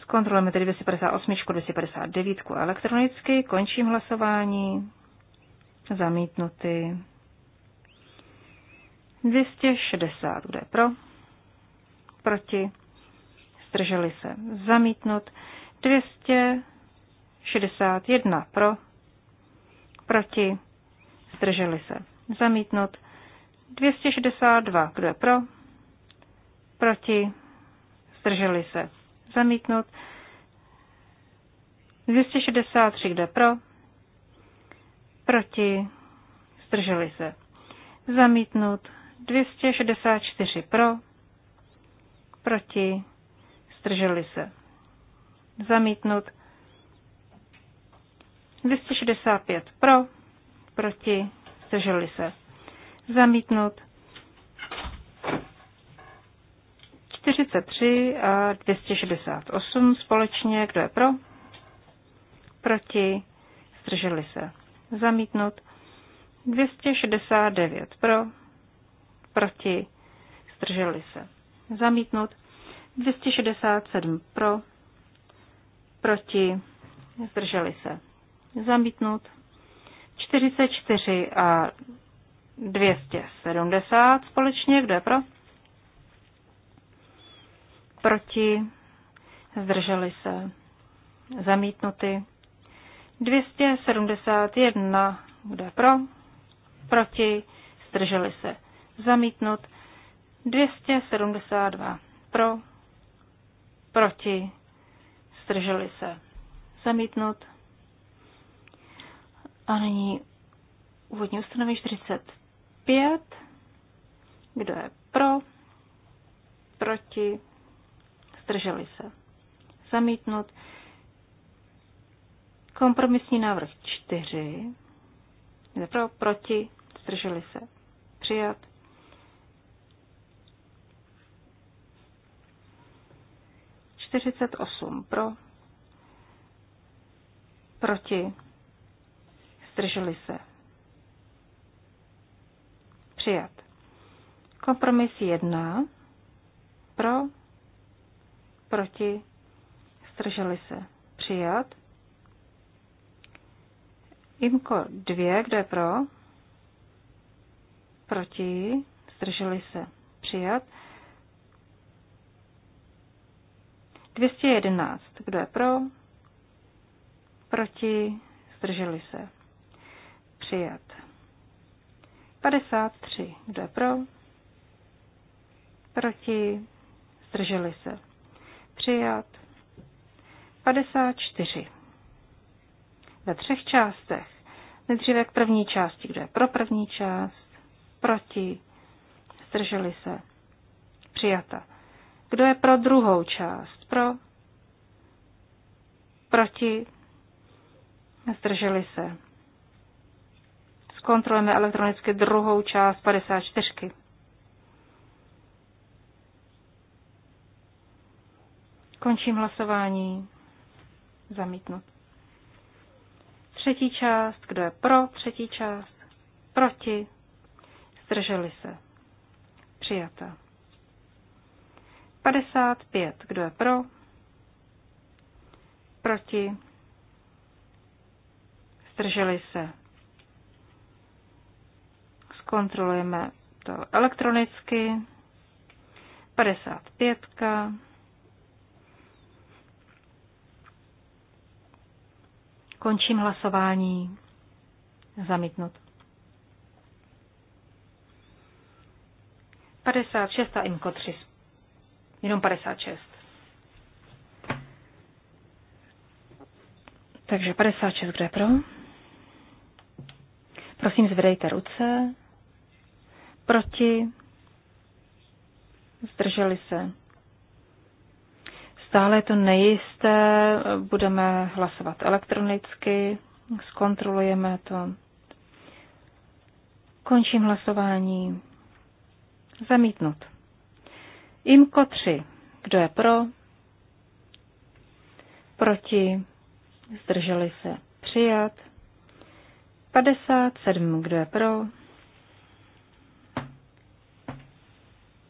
Zkontrolujeme tedy 258, 259 elektronicky, končím hlasování, zamítnuty. 260, kde je pro, proti, zdrželi se, zamítnut. 261 pro, proti, zdrželi se, zamítnut. 262. Kdo je pro? Proti? Zdrželi se. Zamítnut. 263. Kdo je pro? Proti? Zdrželi se. Zamítnut. 264 pro, proti, zdrželi se. Zamítnut. 265 pro, proti, zdrželi se. Zamítnut. 43 a 268 společně. Kdo je pro? Proti? Zdrželi se. Zamítnut. 269 pro. Proti? Zdrželi se. Zamítnut. 267 pro. Proti? Zdrželi se. Zamítnut. 44 a 270 společně. Kdo je pro? Proti? Zdrželi se. Zamítnuty. 271. Kdo je pro? Proti? Zdrželi se. Zamítnut. 272. Pro? Proti? Zdrželi se. Zamítnut. A nyní úvodní ustanovení 40 5. Kdo je pro? Proti? Zdrželi se. Zamítnut. Kompromisní návrh 4. Kdo je pro? Proti? Zdrželi se. Přijat. Čtyřicet osm pro, proti, zdrželi se přijat. Kompromis jedná pro, proti, strželi se přijat. Imko dvě kdo je pro, proti, strželi se přijat. 211, kdo je pro, proti, strželi se přijat. 53. Kdo je pro? Proti? Zdrželi se. Přijat. 54. Ve třech částech. Nejdříve k první části. Kdo je pro první část? Proti? Zdrželi se. Přijata. Kdo je pro druhou část? Pro? Proti? Zdrželi se Zkontrolujeme elektronicky druhou část 54. Končím hlasování. Zamítnut. Třetí část. Kdo je pro třetí část? Proti. Zdrželi se. Přijata. 55. Kdo je pro? Proti. Zdrželi se. Kontrolujeme to elektronicky. 55. Končím hlasování. Zamítnut. 56 a IMKO 3. Jenom 56. Takže 56, kdo je pro? Prosím, zvedejte ruce. Proti? Zdrželi se. Stále je to nejisté, budeme hlasovat elektronicky, zkontrolujeme to. Končím hlasování. Zamítnut. Imko 3. Kdo je pro? Proti? Zdrželi se. Přijat. 57. Kdo je pro?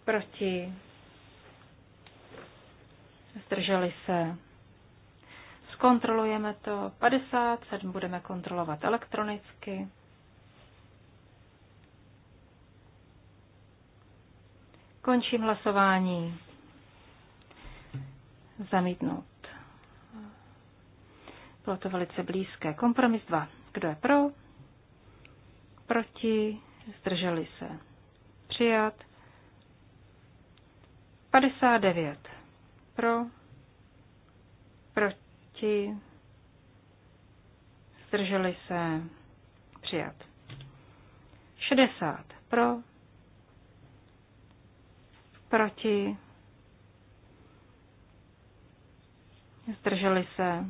Proti? Zdrželi se? Zkontrolujeme to. 57 budeme kontrolovat elektronicky. Končím hlasování. Zamítnout. Bylo to velice blízké. Kompromis 2. Kdo je pro? Proti? Zdrželi se. Přijat. 59 pro, proti, zdrželi se, přijat. 60 pro, proti, zdrželi se.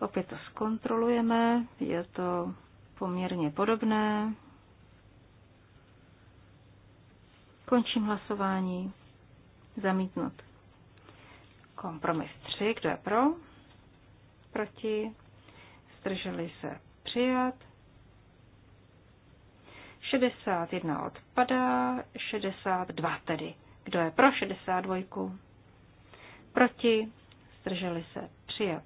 Opět to zkontrolujeme, je to poměrně podobné. Končím hlasování. Zamítnut. Kompromis 3. Kdo je pro? Proti? Zdrželi se přijat. 61 odpadá, 62 tedy. Kdo je pro 62? Proti? Zdrželi se přijat.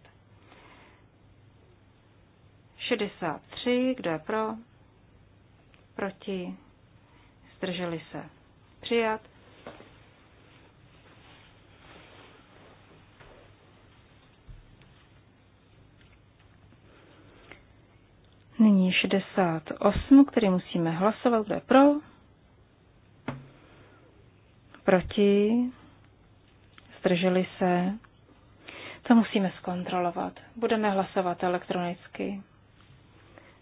63. Kdo je pro? Proti? Zdrželi se. Přijat. Nyní 68, který musíme hlasovat, kdo je pro, proti, zdrželi se. To musíme zkontrolovat. Budeme hlasovat elektronicky.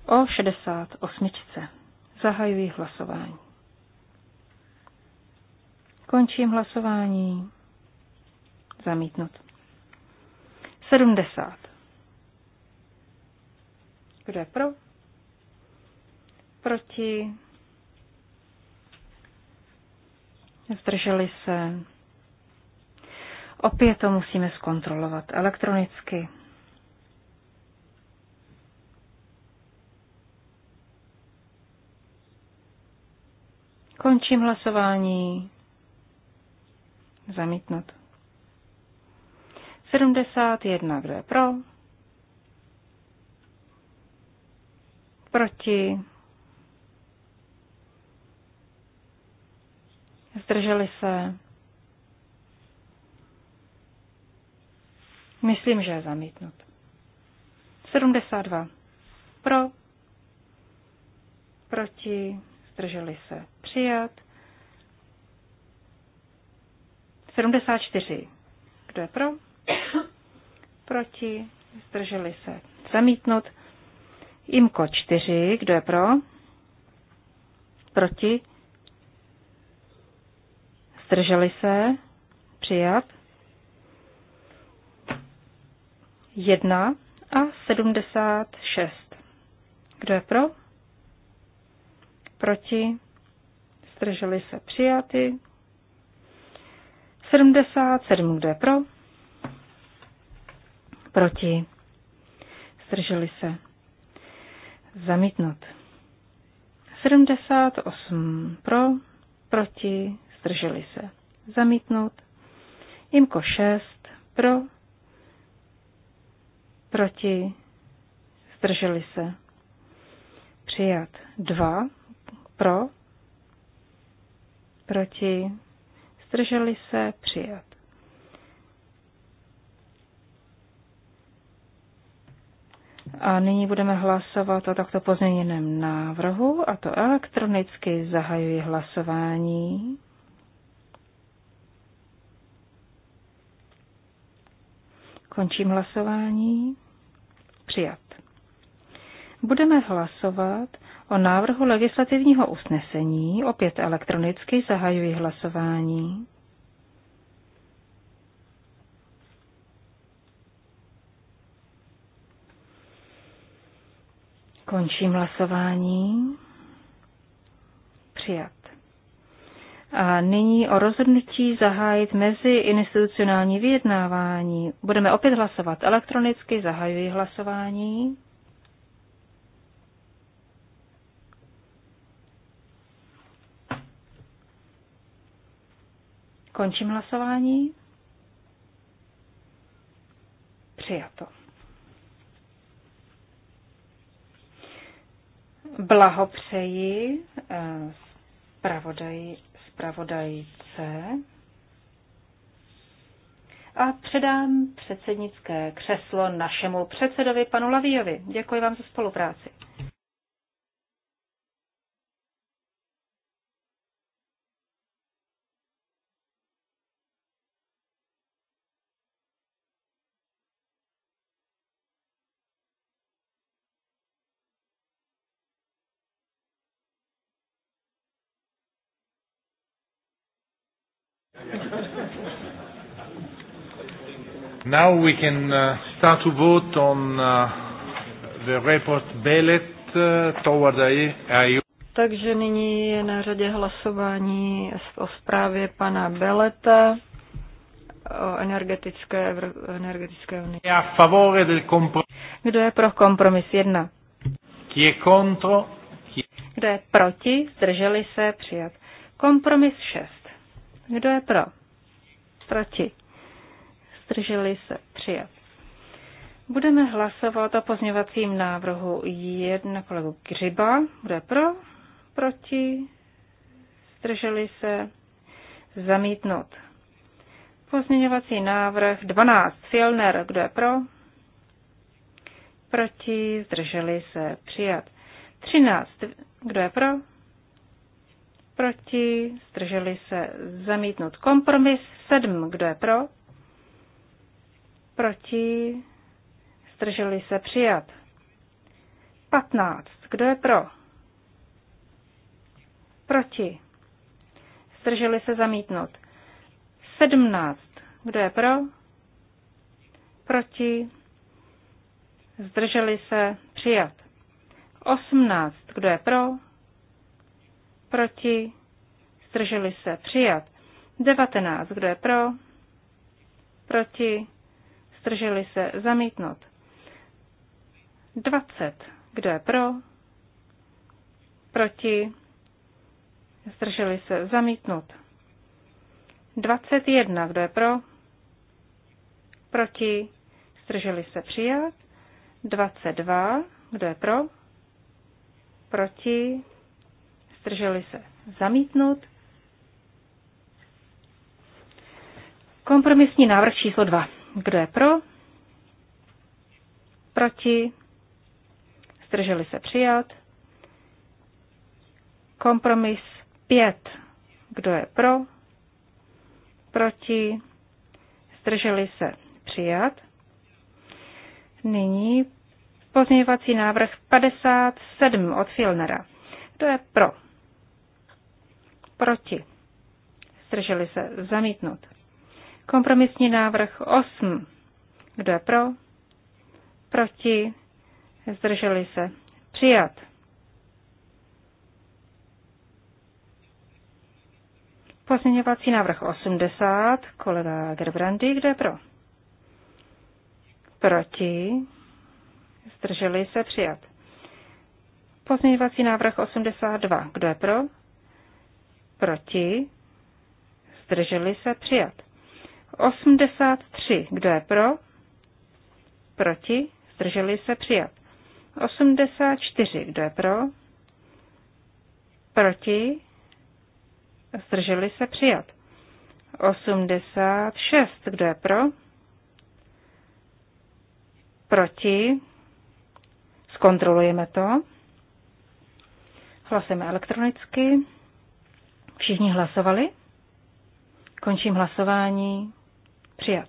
O 68. Zahajuji hlasování. Končím hlasování. Zamítnut. 70. Kdo je pro? Proti? Zdrželi se. Opět to musíme zkontrolovat elektronicky. Končím hlasování. Zamítnut. 71, kdo je pro? Proti? Zdrželi se? Myslím, že je zamítnut. 72. Pro. Proti. Zdrželi se. Přijat. 74. Kdo je pro? Proti. Zdrželi se. Zamítnut. Imko 4. Kdo je pro? Proti zdrželi se, přijat. 1 a 76. Kdo je pro? Proti? Zdrželi se přijaty. 77. Kdo je pro? Proti? Zdrželi se. Zamítnut. 78 pro, proti, zdrželi se. Zamítnout. Imko 6, pro, proti, zdrželi se. Přijat 2, pro, proti, zdrželi se, přijat. A nyní budeme hlasovat o takto pozměněném návrhu, a to elektronicky zahajuji hlasování. Končím hlasování. Přijat. Budeme hlasovat o návrhu legislativního usnesení. Opět elektronicky zahajuji hlasování. Končím hlasování. Přijat. A nyní o rozhodnutí zahájit meziinstitucionální vyjednávání. Budeme opět hlasovat elektronicky, zahajuji hlasování. Končím hlasování. Přijato. Blahopřeji eh, zpravodaji zpravodajce a předám předsednické křeslo našemu předsedovi panu Lavíjovi. Děkuji vám za spolupráci. Now we can uh, start to vote on uh, the report Belet uh, toward IU. Takže nyní je na řadě hlasování o zprávě pana Beleta o energetické, energetické unii. Kdo je pro kompromis 1? Kdo je proti? Zdrželi se přijat. Kompromis 6. Kdo je pro? Proti zdrželi se, přijat. Budeme hlasovat o pozměvacím návrhu jedna kolegu Gřiba. Bude pro, proti, zdrželi se, zamítnout. Pozměňovací návrh 12. Filner, kdo je pro? Proti, zdrželi se, přijat. 13. Kdo je pro? Proti, zdrželi se, zamítnout. Kompromis 7. Kdo je pro? Proti? Zdrželi se přijat. 15. Kdo je pro? Proti? Zdrželi se zamítnout. 17. Kdo je pro? Proti? Zdrželi se přijat. 18. Kdo je pro? Proti? Zdrželi se přijat. 19. Kdo je pro? Proti? zdrželi se, zamítnout. 20. Kdo je pro? Proti? Zdrželi se, zamítnout. 21. Kdo je pro? Proti? Zdrželi se, přijat. 22. Kdo je pro? Proti? Zdrželi se, zamítnout. Kompromisní návrh číslo 2. Kdo je pro? Proti? Zdrželi se přijat. Kompromis 5. Kdo je pro? Proti? Zdrželi se přijat. Nyní pozměňovací návrh 57 od Filnera. Kdo je pro? Proti? Zdrželi se zamítnout. Kompromisní návrh 8. Kdo je pro? Proti? Zdrželi se? Přijat. Pozměňovací návrh 80, kolega Gerbrandy, Kdo je pro? Proti? Zdrželi se přijat. Pozměňovací návrh 82, kdo je pro? Proti? Zdrželi se přijat. 83. Kdo je pro? Proti? Zdrželi se přijat. 84. Kdo je pro? Proti? Zdrželi se přijat. 86. Kdo je pro? Proti? Zkontrolujeme to. Hlasujeme elektronicky. Všichni hlasovali? Končím hlasování. Přijat.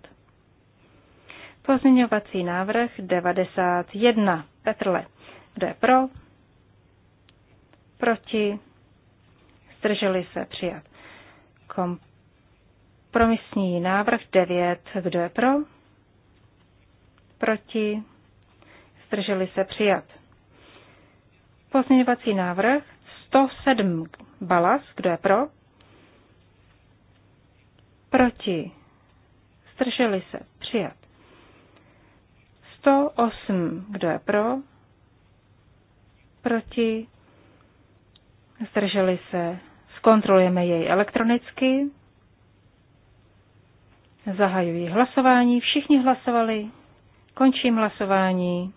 Pozměňovací návrh 91. Petrle. Kdo je pro? Proti? Zdrželi se? Přijat. Kompromisní návrh 9. Kdo je pro? Proti? Zdrželi se? Přijat. Pozměňovací návrh 107. Balas. Kdo je pro? Proti? zdrželi se, přijat. 108, kdo je pro, proti, zdrželi se, zkontrolujeme jej elektronicky, zahajuji hlasování, všichni hlasovali, končím hlasování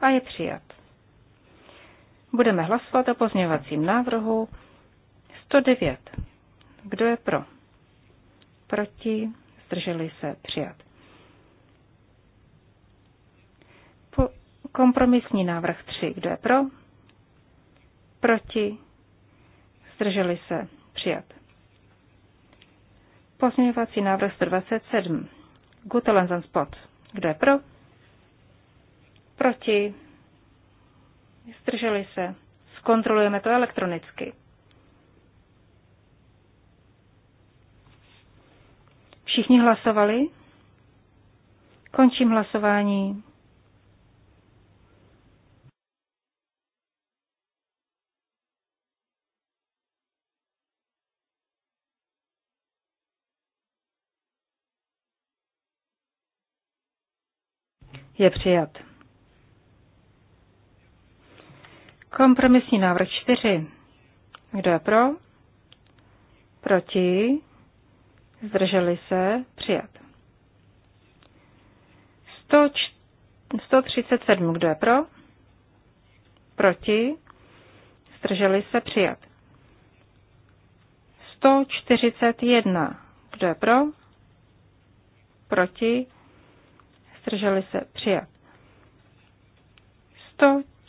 a je přijat. Budeme hlasovat o pozměňovacím návrhu 109. Kdo je pro? Proti? zdrželi se přijat. Po kompromisní návrh 3, kdo je pro, proti, zdrželi se přijat. Pozměňovací návrh 127, Gutelenzen Spot, kdo je pro, proti, zdrželi se, zkontrolujeme to elektronicky. Všichni hlasovali? Končím hlasování. Je přijat. Kompromisní návrh čtyři. Kdo je pro? Proti? zdrželi se, přijat. 137, kdo je pro, proti, zdrželi se, přijat. 141, kdo je pro, proti, zdrželi se, přijat.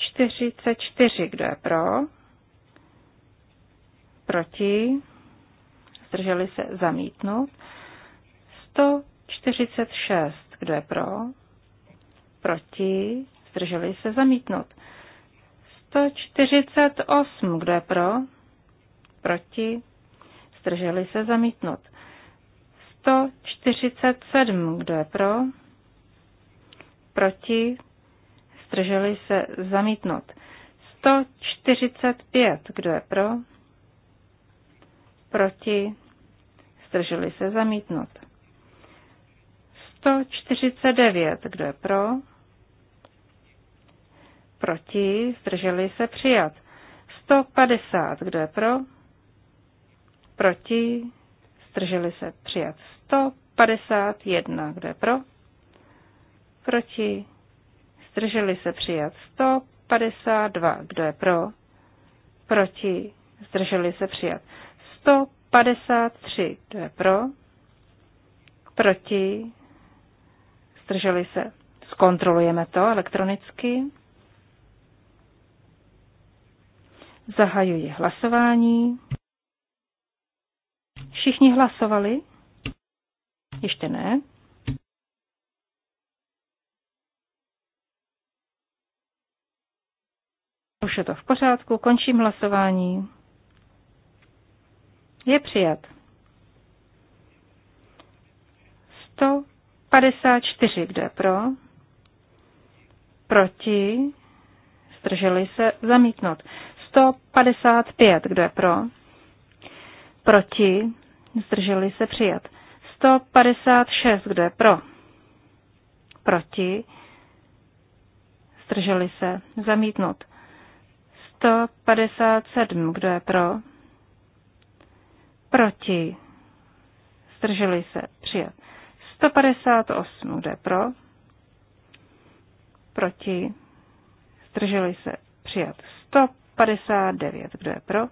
144, kdo je pro, proti, zdrželi se zamítnout. 146, kdo je pro, proti, zdrželi se zamítnout. 148, kdo je pro, proti, zdrželi se zamítnout. 147, kdo je pro, proti, zdrželi se zamítnout. 145, kdo je pro, proti, zdrželi se zamítnut. 149, kdo je pro, proti, zdrželi se přijat. 150, kdo je pro, proti, zdrželi se přijat. 151, kdo je pro, proti, zdrželi se přijat. 152, kdo je pro, proti, zdrželi se přijat. 100 53, kdo je pro, proti, zdrželi se. Zkontrolujeme to elektronicky. Zahajuji hlasování. Všichni hlasovali? Ještě ne. Už je to v pořádku, končím hlasování je přijat. 154, kdo je pro, proti, zdrželi se, zamítnout. 155, kdo je pro, proti, zdrželi se, přijat. 156, kdo je pro, proti, zdrželi se, zamítnout. 157, kdo je pro, Proti. Zdrželi se. Přijat. 158. jde pro? Proti. Zdrželi se. Přijat. 159. Kdo je pro?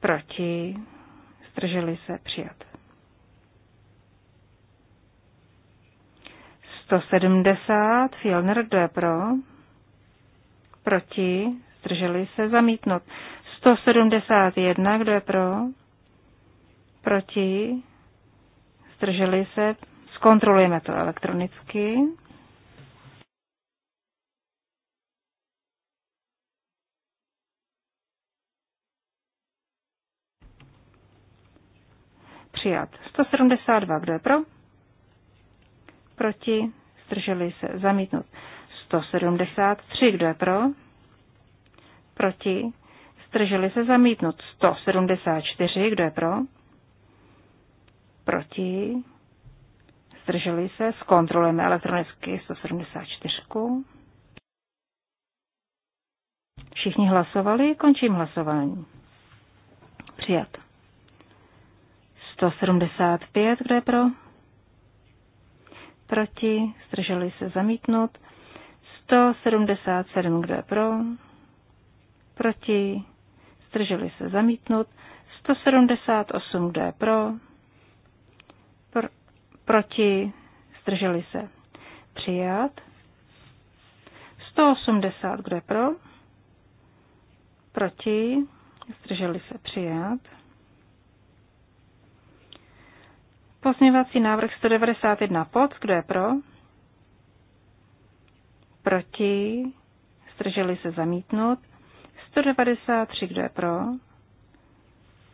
Proti. Zdrželi se. Přijat. 170. Fielner. Kdo je pro? Proti. Zdrželi se. Zamítnout. 171, kdo je pro? Proti? Zdrželi se? Zkontrolujeme to elektronicky. Přijat. 172, kdo je pro? Proti? Zdrželi se? Zamítnut. 173, kdo je pro? Proti? zdrželi se zamítnut 174, kdo je pro, proti, zdrželi se, zkontrolujeme elektronicky 174. Všichni hlasovali, končím hlasování. Přijat. 175, kdo je pro? Proti, zdrželi se zamítnout. 177, kdo je pro? Proti, zdrželi se zamítnout, 178, kdo je pro, pr- proti, zdrželi se přijat, 180, kdo je pro, proti, zdrželi se přijat, Pozměvací návrh 191 pod, kdo je pro? Proti? Zdrželi se zamítnout. 193, kdo je pro?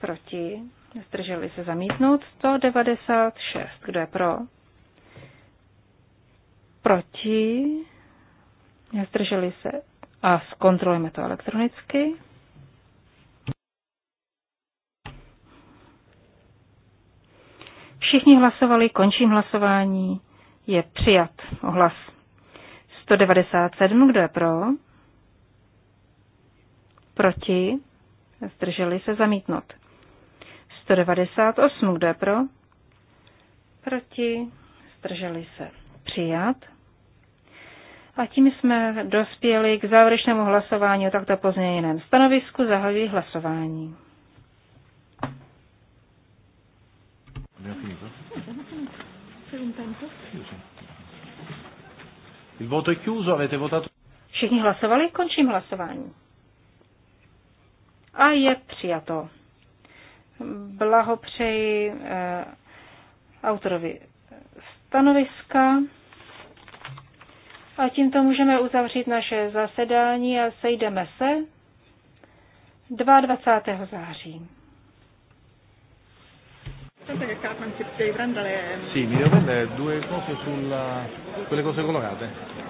Proti? Zdrželi se zamítnout. 196, kdo je pro? Proti? Zdrželi se a zkontrolujeme to elektronicky. Všichni hlasovali, končím hlasování. Je přijat ohlas. 197, kdo je pro? proti, zdrželi se zamítnout. 198, kdo je pro, proti, zdrželi se přijat. A tím jsme dospěli k závěrečnému hlasování o takto pozměněném stanovisku. Zahajuji hlasování. Všichni hlasovali? Končím hlasování a je přijato. Blahopřeji eh, autorovi stanoviska. A tímto můžeme uzavřít naše zasedání a sejdeme se 22. září. Sì, mi devo prendere due cose sulla... quelle cose colorate.